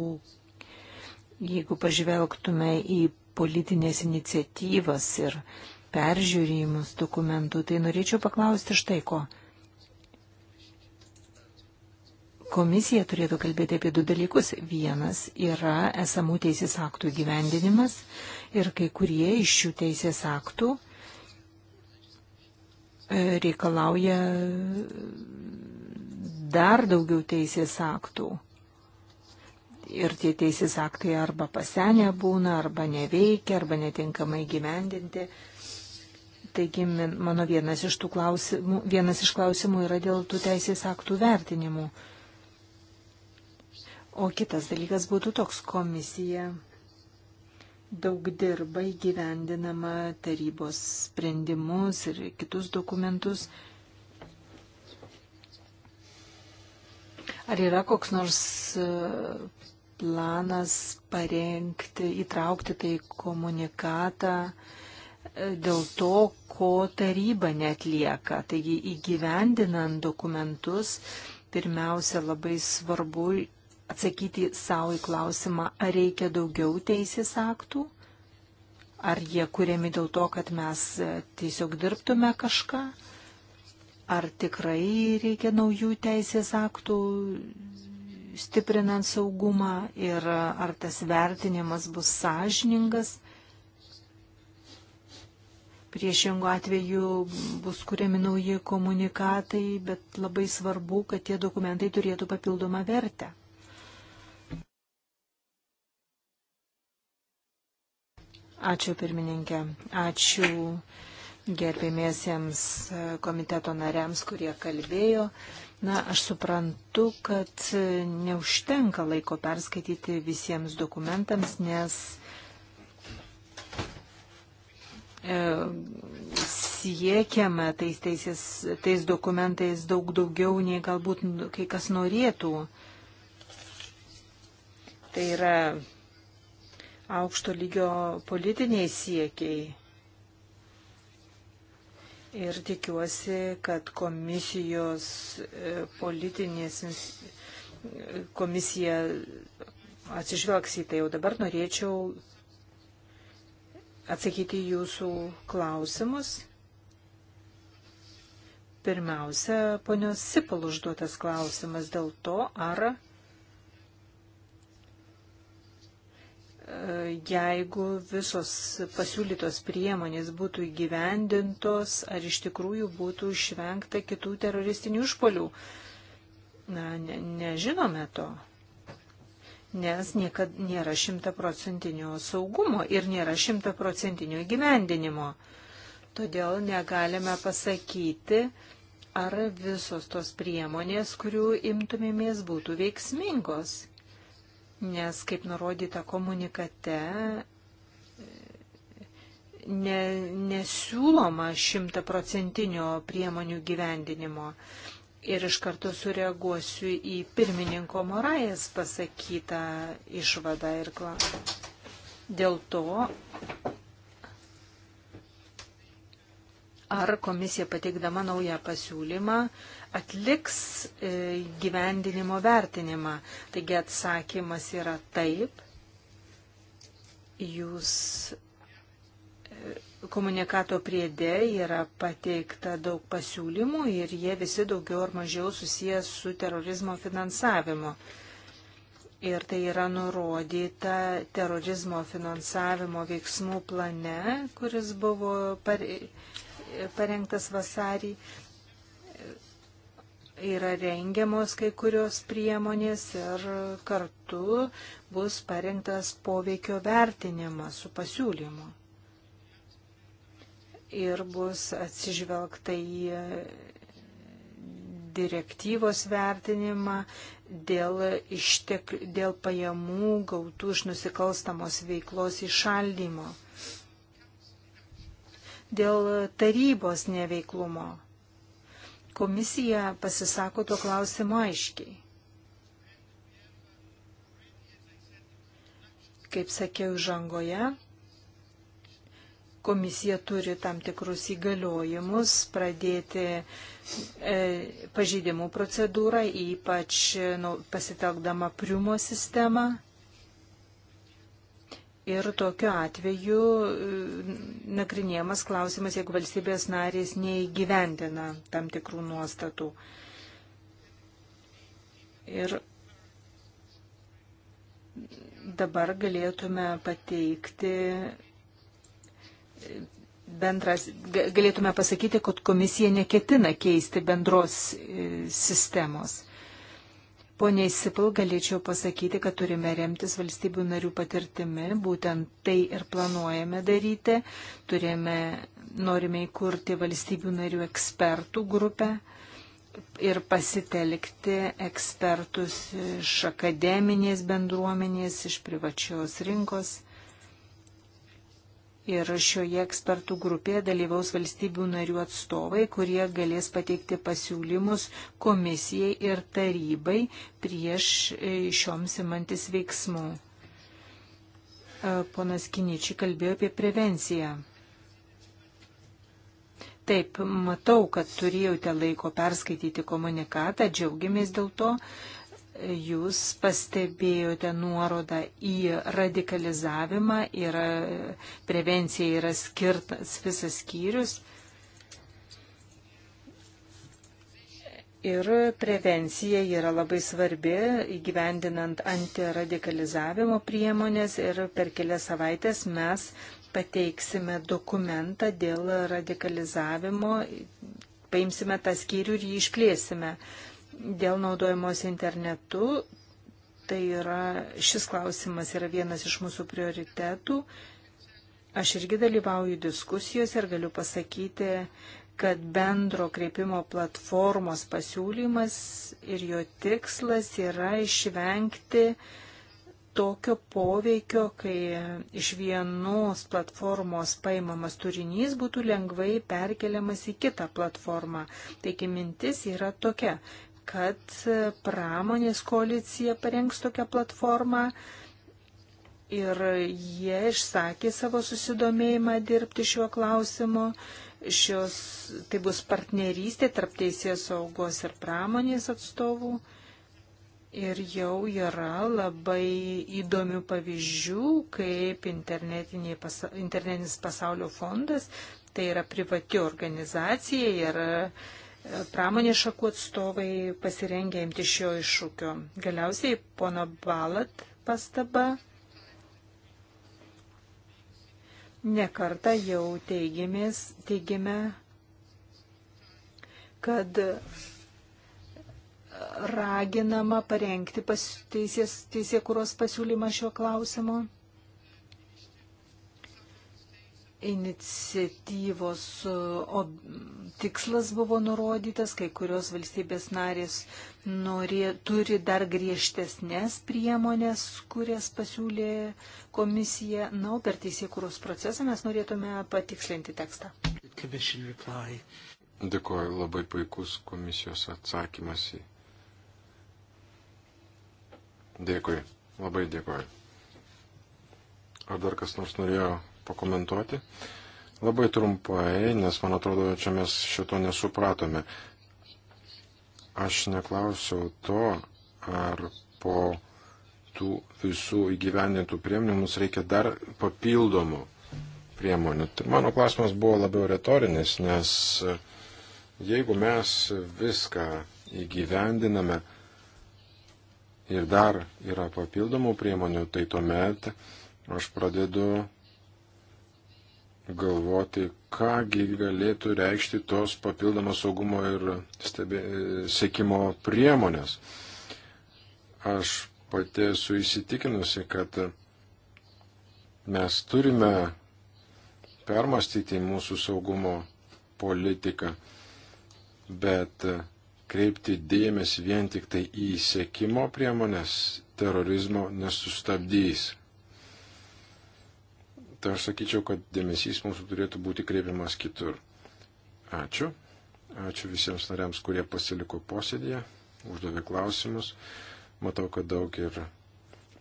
jeigu pažvelgtume į politinės iniciatyvas ir peržiūrėjimus dokumentų, tai norėčiau paklausti štai ko. Komisija turėtų kalbėti apie du dalykus. Vienas yra esamų teisės aktų gyvendinimas ir kai kurie iš šių teisės aktų e, reikalauja dar daugiau teisės aktų. Ir tie teisės aktai arba pasenę būna, arba neveikia, arba netinkamai gyvendinti. Taigi mano vienas iš, klausimų, vienas iš klausimų yra dėl tų teisės aktų vertinimų. O kitas dalykas būtų toks komisija daug dirba įgyvendinama tarybos sprendimus ir kitus dokumentus. Ar yra koks nors e, planas parengti, įtraukti tai komunikatą, dėl to, ko taryba netlieka. Taigi įgyvendinant dokumentus, pirmiausia labai svarbu atsakyti savo į klausimą, ar reikia daugiau teisės aktų, ar jie kuriami dėl to, kad mes tiesiog dirbtume kažką, ar tikrai reikia naujų teisės aktų stiprinant saugumą ir ar tas vertinimas bus sąžiningas. Priešingų atveju bus kuriami nauji komunikatai, bet labai svarbu, kad tie dokumentai turėtų papildomą vertę. Ačiū pirmininkė, ačiū gerbėmėsiems komiteto nariams, kurie kalbėjo. Na, aš suprantu, kad neužtenka laiko perskaityti visiems dokumentams, nes E, siekiama tais, teisės, tais dokumentais daug daugiau, nei galbūt kai kas norėtų. Tai yra aukšto lygio politiniai siekiai. Ir tikiuosi, kad komisijos e, politinės e, komisija atsižvelgs į tai. Jau dabar norėčiau atsakyti jūsų klausimus. Pirmiausia, ponios Sipal užduotas klausimas dėl to, ar e, jeigu visos pasiūlytos priemonės būtų įgyvendintos, ar iš tikrųjų būtų išvengta kitų teroristinių išpolių. Na, ne, nežinome to nes niekad nėra šimtaprocentinio saugumo ir nėra šimtaprocentinio įgyvendinimo. Todėl negalime pasakyti, ar visos tos priemonės, kurių imtumėmės, būtų veiksmingos. Nes, kaip nurodyta komunikate, ne, nesiūloma šimtaprocentinio priemonių gyvendinimo. Ir iš karto sureaguosiu į pirmininko Morajas pasakytą išvadą ir klausimą. Dėl to, ar komisija pateikdama naują pasiūlymą atliks e, gyvendinimo vertinimą. Taigi atsakymas yra taip. Jūs Komunikato priede yra pateikta daug pasiūlymų ir jie visi daugiau ar mažiau susijęs su terorizmo finansavimu. Ir tai yra nurodyta terorizmo finansavimo veiksmų plane, kuris buvo parengtas vasarį. Yra rengiamos kai kurios priemonės ir kartu bus parengtas poveikio vertinimas su pasiūlymu ir bus atsižvelgta į direktyvos vertinimą dėl, ištek, dėl pajamų gautų iš nusikalstamos veiklos išaldymo, dėl tarybos neveiklumo. Komisija pasisako tuo klausimu aiškiai. Kaip sakiau žangoje, komisija turi tam tikrus įgaliojimus pradėti e, pažeidimų procedūrą, ypač nu, pasitelkdama priumo sistemą. Ir tokiu atveju nagrinėjamas klausimas, jeigu valstybės narės neįgyvendina tam tikrų nuostatų. Ir dabar galėtume pateikti bendras, galėtume pasakyti, kad komisija neketina keisti bendros e, sistemos. Pone Sipil, galėčiau pasakyti, kad turime remtis valstybių narių patirtimi, būtent tai ir planuojame daryti. Turime, norime įkurti valstybių narių ekspertų grupę ir pasitelkti ekspertus iš akademinės bendruomenės, iš privačios rinkos Ir šioje ekspertų grupėje dalyvaus valstybių narių atstovai, kurie galės pateikti pasiūlymus komisijai ir tarybai prieš e, šioms imantis veiksmų. E, ponas Kiničiai kalbėjo apie prevenciją. Taip, matau, kad turėjote laiko perskaityti komunikatą, džiaugiamės dėl to. Jūs pastebėjote nuorodą į radikalizavimą ir prevencija yra skirtas visas skyrius. Ir prevencija yra labai svarbi, įgyvendinant antiradikalizavimo priemonės ir per kelias savaitės mes pateiksime dokumentą dėl radikalizavimo, paimsime tą skyrių ir jį išplėsime. Dėl naudojimos internetu, tai yra, šis klausimas yra vienas iš mūsų prioritetų. Aš irgi dalyvauju diskusijose ir galiu pasakyti, kad bendro kreipimo platformos pasiūlymas ir jo tikslas yra išvengti tokio poveikio, kai iš vienos platformos paimamas turinys būtų lengvai perkeliamas į kitą platformą. Taigi mintis yra tokia kad pramonės koalicija parengs tokią platformą ir jie išsakė savo susidomėjimą dirbti šiuo klausimu. Šios, tai bus partnerystė tarp teisės saugos ir pramonės atstovų. Ir jau yra labai įdomių pavyzdžių, kaip pasa, internetinis pasaulio fondas, tai yra privati organizacija ir yra pramonės šakų atstovai pasirengė imti šio iššūkio. Galiausiai pono Balat pastaba. Nekarta jau teigėmės, teigėme, kad raginama parengti pas, teisės, teisėkuros pasiūlymą šio klausimo iniciatyvos o, tikslas buvo nurodytas, kai kurios valstybės narės norė, turi dar griežtesnės priemonės, kurias pasiūlė komisija. Na, o per teisėkūros procesą mes norėtume patikslinti tekstą. Dėkuoju, labai puikus komisijos atsakymas į. Dėkui, labai dėkuoju. Ar dar kas nors norėjo pakomentuoti? Labai trumpai, nes man atrodo, čia mes šito nesupratome. Aš neklausiau to, ar po tų visų įgyvendintų priemonių mums reikia dar papildomų priemonių. Tai mano klausimas buvo labiau retorinis, nes jeigu mes viską įgyvendiname ir dar yra papildomų priemonių, tai tuomet aš pradedu galvoti, kągi galėtų reikšti tos papildomos saugumo ir stebė, e, sėkimo priemonės. Aš pati esu įsitikinusi, kad mes turime permastyti mūsų saugumo politiką, bet kreipti dėmesį vien tik tai į sėkimo priemonės terorizmo nesustabdys. Tai aš sakyčiau, kad dėmesys mūsų turėtų būti kreipiamas kitur. Ačiū. Ačiū visiems nariams, kurie pasiliko posėdėje, uždavė klausimus. Matau, kad daug ir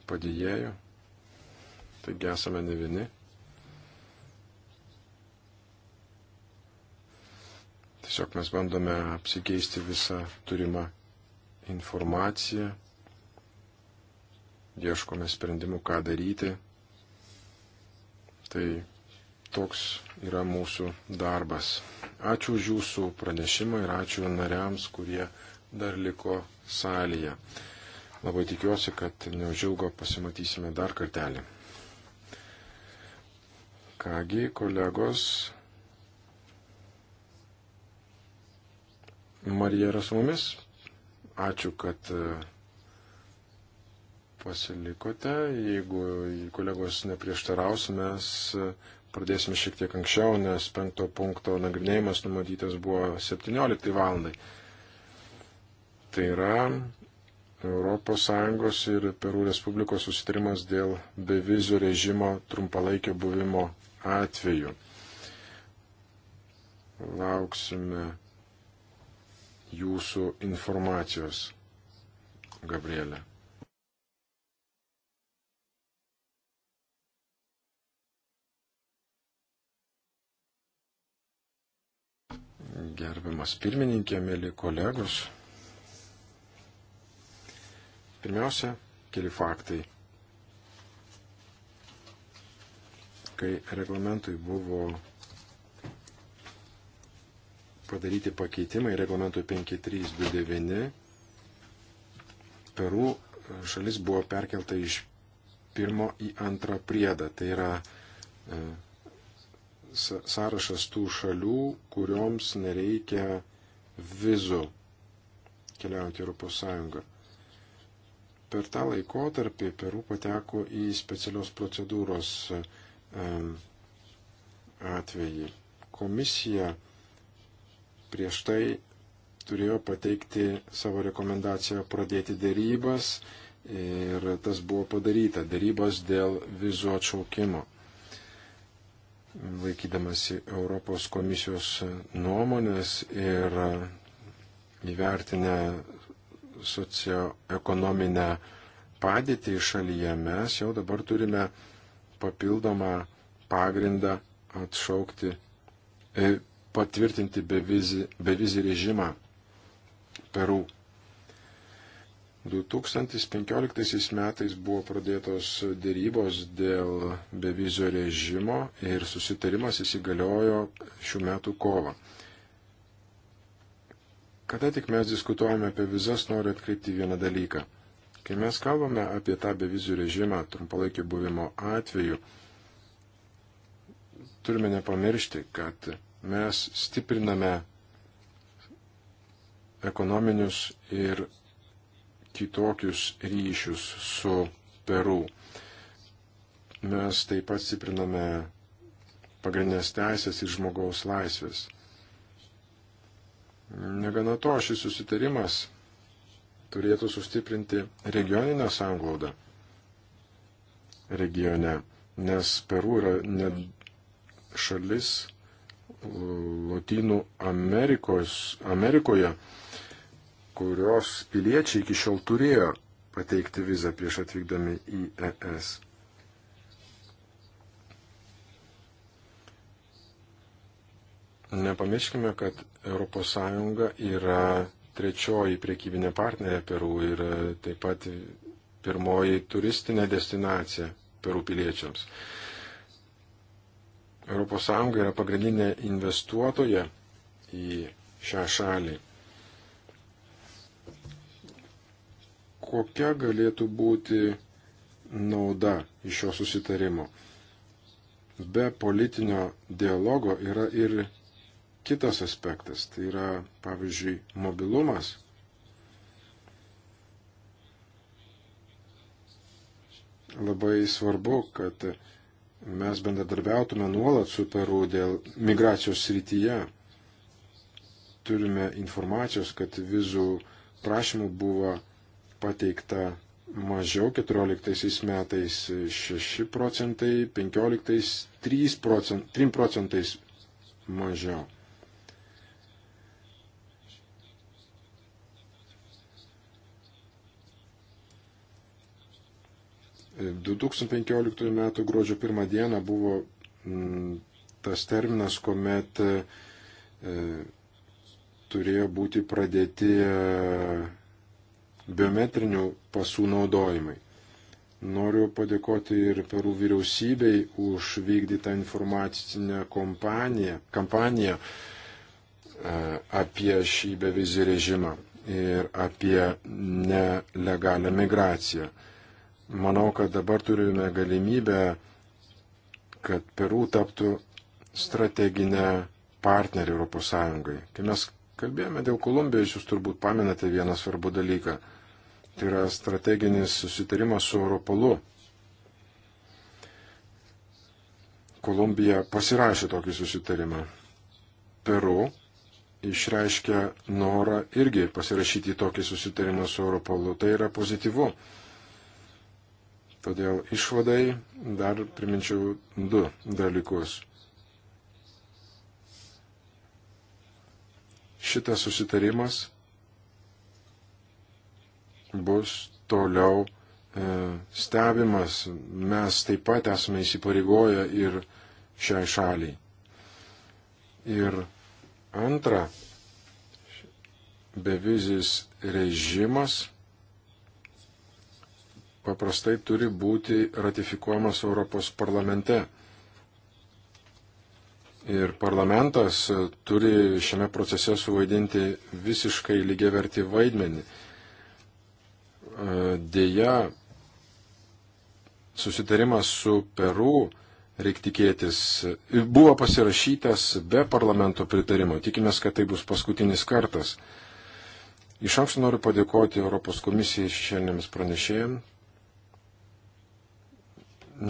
padėjėjų. Taigi esame ne vieni. Tiesiog mes bandome apsikeisti visą turimą informaciją, ieškome sprendimų, ką daryti. Tai toks yra mūsų darbas. Ačiū už jūsų pranešimą ir ačiū nariams, kurie dar liko salėje. Labai tikiuosi, kad neužilgo pasimatysime dar kartelį. Kągi, kolegos, Marija yra su mumis. Ačiū, kad pasilikote. Jeigu kolegos neprieštaraus, mes pradėsime šiek tiek anksčiau, nes penkto punkto nagrinėjimas numatytas buvo 17 valandai. Tai yra ES ir Perų Respublikos susitarimas dėl bevizio režimo trumpalaikio buvimo atveju. Lauksime jūsų informacijos, Gabrielė. gerbiamas pirmininkė, mėly kolegos. Pirmiausia, keli faktai. Kai reglamentui buvo padaryti pakeitimai reglamentui 5329, Peru šalis buvo perkelta iš pirmo į antrą priedą. Tai yra e, sąrašas tų šalių, kurioms nereikia vizų keliauti Europos Sąjungą. Per tą laikotarpį Peru pateko į specialios procedūros atvejį. Komisija prieš tai turėjo pateikti savo rekomendaciją pradėti dėrybas ir tas buvo padaryta, dėrybos dėl vizų atšaukimo laikydamasi Europos komisijos nuomonės ir įvertinę socioekonominę padėtį šalyje, mes jau dabar turime papildomą pagrindą atšaukti, e, patvirtinti bevizį, bevizį režimą Peru 2015 metais buvo pradėtos dėrybos dėl bevizio režimo ir susitarimas įsigaliojo šių metų kovą. Kada tik mes diskutuojame apie vizas, noriu atkreipti vieną dalyką. Kai mes kalbame apie tą bevizų režimą trumpalaikio buvimo atveju, turime nepamiršti, kad mes stipriname ekonominius ir kitokius ryšius su Peru. Mes taip pat stipriname pagrindinės teisės ir žmogaus laisvės. Negana to, šis susitarimas turėtų sustiprinti regioninę sanglaudą regione, nes Peru yra ne šalis Latinų Amerikos, Amerikoje, kurios piliečiai iki šiol turėjo pateikti vizą prieš atvykdami į ES. Nepamirškime, kad ES yra trečioji priekybinė partnerė Peru ir taip pat pirmoji turistinė destinacija Peru piliečiams. ES yra pagrindinė investuotoja į šią šalį. kokia galėtų būti nauda iš šio susitarimo. Be politinio dialogo yra ir kitas aspektas, tai yra, pavyzdžiui, mobilumas. Labai svarbu, kad mes bendradarbiautume nuolat su Peru dėl migracijos srityje. Turime informacijos, kad vizų prašymų buvo pateikta mažiau, 14 metais 6 procentai, 15 3 procentai, 3 procentais mažiau. E, 2015 m. gruodžio 1 dieną buvo m, mm, tas terminas, kuomet e, turėjo būti pradėti e, biometrinių pasų naudojimai. Noriu padėkoti ir Perų vyriausybei už vykdytą informacinę kompaniją, kampaniją e, apie šį bevizį režimą ir apie nelegalią migraciją. Manau, kad dabar turime galimybę, kad Perų taptų strateginę partnerį ES. Kai mes kalbėjome dėl Kolumbijos, jūs turbūt pamenate vieną svarbų dalyką. Tai yra strateginis susitarimas su Europolu. Kolumbija pasirašė tokį susitarimą. Peru išreiškia norą irgi pasirašyti tokį susitarimą su Europolu. Tai yra pozityvu. Todėl išvadai dar priminčiau du dalykus. Šitas susitarimas bus toliau e, stebimas. Mes taip pat esame įsipareigoję ir šiai šaliai. Ir antra, bevizis režimas paprastai turi būti ratifikuojamas Europos parlamente. Ir parlamentas turi šiame procese suvaidinti visiškai lygiavertį vaidmenį. Deja, susitarimas su Peru reik tikėtis, buvo pasirašytas be parlamento pritarimo. Tikimės, kad tai bus paskutinis kartas. Iš anksto noriu padėkoti Europos komisijai šiandienis pranešėjim,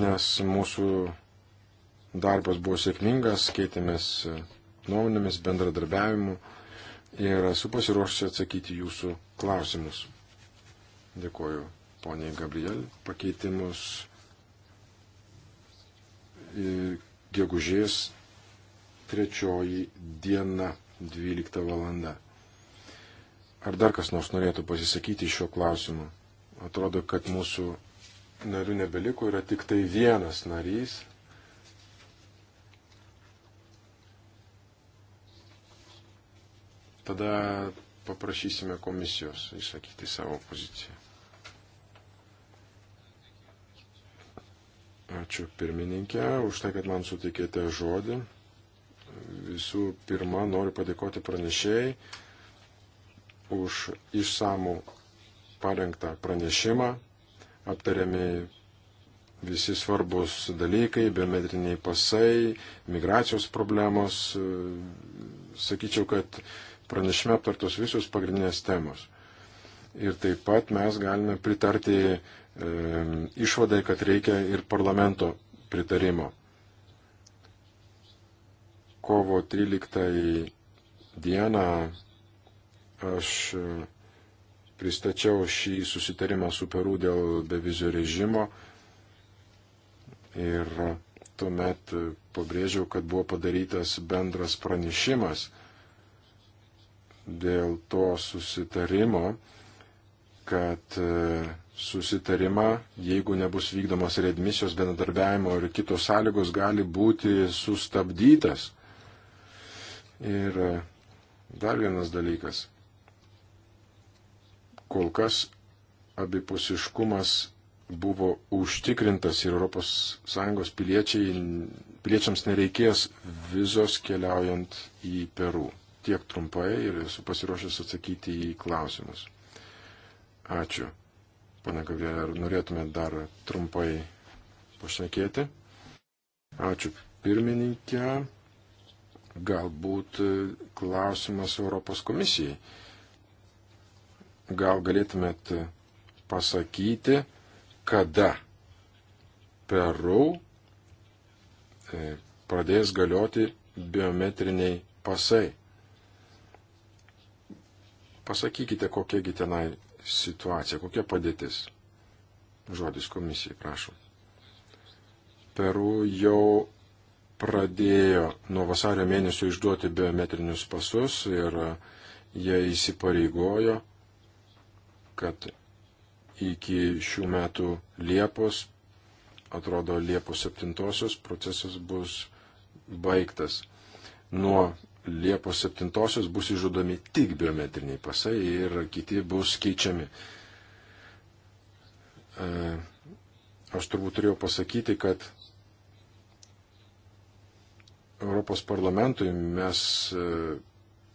nes mūsų darbas buvo sėkmingas, keitėmės nuomonėmis, bendradarbiavimu ir esu pasiruošęs atsakyti jūsų klausimus. Dėkuoju poniai Gabriel. Pakeitimus gegužės trečioji diena 12 valanda. Ar dar kas nors norėtų pasisakyti šiuo klausimu? Atrodo, kad mūsų narių nebeliko, yra tik tai vienas narys. Tada paprašysime komisijos išsakyti savo poziciją. Ačiū pirmininkė už tai, kad man sutikėte žodį. Visų pirma, noriu padėkoti pranešėjai už išsamų parengtą pranešimą. Aptariami visi svarbus dalykai, biometriniai pasai, migracijos problemos. Sakyčiau, kad pranešime aptartos visos pagrindinės temos. Ir taip pat mes galime pritarti išvadai, kad reikia ir parlamento pritarimo. Kovo 13 dieną aš e, pristačiau šį susitarimą su Peru dėl bevizio režimo ir tuomet pabrėžiau, kad buvo padarytas bendras pranešimas dėl to susitarimo kad e, susitarimą, jeigu nebus vykdomos readmisijos bendradarbiavimo ir kitos sąlygos, gali būti sustabdytas. Ir e, dar vienas dalykas. Kol kas abipusiškumas buvo užtikrintas ir ES piliečiai, piliečiams nereikės vizos keliaujant į Peru. Tiek trumpai ir esu pasiruošęs atsakyti į klausimus. Ačiū. Pane Gavrė, ar norėtumėt dar trumpai pašnekėti? Ačiū pirmininkė. Galbūt klausimas Europos komisijai. Gal galėtumėt pasakyti, kada Peru e, pradės galioti biometriniai pasai. Pasakykite, kokiegi tenai situacija, kokia padėtis? Žodis komisijai, prašom. Peru jau pradėjo nuo vasario mėnesio išduoti biometrinius pasus ir jie įsipareigojo, kad iki šių metų Liepos, atrodo Liepos 7-osios procesas bus baigtas. Nuo Liepos 7 bus išžudomi tik biometriniai pasai ir kiti bus keičiami. E, aš turbūt turėjau pasakyti, kad Europos parlamentui mes e,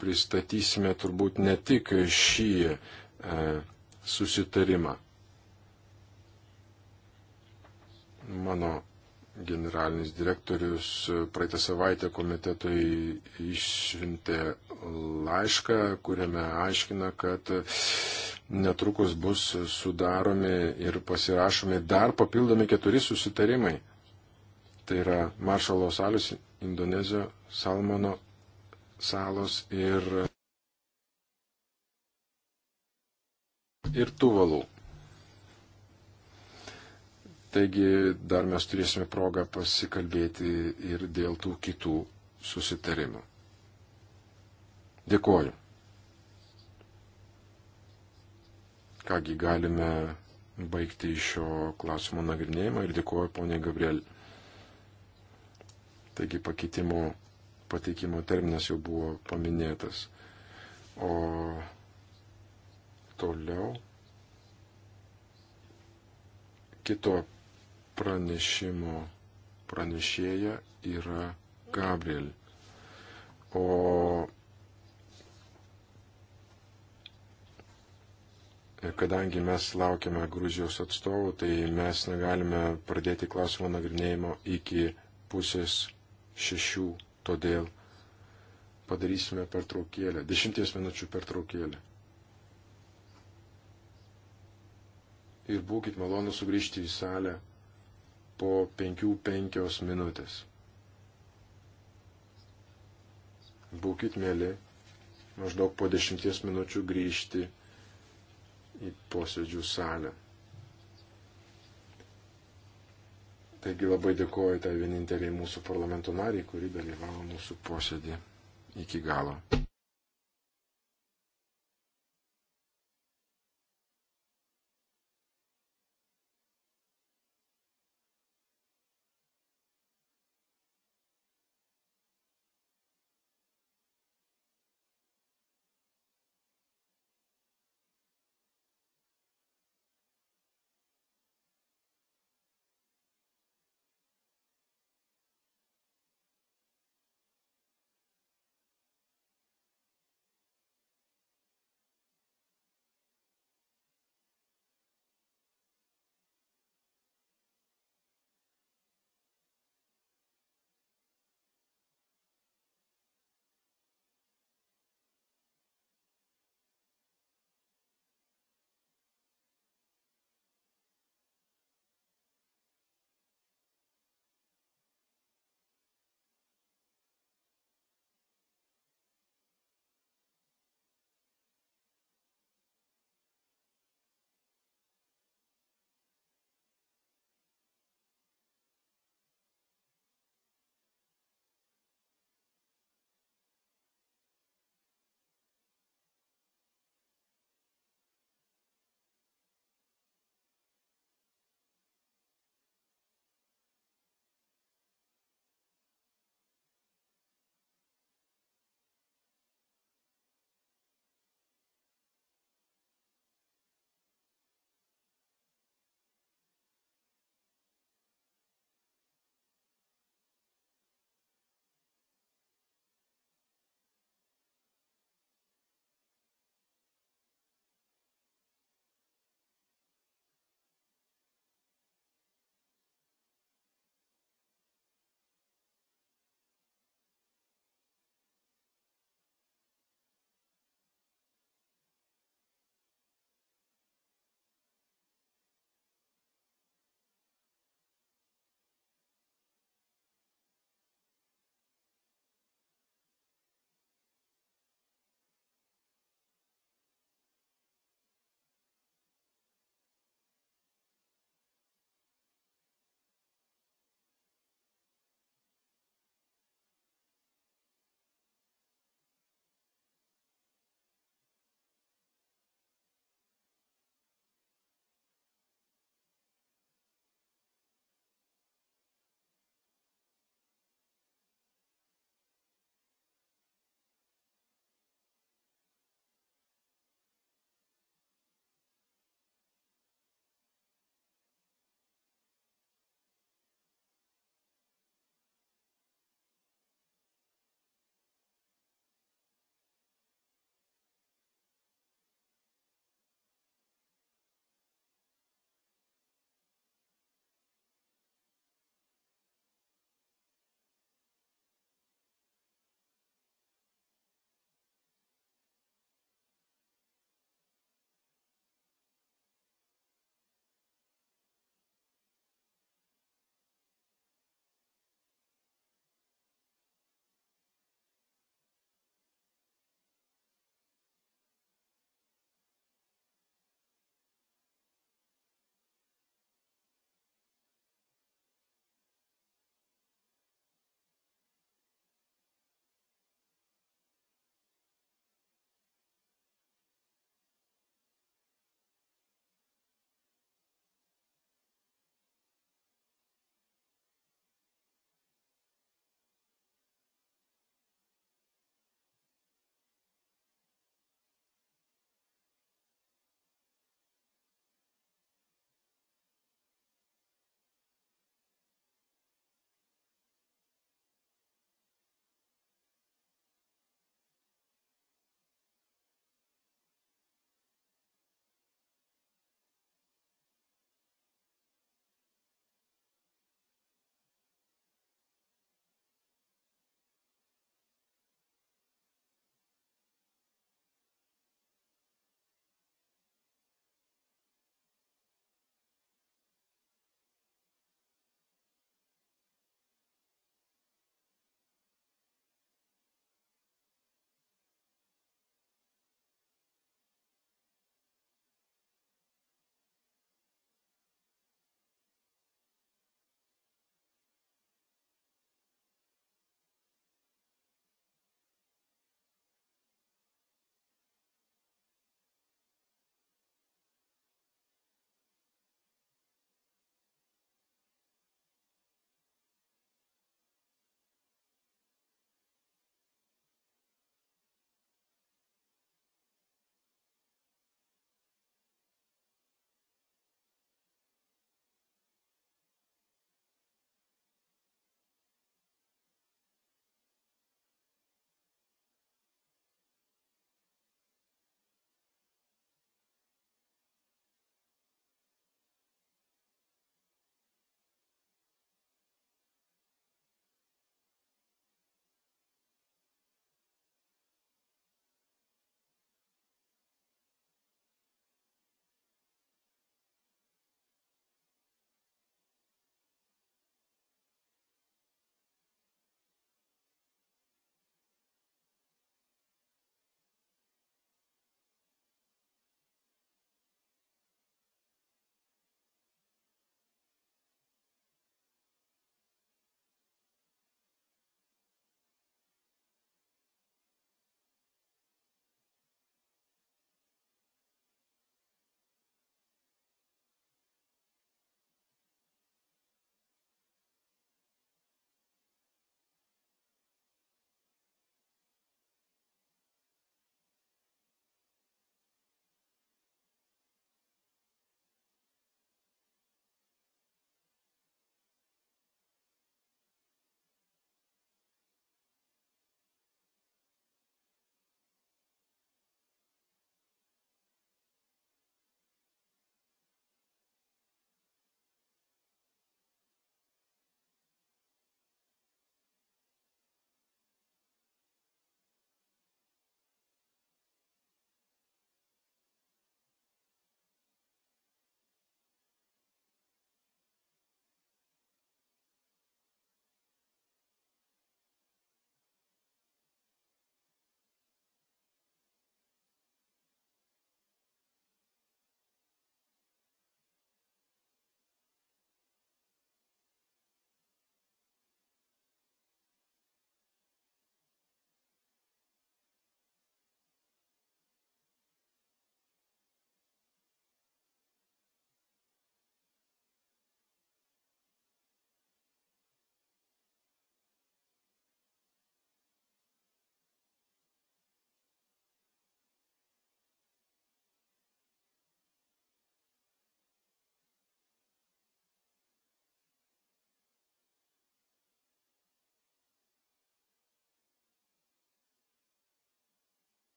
pristatysime turbūt ne tik šį e, susitarimą. Mano generalinis direktorius praeitą savaitę komitetui išsiuntė laišką, kuriame aiškina, kad netrukus bus sudaromi ir pasirašomi dar papildomi keturi susitarimai. Tai yra Maršalo salis, Indonezijos, Salmono salos ir, ir Tuvalų. Taigi dar mes turėsime progą pasikalbėti ir dėl tų kitų susitarimų. Dėkoju. Kągi galime baigti šio klausimo nagrinėjimą ir dėkoju poniai Gabriel. Taigi pakeitimo pateikimo terminas jau buvo paminėtas. O toliau kito pranešimo pranešėja yra Gabriel. O kadangi mes laukiame Gruzijos atstovų, tai mes negalime pradėti klausimo nagrinėjimo iki pusės šešių, todėl padarysime pertraukėlę, dešimties minučių pertraukėlę. Ir būkite malonu sugrįžti į salę po 5-5 minutės. Būkit mėly, maždaug po 10 minučių grįžti į posėdžių salę. Taigi labai dėkoju tai vieninteliai mūsų parlamento nariai, kuri dalyvavo mūsų posėdį iki galo.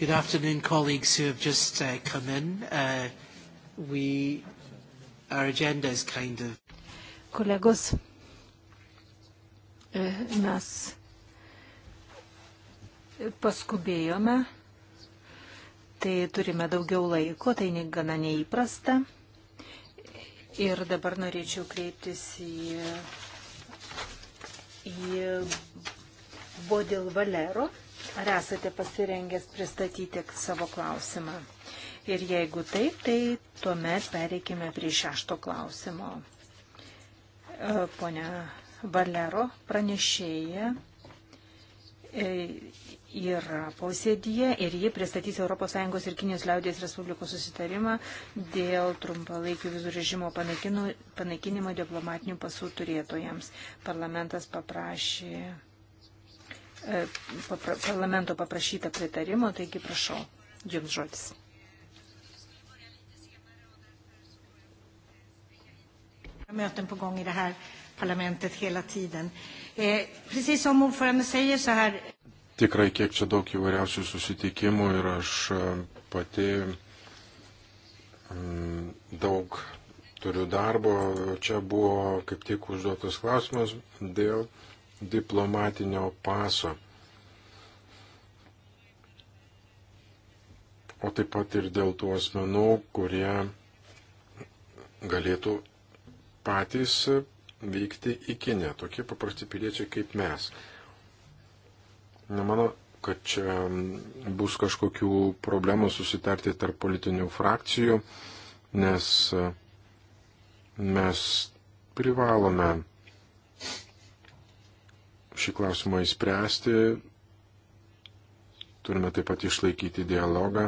Good afternoon, colleagues who have just uh, come in. Uh, we, our agenda is kind of. Kolegos, uh, mes paskubėjome, tai turime daugiau laiko, tai gana neįprasta. Ir dabar norėčiau kreiptis į, į Bodil Valero Ar esate pasirengęs pristatyti savo klausimą? Ir jeigu taip, tai tuomet pereikime prie šešto klausimo. E, Pone Valero pranešėja e, yra posėdyje ir ji pristatys ES ir Kinijos liaudės Respublikos susitarimą dėl trumpalaikių vizų režimo panaikinimo diplomatinių pasų turėtojams. Parlamentas paprašė E, parlamento paprašyta pritarimo, taigi prašau, jums žodis. möten på gång i det här parlamentet hela tiden. Eh, precis som ordförande säger så här... Tikrai kiek čia daug įvairiausių susitikimų ir aš e, pati m, mm, daug turiu darbo. Čia buvo kaip tik užduotas klausimas dėl uh, diplomatinio paso. O taip pat ir dėl tų asmenų, kurie galėtų patys vykti į Kinę, tokie paprasti piliečiai kaip mes. Nemanau, kad čia bus kažkokių problemų susitarti tarp politinių frakcijų, nes mes privalome šį klausimą įspręsti. Turime taip pat išlaikyti dialogą,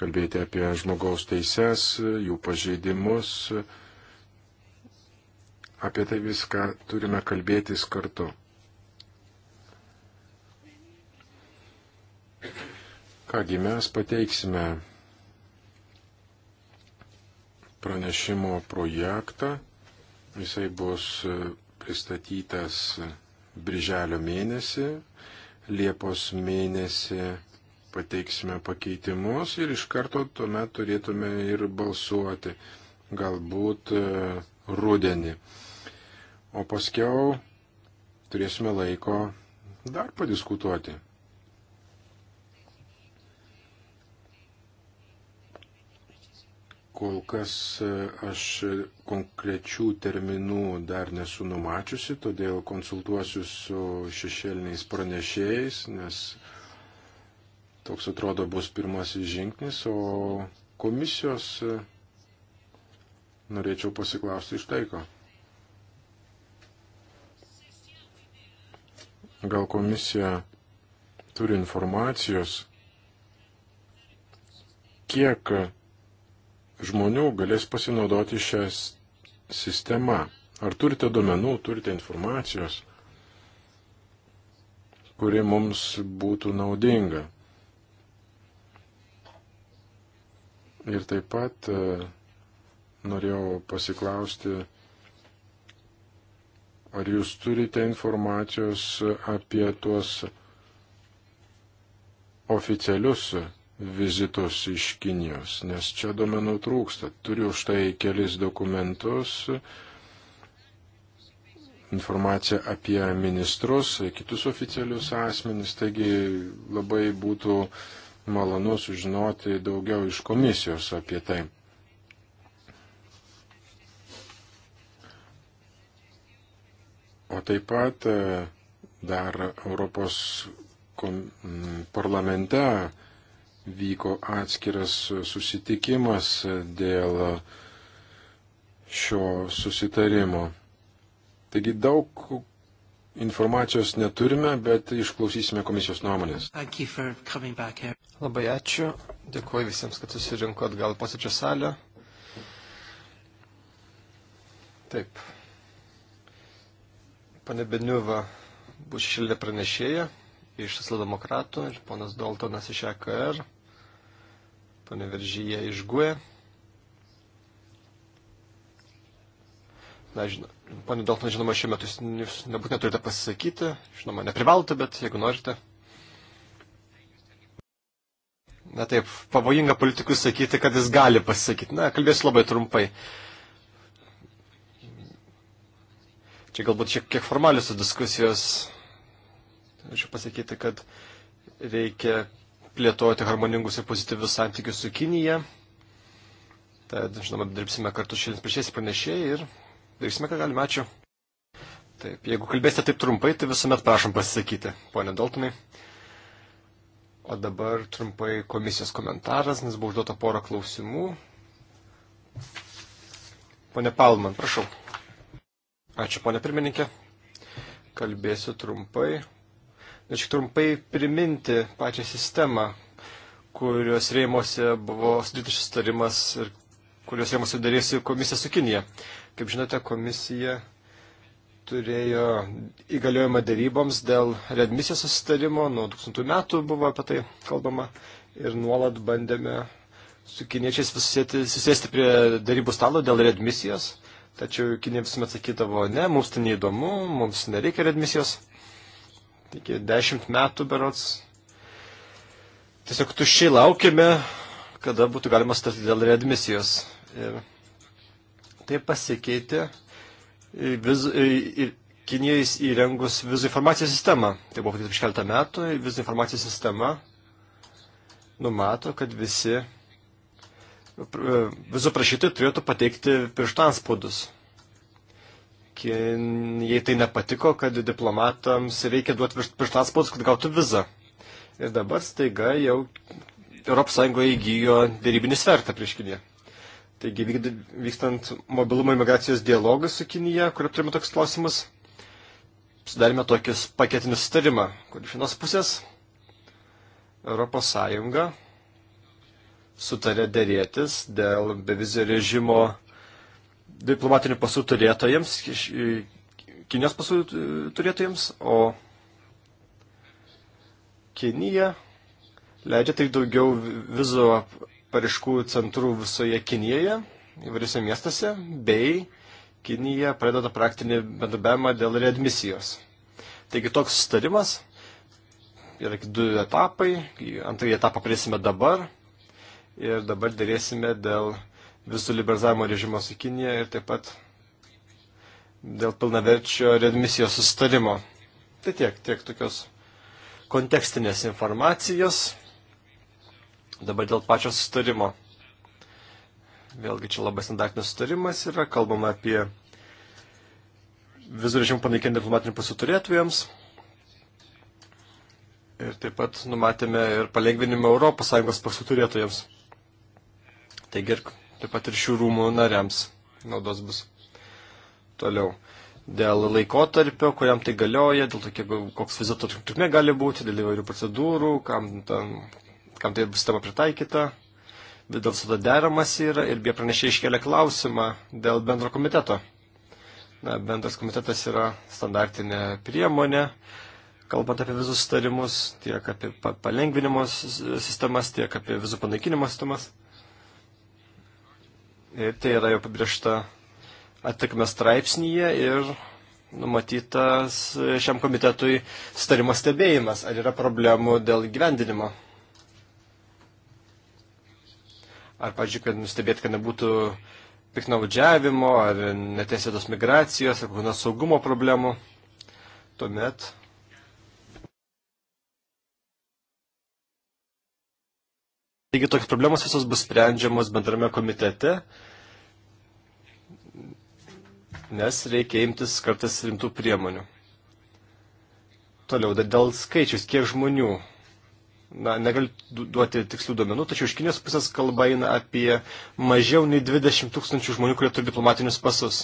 kalbėti apie žmogaus teises, jų pažeidimus. Apie tai viską turime kalbėtis kartu. Kągi mes pateiksime pranešimo projektą. Jisai bus pristatytas birželio mėnesį, Liepos mėnesį pateiksime pakeitimus ir iš karto tuomet turėtume ir balsuoti, galbūt e, rudenį. O paskiau turėsime laiko dar padiskutuoti. Kol kas e, aš konkrečių terminų dar nesu numačiusi, todėl konsultuosiu su šešėliniais pranešėjais, nes toks atrodo bus pirmasis žingsnis, o komisijos e, norėčiau pasiklausti iš taiko. Gal komisija turi informacijos, kiek žmonių galės pasinaudoti šią sistemą? Ar turite duomenų, turite informacijos, kuri mums būtų naudinga? Ir taip pat e, norėjau pasiklausti, ar jūs turite informacijos apie tuos oficialius vizitus iš Kinijos, nes čia domenų trūksta. Turiu už tai kelis dokumentus, informaciją apie ministrus, kitus oficialius asmenys, taigi labai būtų malonu sužinoti daugiau iš komisijos apie tai. O taip pat e, dar Europos parlamente vyko atskiras susitikimas dėl šio susitarimo. Taigi daug informacijos neturime, bet išklausysime komisijos nuomonės. Labai ačiū. Dėkuoju visiems, kad susirinko atgal posėdžio salę. Taip. Pane Beniuva bus šilė pranešėja iš Socialdemokratų ir ponas Daltonas iš EKR, ponė Veržyje iš GUE. Na, žinoma, ponė Daltonas, žinoma, šiuo metu jūs nebūtinai turite pasisakyti, žinoma, neprivalote, bet jeigu norite. Na taip, pavojinga politikui sakyti, kad jis gali pasisakyti. Na, kalbėsiu labai trumpai. Čia galbūt šiek tiek formalius diskusijos norėčiau pasakyti, kad reikia plėtoti harmoningus ir pozityvius santykius su Kinija. Tad, žinoma, dirbsime kartu šiandien prieš pranešėjai ir darysime, ką galime. Ačiū. Taip, jeigu kalbėsite taip trumpai, tai visuomet prašom pasisakyti, ponė Daltonai. O dabar trumpai komisijos komentaras, nes buvo užduota pora klausimų. Pone Palman, prašau. Ačiū, ponė pirmininkė. Kalbėsiu trumpai. Norėčiau trumpai priminti pačią sistemą, kurios rėmose buvo sudarytas šis tarimas ir kurios rėmose darėsi komisija su Kinija. Kaip žinote, komisija turėjo įgaliojimą daryboms dėl redmisijos susitarimo, nuo 2000 metų buvo apie tai kalbama ir nuolat bandėme su kiniečiais susėti, susėsti prie darybų stalo dėl redmisijos, tačiau kinė visuomet sakydavo, ne, mums tai neįdomu, mums nereikia redmisijos iki dešimt metų berots. Tiesiog tuščiai laukėme, kada būtų galima starti dėl readmisijos. Ir tai pasikeitė viz, ir Kinijai įrengus vizų informacijos sistemą. Tai buvo prieš keletą metų, vizų informacijos sistema numato, kad visi e, vizų prašytojai turėtų pateikti pirštanspaudus jai tai nepatiko, kad diplomatams reikia duoti pirštaspaudus, kad gautų vizą. Ir dabar staiga jau ES įgyjo dėrybinį svertą prieš Kiniją. Taigi vykstant mobilumo imigracijos dialogą su Kinija, kurio turime toks klausimas, sudarėme tokius paketinį sustarimą, kur iš vienos pusės ES sutarė dėrėtis dėl bevizio režimo diplomatinių pasų turėtojams, Kinijos pasų e, turėtojams, o Kinija leidžia tik daugiau vizų paraiškų centrų visoje Kinijoje, įvairiose miestuose, bei Kinija pradeda praktinį bendrabiavimą dėl readmisijos. Taigi toks sustarimas, yra du etapai, antrąjį etapą prieisime dabar ir dabar dėrėsime dėl visų liberalizavimo režimo su Kinija ir taip pat dėl pilnaverčio readmisijos sustarimo. Tai tiek, tiek tokios kontekstinės informacijos. Dabar dėl pačio sustarimo. Vėlgi čia labai standartinis sustarimas yra, kalbama apie vizų režimų panaikinti diplomatinių pasų turėtojams. Ir taip pat numatėme ir palengvinimą ES pasų turėtojams. Taigi ir taip pat ir šių rūmų nariams naudos bus. Toliau. Dėl laikotarpio, kuriam tai galioja, dėl tokie, koks vizito trukmė gali būti, dėl įvairių procedūrų, kam, tam, kam tai bus tema pritaikyta, bet dėl su to deramas yra ir jie pranešė iškelia klausimą dėl bendro komiteto. Na, bendras komitetas yra standartinė priemonė, kalbant apie vizų sustarimus, tiek apie palengvinimo sistemas, tiek apie vizų panaikinimo sistemas. Ir tai yra jau pabrėžta atikme straipsnyje ir numatytas šiam komitetui starimo stebėjimas, ar yra problemų dėl gyvendinimo. Ar, pažiūrėjau, kad nustebėt, kad nebūtų piknaudžiavimo, ar neteisėtos migracijos, ar kokių saugumo problemų. Tuomet Taigi tokios problemos visos bus sprendžiamos bendrame komitete, nes reikia imtis kartais rimtų priemonių. Toliau, dėl skaičius, kiek žmonių. Na, negaliu duoti tikslių duomenų, tačiau iš Kinijos pusės kalba eina apie mažiau nei 20 tūkstančių žmonių, kurie turi diplomatinius pasus.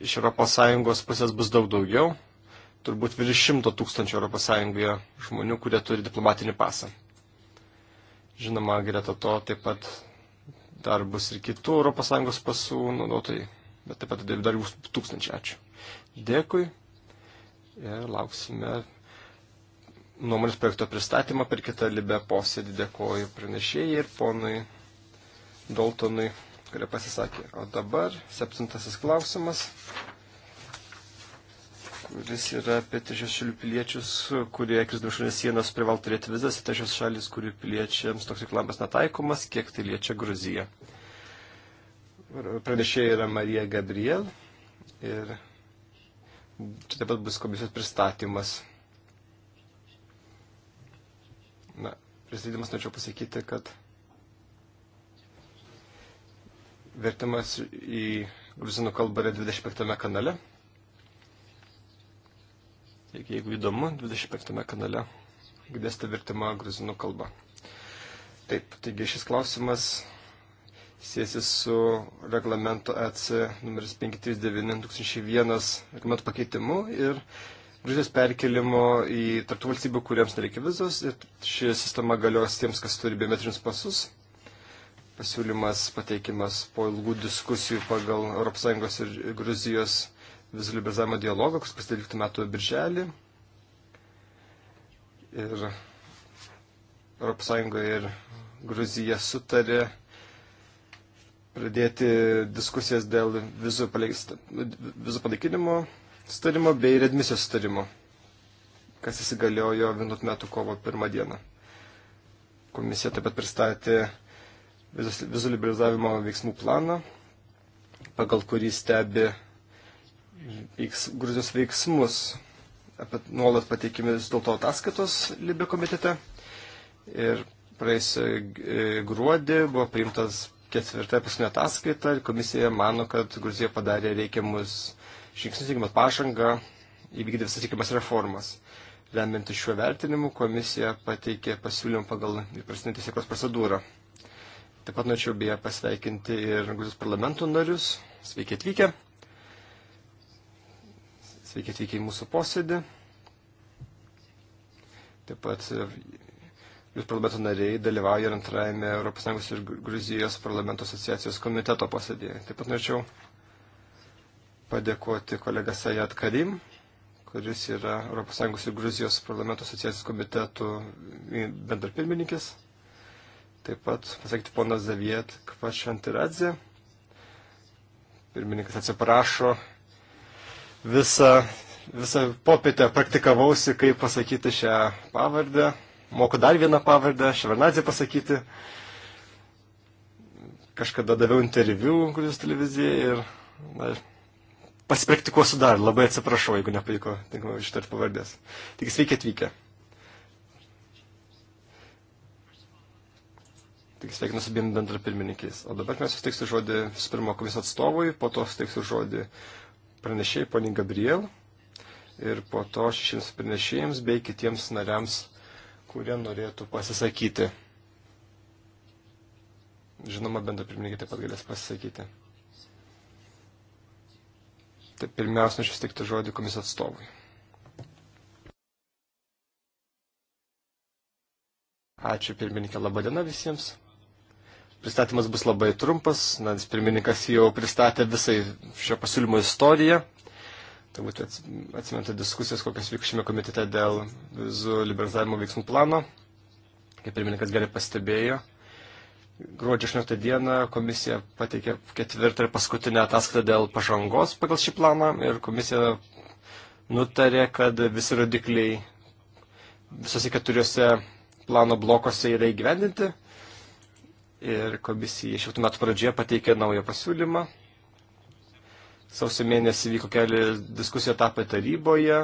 Iš ES pusės bus daug daugiau, turbūt virš 100 tūkstančių ES žmonių, kurie turi diplomatinį pasą. Žinoma, greta to taip pat dar bus ir kitų ES pasų naudotojai, bet taip pat dar bus tūkstančiai. Ačiū. Dėkui ir lauksime nuomonės projekto pristatymą per kitą libę posėdį. Dėkoju pranešėjai ir ponui Daltonui, kurie pasisakė. O dabar septintasis klausimas kuris yra apie trečios šalių piliečius, kurie krisdami šalies sienas privalo turėti vizas, trečios šalis, kurių piliečiams toks reklamas netaikomas, kiek tai liečia Gruziją. Pranešėja yra Marija Gabriel ir čia taip pat bus komisijos pristatymas. Na, pristatymas norėčiau pasakyti, kad vertimas į gruzinų kalbą yra 25 kanale. Taigi, jeigu įdomu, 25 kanale girdėsite vertimą gruzinų kalba. Taip, taigi šis klausimas siesi su reglamento EC numeris 539-2001 reglamento pakeitimu ir Gruzijos perkelimo į tarptų valstybių, kuriems nereikia vizos ir ši sistema galios tiems, kas turi biometrinius pasus. Pasiūlymas pateikimas po ilgų diskusijų pagal ES ir Gruzijos vizų liberalizavimo dialogą, kuris pasidalyktų metų birželį. Ir ES ir Gruzija sutarė pradėti diskusijas dėl vizų, paleista, vizų panaikinimo sutarimo bei redmisijos sutarimo, kas įsigaliojo 11 metų kovo 1 dieną. Komisija taip pat pristatė vizų liberalizavimo veiksmų planą, pagal kurį stebi veiks, Gruzijos veiksmus. Apie, nuolat pateikimės dėl to ataskaitos Libė komitete. Ir praėjusią e, gruodį buvo priimtas ketvirta paskutinė ataskaita ir komisija mano, kad Gruzija padarė reikiamus žingsnius, reikiamą pažangą, įvykdė visas reikiamas reformas. Remiantis šiuo vertinimu, komisija pateikė pasiūlymą pagal įprastinę teisėkos procedūrą. Taip pat norėčiau beje pasveikinti ir Gruzijos parlamento narius. Sveiki atvykę. Sveiki atvykę į mūsų posėdį. Taip pat jūs e, parlamento nariai dalyvauja ir antrajame ES ir Gruzijos parlamento asociacijos komiteto posėdėje. Taip pat norėčiau padėkoti kolega Sajat Karim, kuris yra ES ir Gruzijos parlamento asociacijos komitetų bendrapirmininkis. Taip pat pasakyti ponas Zaviet Kvašantiradze. Pirmininkas atsiprašo visą, visą popietę praktikavausi, kaip pasakyti šią pavardę. Moku dar vieną pavardę, Ševernadzė pasakyti. Kažkada daviau interviu kuris televizijai ir na, pasipraktikuosiu dar. Labai atsiprašau, jeigu nepavyko tinkamai ištarti pavardės. Tik sveiki atvykę. Tik sveikinu su abiem bendrapirmininkiais. O dabar mes suteiksiu žodį su pirmo komisijos atstovui, po to suteiksiu žodį pranešėjai, poniai Gabriel, ir po to šešiems pranešėjams bei kitiems nariams, kurie norėtų pasisakyti. Žinoma, bendra pirmininkė taip pat galės pasisakyti. Taip, pirmiausia, aš įstikti žodį komisijos atstovui. Ačiū pirmininkė, laba diena visiems. Pristatymas bus labai trumpas, nes pirmininkas jau pristatė visai šio pasiūlymo istoriją. Turbūt atsimenate diskusijas, kokias vyko šiame komitete dėl vizų liberalizavimo veiksmų plano. Kaip pirmininkas gerai pastebėjo, gruodžio 18 dieną komisija pateikė ketvirtą ir paskutinę ataskaitą dėl pažangos pagal šį planą ir komisija nutarė, kad visi rodikliai visose keturiose plano blokose yra įgyvendinti ir komisija šių metų pradžioje pateikė naują pasiūlymą. Sausio mėnesį vyko keli diskusijų etapai taryboje,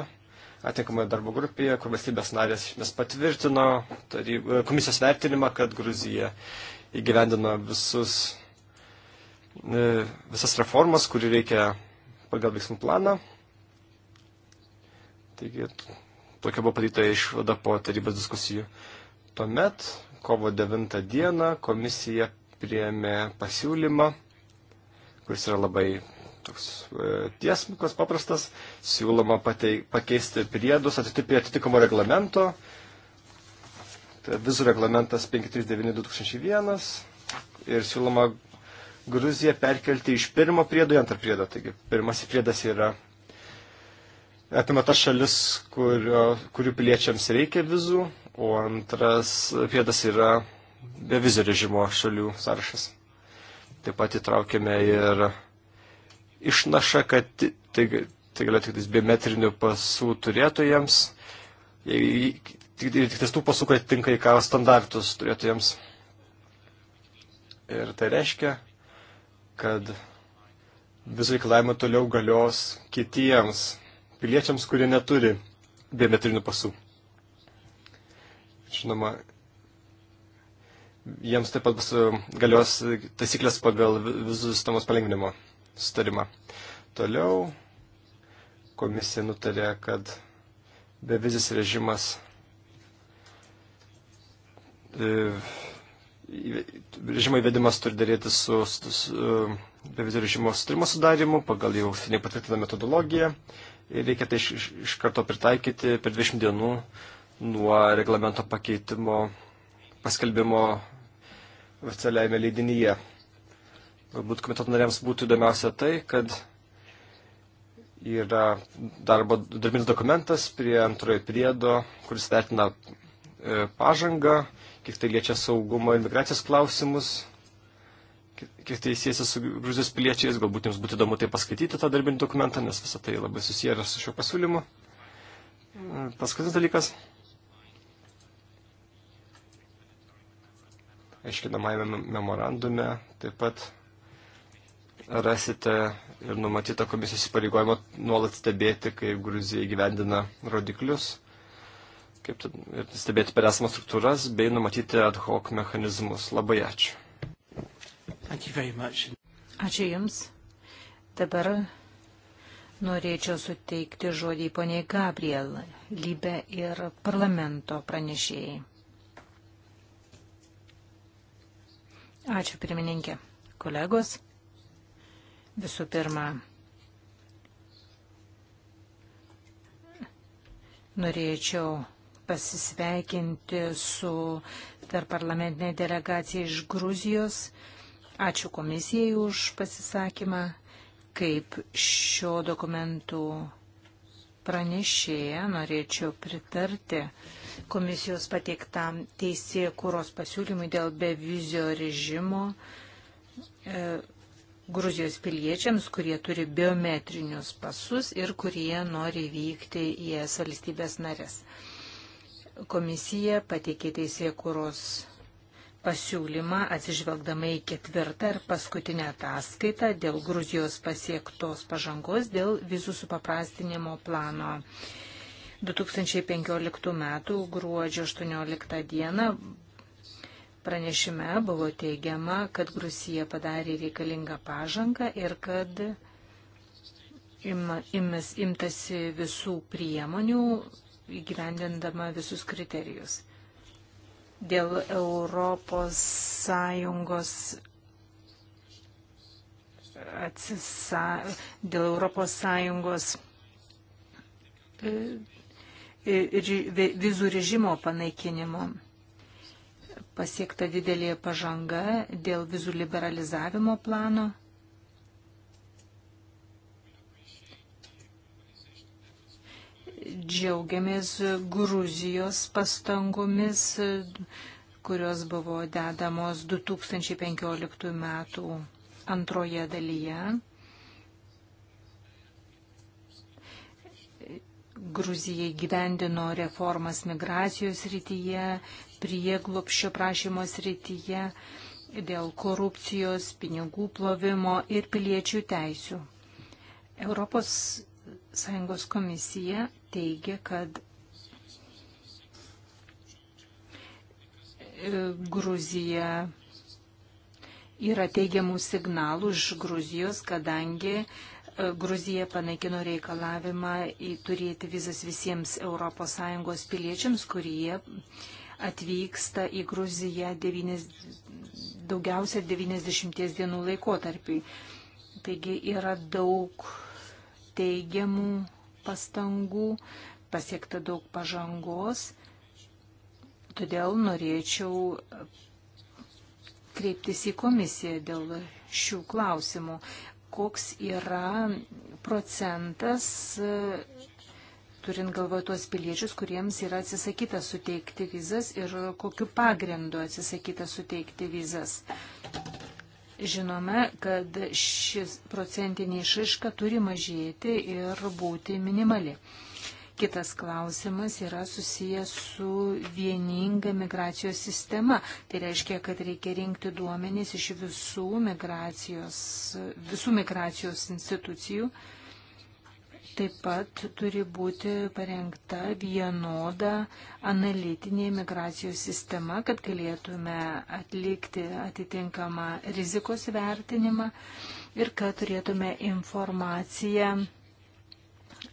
atinkamoje darbo grupėje, kur valstybės narės mes patvirtino taryb... komisijos vertinimą, kad Gruzija įgyvendino visus, e, visas reformas, kurių reikia pagal veiksmų planą. Taigi tokia buvo padaryta išvada po tarybos diskusijų. Tuomet kovo 9 dieną komisija priėmė pasiūlymą, kuris yra labai toks e, tiesmukas, paprastas, siūloma patei, pakeisti priedus atitipį atitikamo reglamento. Tai vizų reglamentas 539-2001 ir siūloma Gruziją perkelti iš pirmo priedo į antrą priedą. Taigi pirmasis priedas yra apima tas šalis, kurio, kurių piliečiams reikia vizų, o antras priedas yra bevizio režimo šalių sąrašas. Taip pat įtraukėme ir išnašą, kad tai, tai galėtų tik biometrinių pasų turėtojams, jei tik, tik ties tų pasų, kad tinka į karo standartus turėtojams. Ir tai reiškia, kad visų reikalavimų toliau galios kitiems piliečiams, kurie neturi biometrinių pasų. Žinoma, jiems taip pat bus e, galios taisyklės pagal vizų sistemos palengvinimo sutarimą. Toliau komisija nutarė, kad bevizis režimas e, režimo įvedimas turi daryti su, su, su e, bevizio režimo sutarimo sudarimu pagal jau seniai patvirtintą metodologiją ir reikia tai iš, iš karto pritaikyti per 20 dienų nuo reglamento pakeitimo paskelbimo oficialiajame leidinyje. Galbūt komiteto nariams būtų įdomiausia tai, kad yra darbo darbinis dokumentas prie antrojo priedo, kuris vertina e, pažangą, kiek tai liečia saugumo ir migracijos klausimus, kiek tai siejasi su Gruzijos piliečiais, galbūt jums būtų įdomu tai paskaityti tą darbinį dokumentą, nes visą tai labai susiję su šiuo pasiūlymu. E, paskutinis dalykas. aiškinamajame memorandume taip pat rasite ir numatytą komisijos įpareigojimą nuolat stebėti, kaip Gruzija įgyvendina rodiklius, kaip ir stebėti per esamas struktūras, bei numatyti ad hoc mechanizmus. Labai ačiū. Ačiū Jums. Dabar norėčiau suteikti žodį poniai Gabriel, Libe ir parlamento pranešėjai. Ačiū pirmininkė. Kolegos, visų pirma, norėčiau pasisveikinti su tarp parlamentinė delegacija iš Gruzijos. Ačiū komisijai už pasisakymą, kaip šio dokumentų pranešėja norėčiau pritarti uh, komisijos pateiktam teisė kūros pasiūlymui dėl bevizio režimo e, Gruzijos piliečiams, kurie turi biometrinius pasus ir kurie nori vykti į es valstybės narės. Komisija pateikė teisė kūros pasiūlymą atsižvelgdama į ketvirtą ir paskutinę ataskaitą dėl Gruzijos pasiektos pažangos dėl vizų supaprastinimo plano. 2015 m. gruodžio 18 d. Pranešime buvo teigiama, kad Rusija padarė reikalingą pažangą ir kad imas, imtasi visų priemonių įgyvendindama visus kriterijus. Dėl Europos Sąjungos atsisa, dėl Europos Sąjungos vizų režimo panaikinimo. Pasiekta didelė pažanga dėl vizų liberalizavimo plano. Džiaugiamės Gruzijos pastangomis, kurios buvo dedamos 2015 metų antroje dalyje. Gruzijai gyvendino reformas migracijos rytyje, prieglopščio prašymo srityje, dėl korupcijos, pinigų plovimo ir piliečių teisių. ES komisija teigia, kad e, Gruzija yra teigiamų signalų iš Gruzijos, kadangi E, Gruzija panaikino reikalavimą turėti vizas visiems ES piliečiams, kurie atvyksta į Gruziją 9, daugiausia 90 dienų laikotarpiai. Taigi yra daug teigiamų pastangų, pasiekta daug pažangos, todėl norėčiau kreiptis į komisiją dėl šių klausimų koks yra procentas, turint galvoje tuos piliečius, kuriems yra atsisakyta suteikti vizas ir kokiu pagrindu atsisakyta suteikti vizas. Žinome, kad šis procentinė išaiška turi mažėti ir būti minimali. Kitas klausimas yra susijęs su vieninga migracijos sistema. Tai reiškia, kad reikia rinkti duomenys iš visų migracijos, visų migracijos institucijų. Taip pat turi būti parengta vienoda analitinė migracijos sistema, kad galėtume atlikti atitinkamą rizikos vertinimą ir kad turėtume informaciją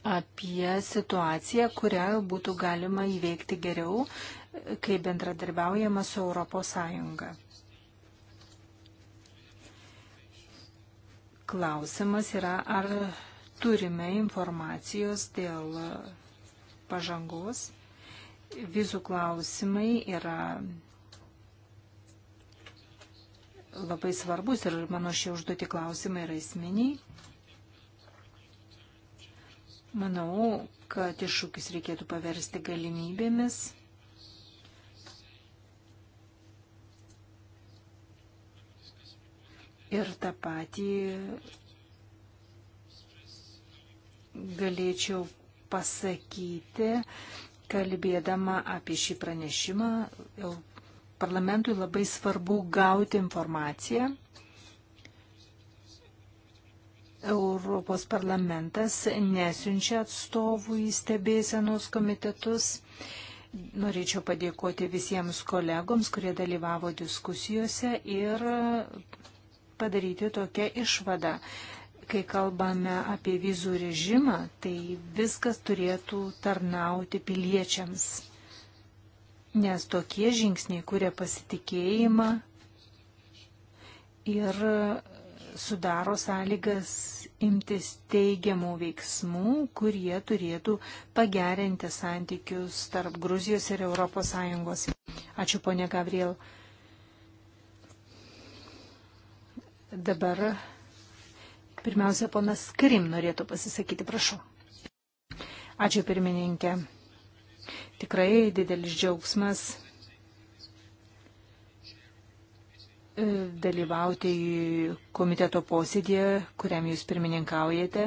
apie situaciją, kurią būtų galima įveikti geriau, kai bendradarbiaujama su Europos Sąjunga. Klausimas yra, ar turime informacijos dėl pažangos. Vizų klausimai yra labai svarbus ir mano šie užduoti klausimai yra esminiai. Manau, kad iššūkis reikėtų paversti galimybėmis. Ir tą patį galėčiau pasakyti, kalbėdama apie šį pranešimą, parlamentui labai svarbu gauti informaciją Europos parlamentas nesiunčia atstovų į stebėsenos komitetus. Norėčiau padėkoti visiems kolegoms, kurie dalyvavo diskusijose ir padaryti tokią išvadą. Kai kalbame apie vizų režimą, tai viskas turėtų tarnauti piliečiams. Nes tokie žingsniai kuria pasitikėjimą ir sudaro sąlygas imtis teigiamų veiksmų, kurie turėtų pagerinti santykius tarp Gruzijos ir ES. Ačiū, ponė Gabriel. Dabar pirmiausia, ponas Krim norėtų pasisakyti, prašau. Ačiū, pirmininkė. Tikrai didelis džiaugsmas dalyvauti komiteto posėdėje, kuriam jūs pirmininkaujate.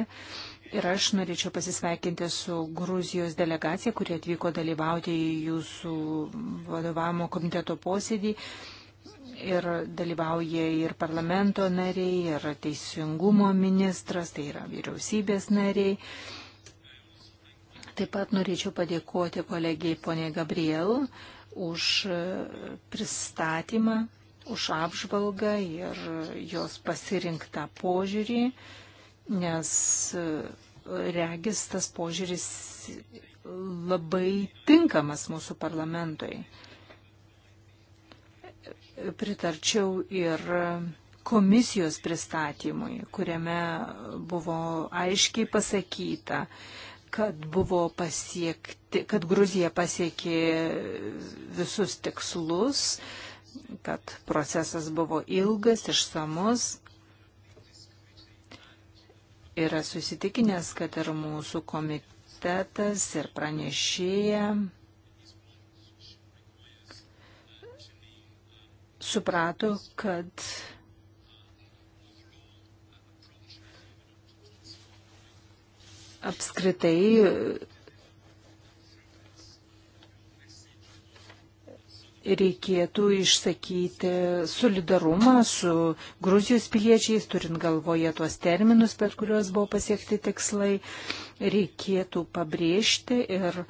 Ir aš norėčiau pasisveikinti su Gruzijos delegacija, kurie atvyko dalyvauti į jūsų vadovavimo komiteto posėdį. Ir dalyvauja ir parlamento nariai, ir teisingumo ministras, tai yra vyriausybės nariai. Taip pat norėčiau padėkoti kolegijai ponė Gabriel už pristatymą už apžvalgą ir jos pasirinktą požiūrį, nes e, regis tas požiūris labai tinkamas mūsų parlamentui. Pritarčiau ir komisijos pristatymui, kuriame buvo aiškiai pasakyta, kad buvo pasiekti, kad Gruzija pasiekė visus tikslus, kad procesas buvo ilgas, išsamus. Yra susitikinęs, kad ir mūsų komitetas, ir pranešėja suprato, kad apskritai reikėtų išsakyti solidarumą su Gruzijos piliečiais, turint galvoje tuos terminus, per kuriuos buvo pasiekti tikslai, reikėtų pabrėžti ir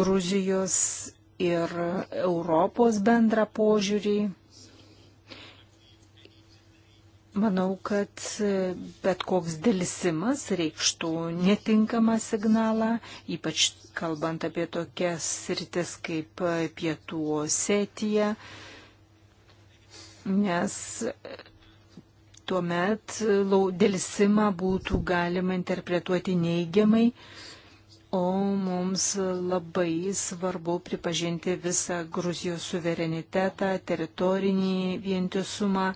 Gruzijos ir Europos bendrą požiūrį Manau, kad bet koks dėlisimas reikštų netinkamą signalą, ypač kalbant apie tokias sritis kaip pietų Osetija, nes tuomet dėlisimą būtų galima interpretuoti neigiamai, o mums labai svarbu pripažinti visą Gruzijos suverenitetą, teritorinį vientisumą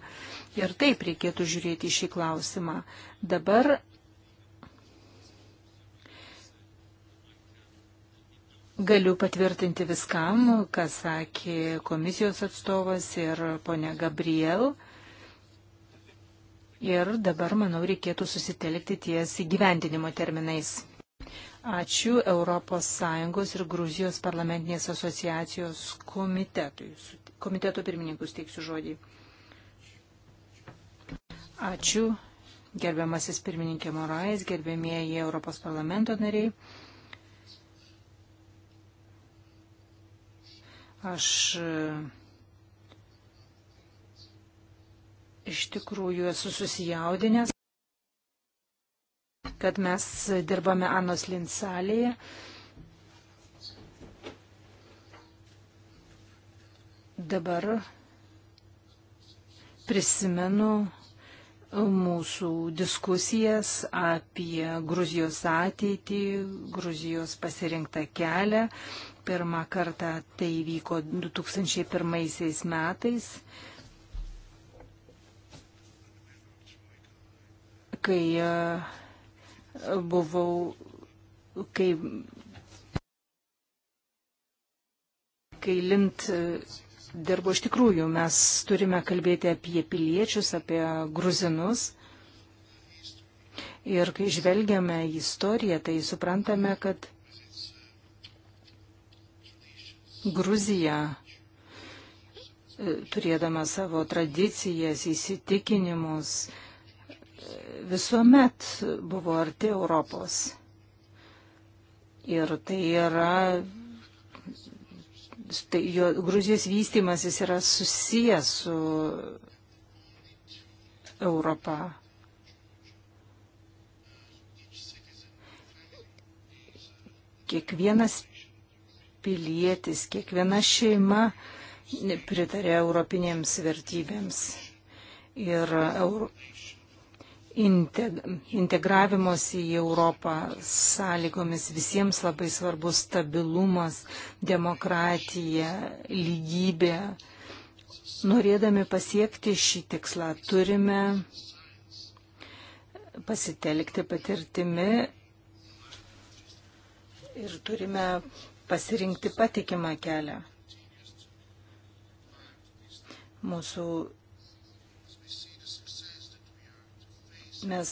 Ir taip reikėtų žiūrėti į šį klausimą. Dabar Galiu patvirtinti viskam, kas sakė komisijos atstovas ir ponia Gabriel. Ir dabar, manau, reikėtų susitelkti ties įgyvendinimo terminais. Ačiū ES ir Gruzijos parlamentinės asociacijos komitetui. Komiteto pirmininkus teiksiu žodį. Ačiū, gerbiamasis pirmininkė Morais, gerbėmieji Europos parlamento nariai. Aš e, iš tikrųjų esu susijaudinęs, kad mes dirbame Anos Linsalėje. Dabar prisimenu mūsų diskusijas apie Gruzijos ateitį, Gruzijos pasirinktą kelią. Pirmą kartą tai vyko 2001 metais, kai e, buvau, kai, kai Lint e, dirbo iš tikrųjų. Mes turime kalbėti apie piliečius, apie gruzinus. Ir kai žvelgiame į istoriją, tai suprantame, kad Gruzija, turėdama savo tradicijas, įsitikinimus, visuomet buvo arti Europos. Ir tai yra tai jo, Gruzijos vystimasis yra susijęs su Europa. Kiekvienas pilietis, kiekviena šeima pritarė europinėms vertybėms. Ir Euro, integravimos į Europą sąlygomis visiems labai svarbus stabilumas, demokratija, lygybė. Norėdami pasiekti šį tikslą turime pasitelkti patirtimi ir turime pasirinkti patikimą kelią. Mūsų Mes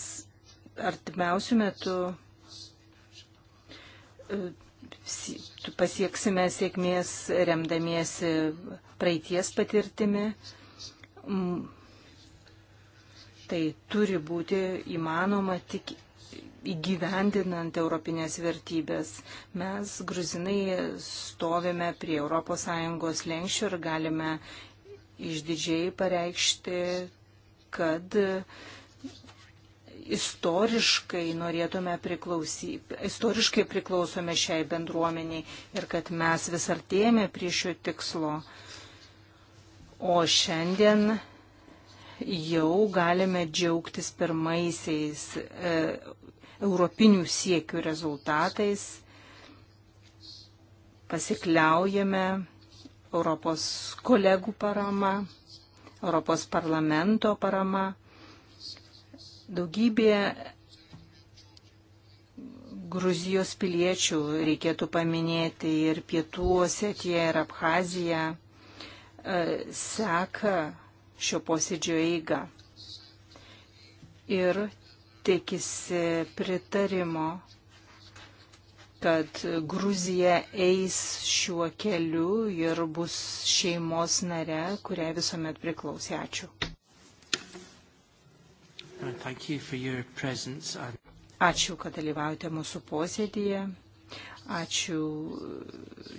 artimiausių metų e, pasieksime sėkmės remdamiesi praeities patirtimi. Tai turi būti įmanoma tik įgyvendinant europinės vertybės. Mes, gruzinai, stovime prie ES lenkščių ir galime išdidžiai pareikšti, kad istoriškai norėtume priklausyti, istoriškai priklausome šiai bendruomeniai ir kad mes vis artėjame prie šio tikslo. O šiandien jau galime džiaugtis pirmaisiais e, europinių siekių rezultatais. Pasikliaujame Europos kolegų parama, Europos parlamento parama Daugybė Gruzijos piliečių reikėtų paminėti ir pietų Osetiją ir Abhaziją e, seka šio posėdžio eigą ir tikisi pritarimo, kad Gruzija eis šiuo keliu ir bus šeimos nare, kuriai visuomet priklausė. Ačiū. Uh, uh, Ačiū, kad dalyvaujate mūsų posėdėje. Ačiū,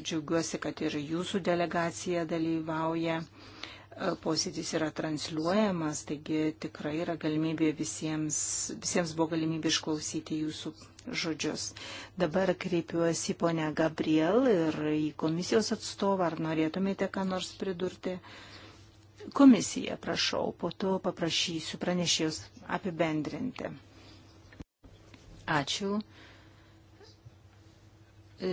džiaugiuosi, kad ir jūsų delegacija dalyvauja. Uh, posėdis yra transliuojamas, taigi tikrai yra galimybė visiems, visiems buvo galimybė išklausyti jūsų žodžius. Dabar kreipiuosi į ponę Gabriel ir į komisijos atstovą, ar norėtumėte ką nors pridurti? Uh, Komisija, prašau, po to paprašysiu pranešėjus apibendrinti. Ačiū. E,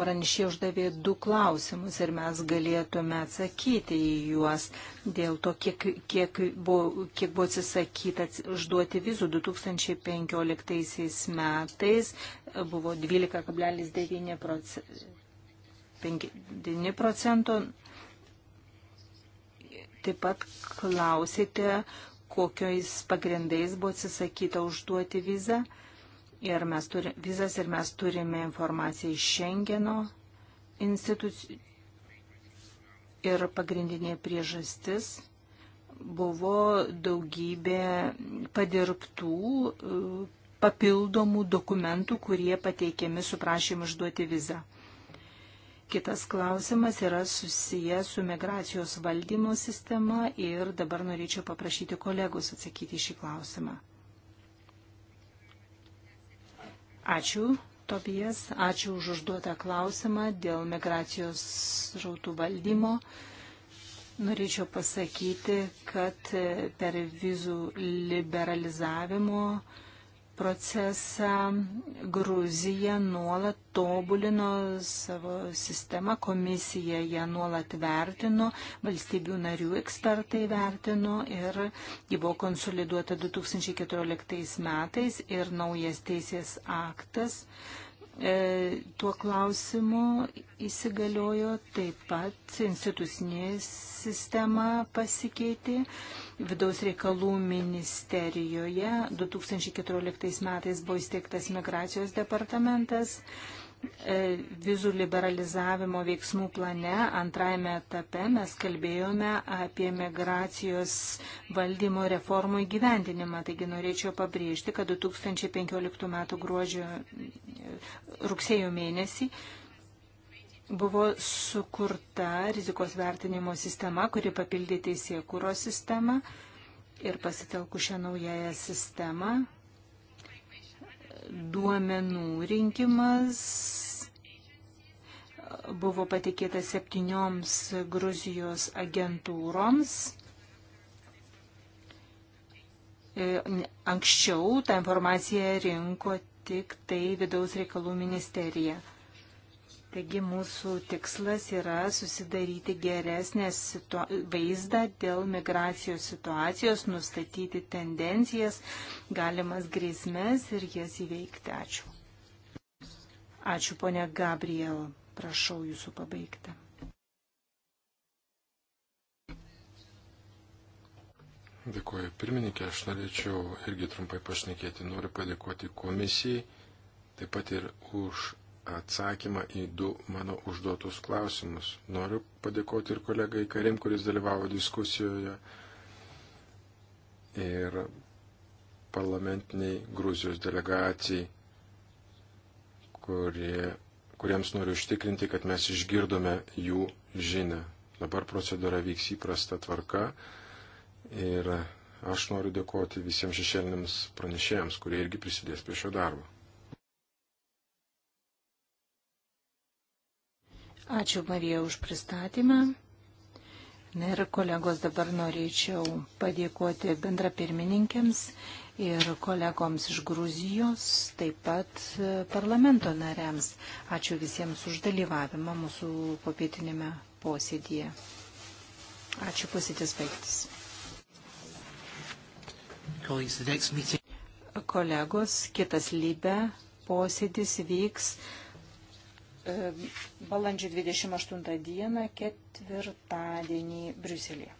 Pranešė uždavė du klausimus ir mes galėtume atsakyti į juos dėl to, kiek, kiek, buvo, kiek buvo atsisakyta užduoti vizų 2015 metais buvo 12,9 procento Taip pat klausėte, kokiais pagrindais buvo atsisakyta užduoti vizą. Ir mes turi, vizas ir mes turime informaciją iš Šengeno institucijų. Ir pagrindinė priežastis buvo daugybė padirbtų e, papildomų dokumentų, kurie pateikiami su prašymu išduoti vizą. Kitas klausimas yra susijęs su migracijos valdymo sistema ir dabar norėčiau paprašyti kolegos atsakyti šį klausimą. Ačiū, Tobijas, ačiū už užduotą klausimą dėl migracijos rautų valdymo. Norėčiau pasakyti, kad per vizų liberalizavimo uh, procesą. Gruzija nuolat tobulino savo sistemą, komisija ją nuolat vertino, valstybių narių ekspertai vertino ir ji buvo konsoliduota 2014 metais ir naujas teisės aktas. Uh, E, tuo klausimu įsigaliojo, taip pat institucinė sistema pasikeitė. Vidaus reikalų ministerijoje 2014 metais buvo įsteigtas migracijos departamentas. E, vizų liberalizavimo veiksmų plane antrajame etape mes kalbėjome apie migracijos valdymo reformų įgyvendinimą. Taigi norėčiau pabrėžti, kad 2015 m. gruodžio e, rugsėjo mėnesį buvo sukurta rizikos vertinimo sistema, kuri papildė teisėkūros sistemą ir pasitelkų šią naująją sistemą duomenų rinkimas buvo patikėta septynioms Gruzijos agentūroms. E, anksčiau tą informaciją rinko tik tai vidaus reikalų ministerija. Taigi mūsų tikslas yra susidaryti geresnę vaizdą dėl migracijos situacijos, nustatyti tendencijas, galimas grėsmės ir jas įveikti. Ačiū. Ačiū, ponia Gabriel. Prašau jūsų pabaigti. Dėkuoju pirmininkė, aš norėčiau irgi trumpai pašnekėti. Noriu padėkoti komisijai, taip pat ir už atsakymą į du mano užduotus klausimus. Noriu padėkoti ir kolegai Karim, kuris dalyvavo diskusijoje ir parlamentiniai Gruzijos delegacijai, kurie, kuriems noriu užtikrinti, kad mes išgirdome jų žinę. Dabar procedūra vyks įprasta tvarka ir aš noriu dėkoti visiems šešėlinėms pranešėjams, kurie irgi prisidės prie šio darbo. Ačiū Marija už pristatymą. Na ir kolegos dabar norėčiau padėkoti bendra pirmininkėms ir kolegoms iš Gruzijos, taip pat e, parlamento nariams. Ačiū visiems už dalyvavimą mūsų popietinėme posėdėje. Ačiū posėdės baigtis. Kolegos, kitas lybe posėdis vyks. E, balandžio 28 dieną ketvirtadienį Briuselėje.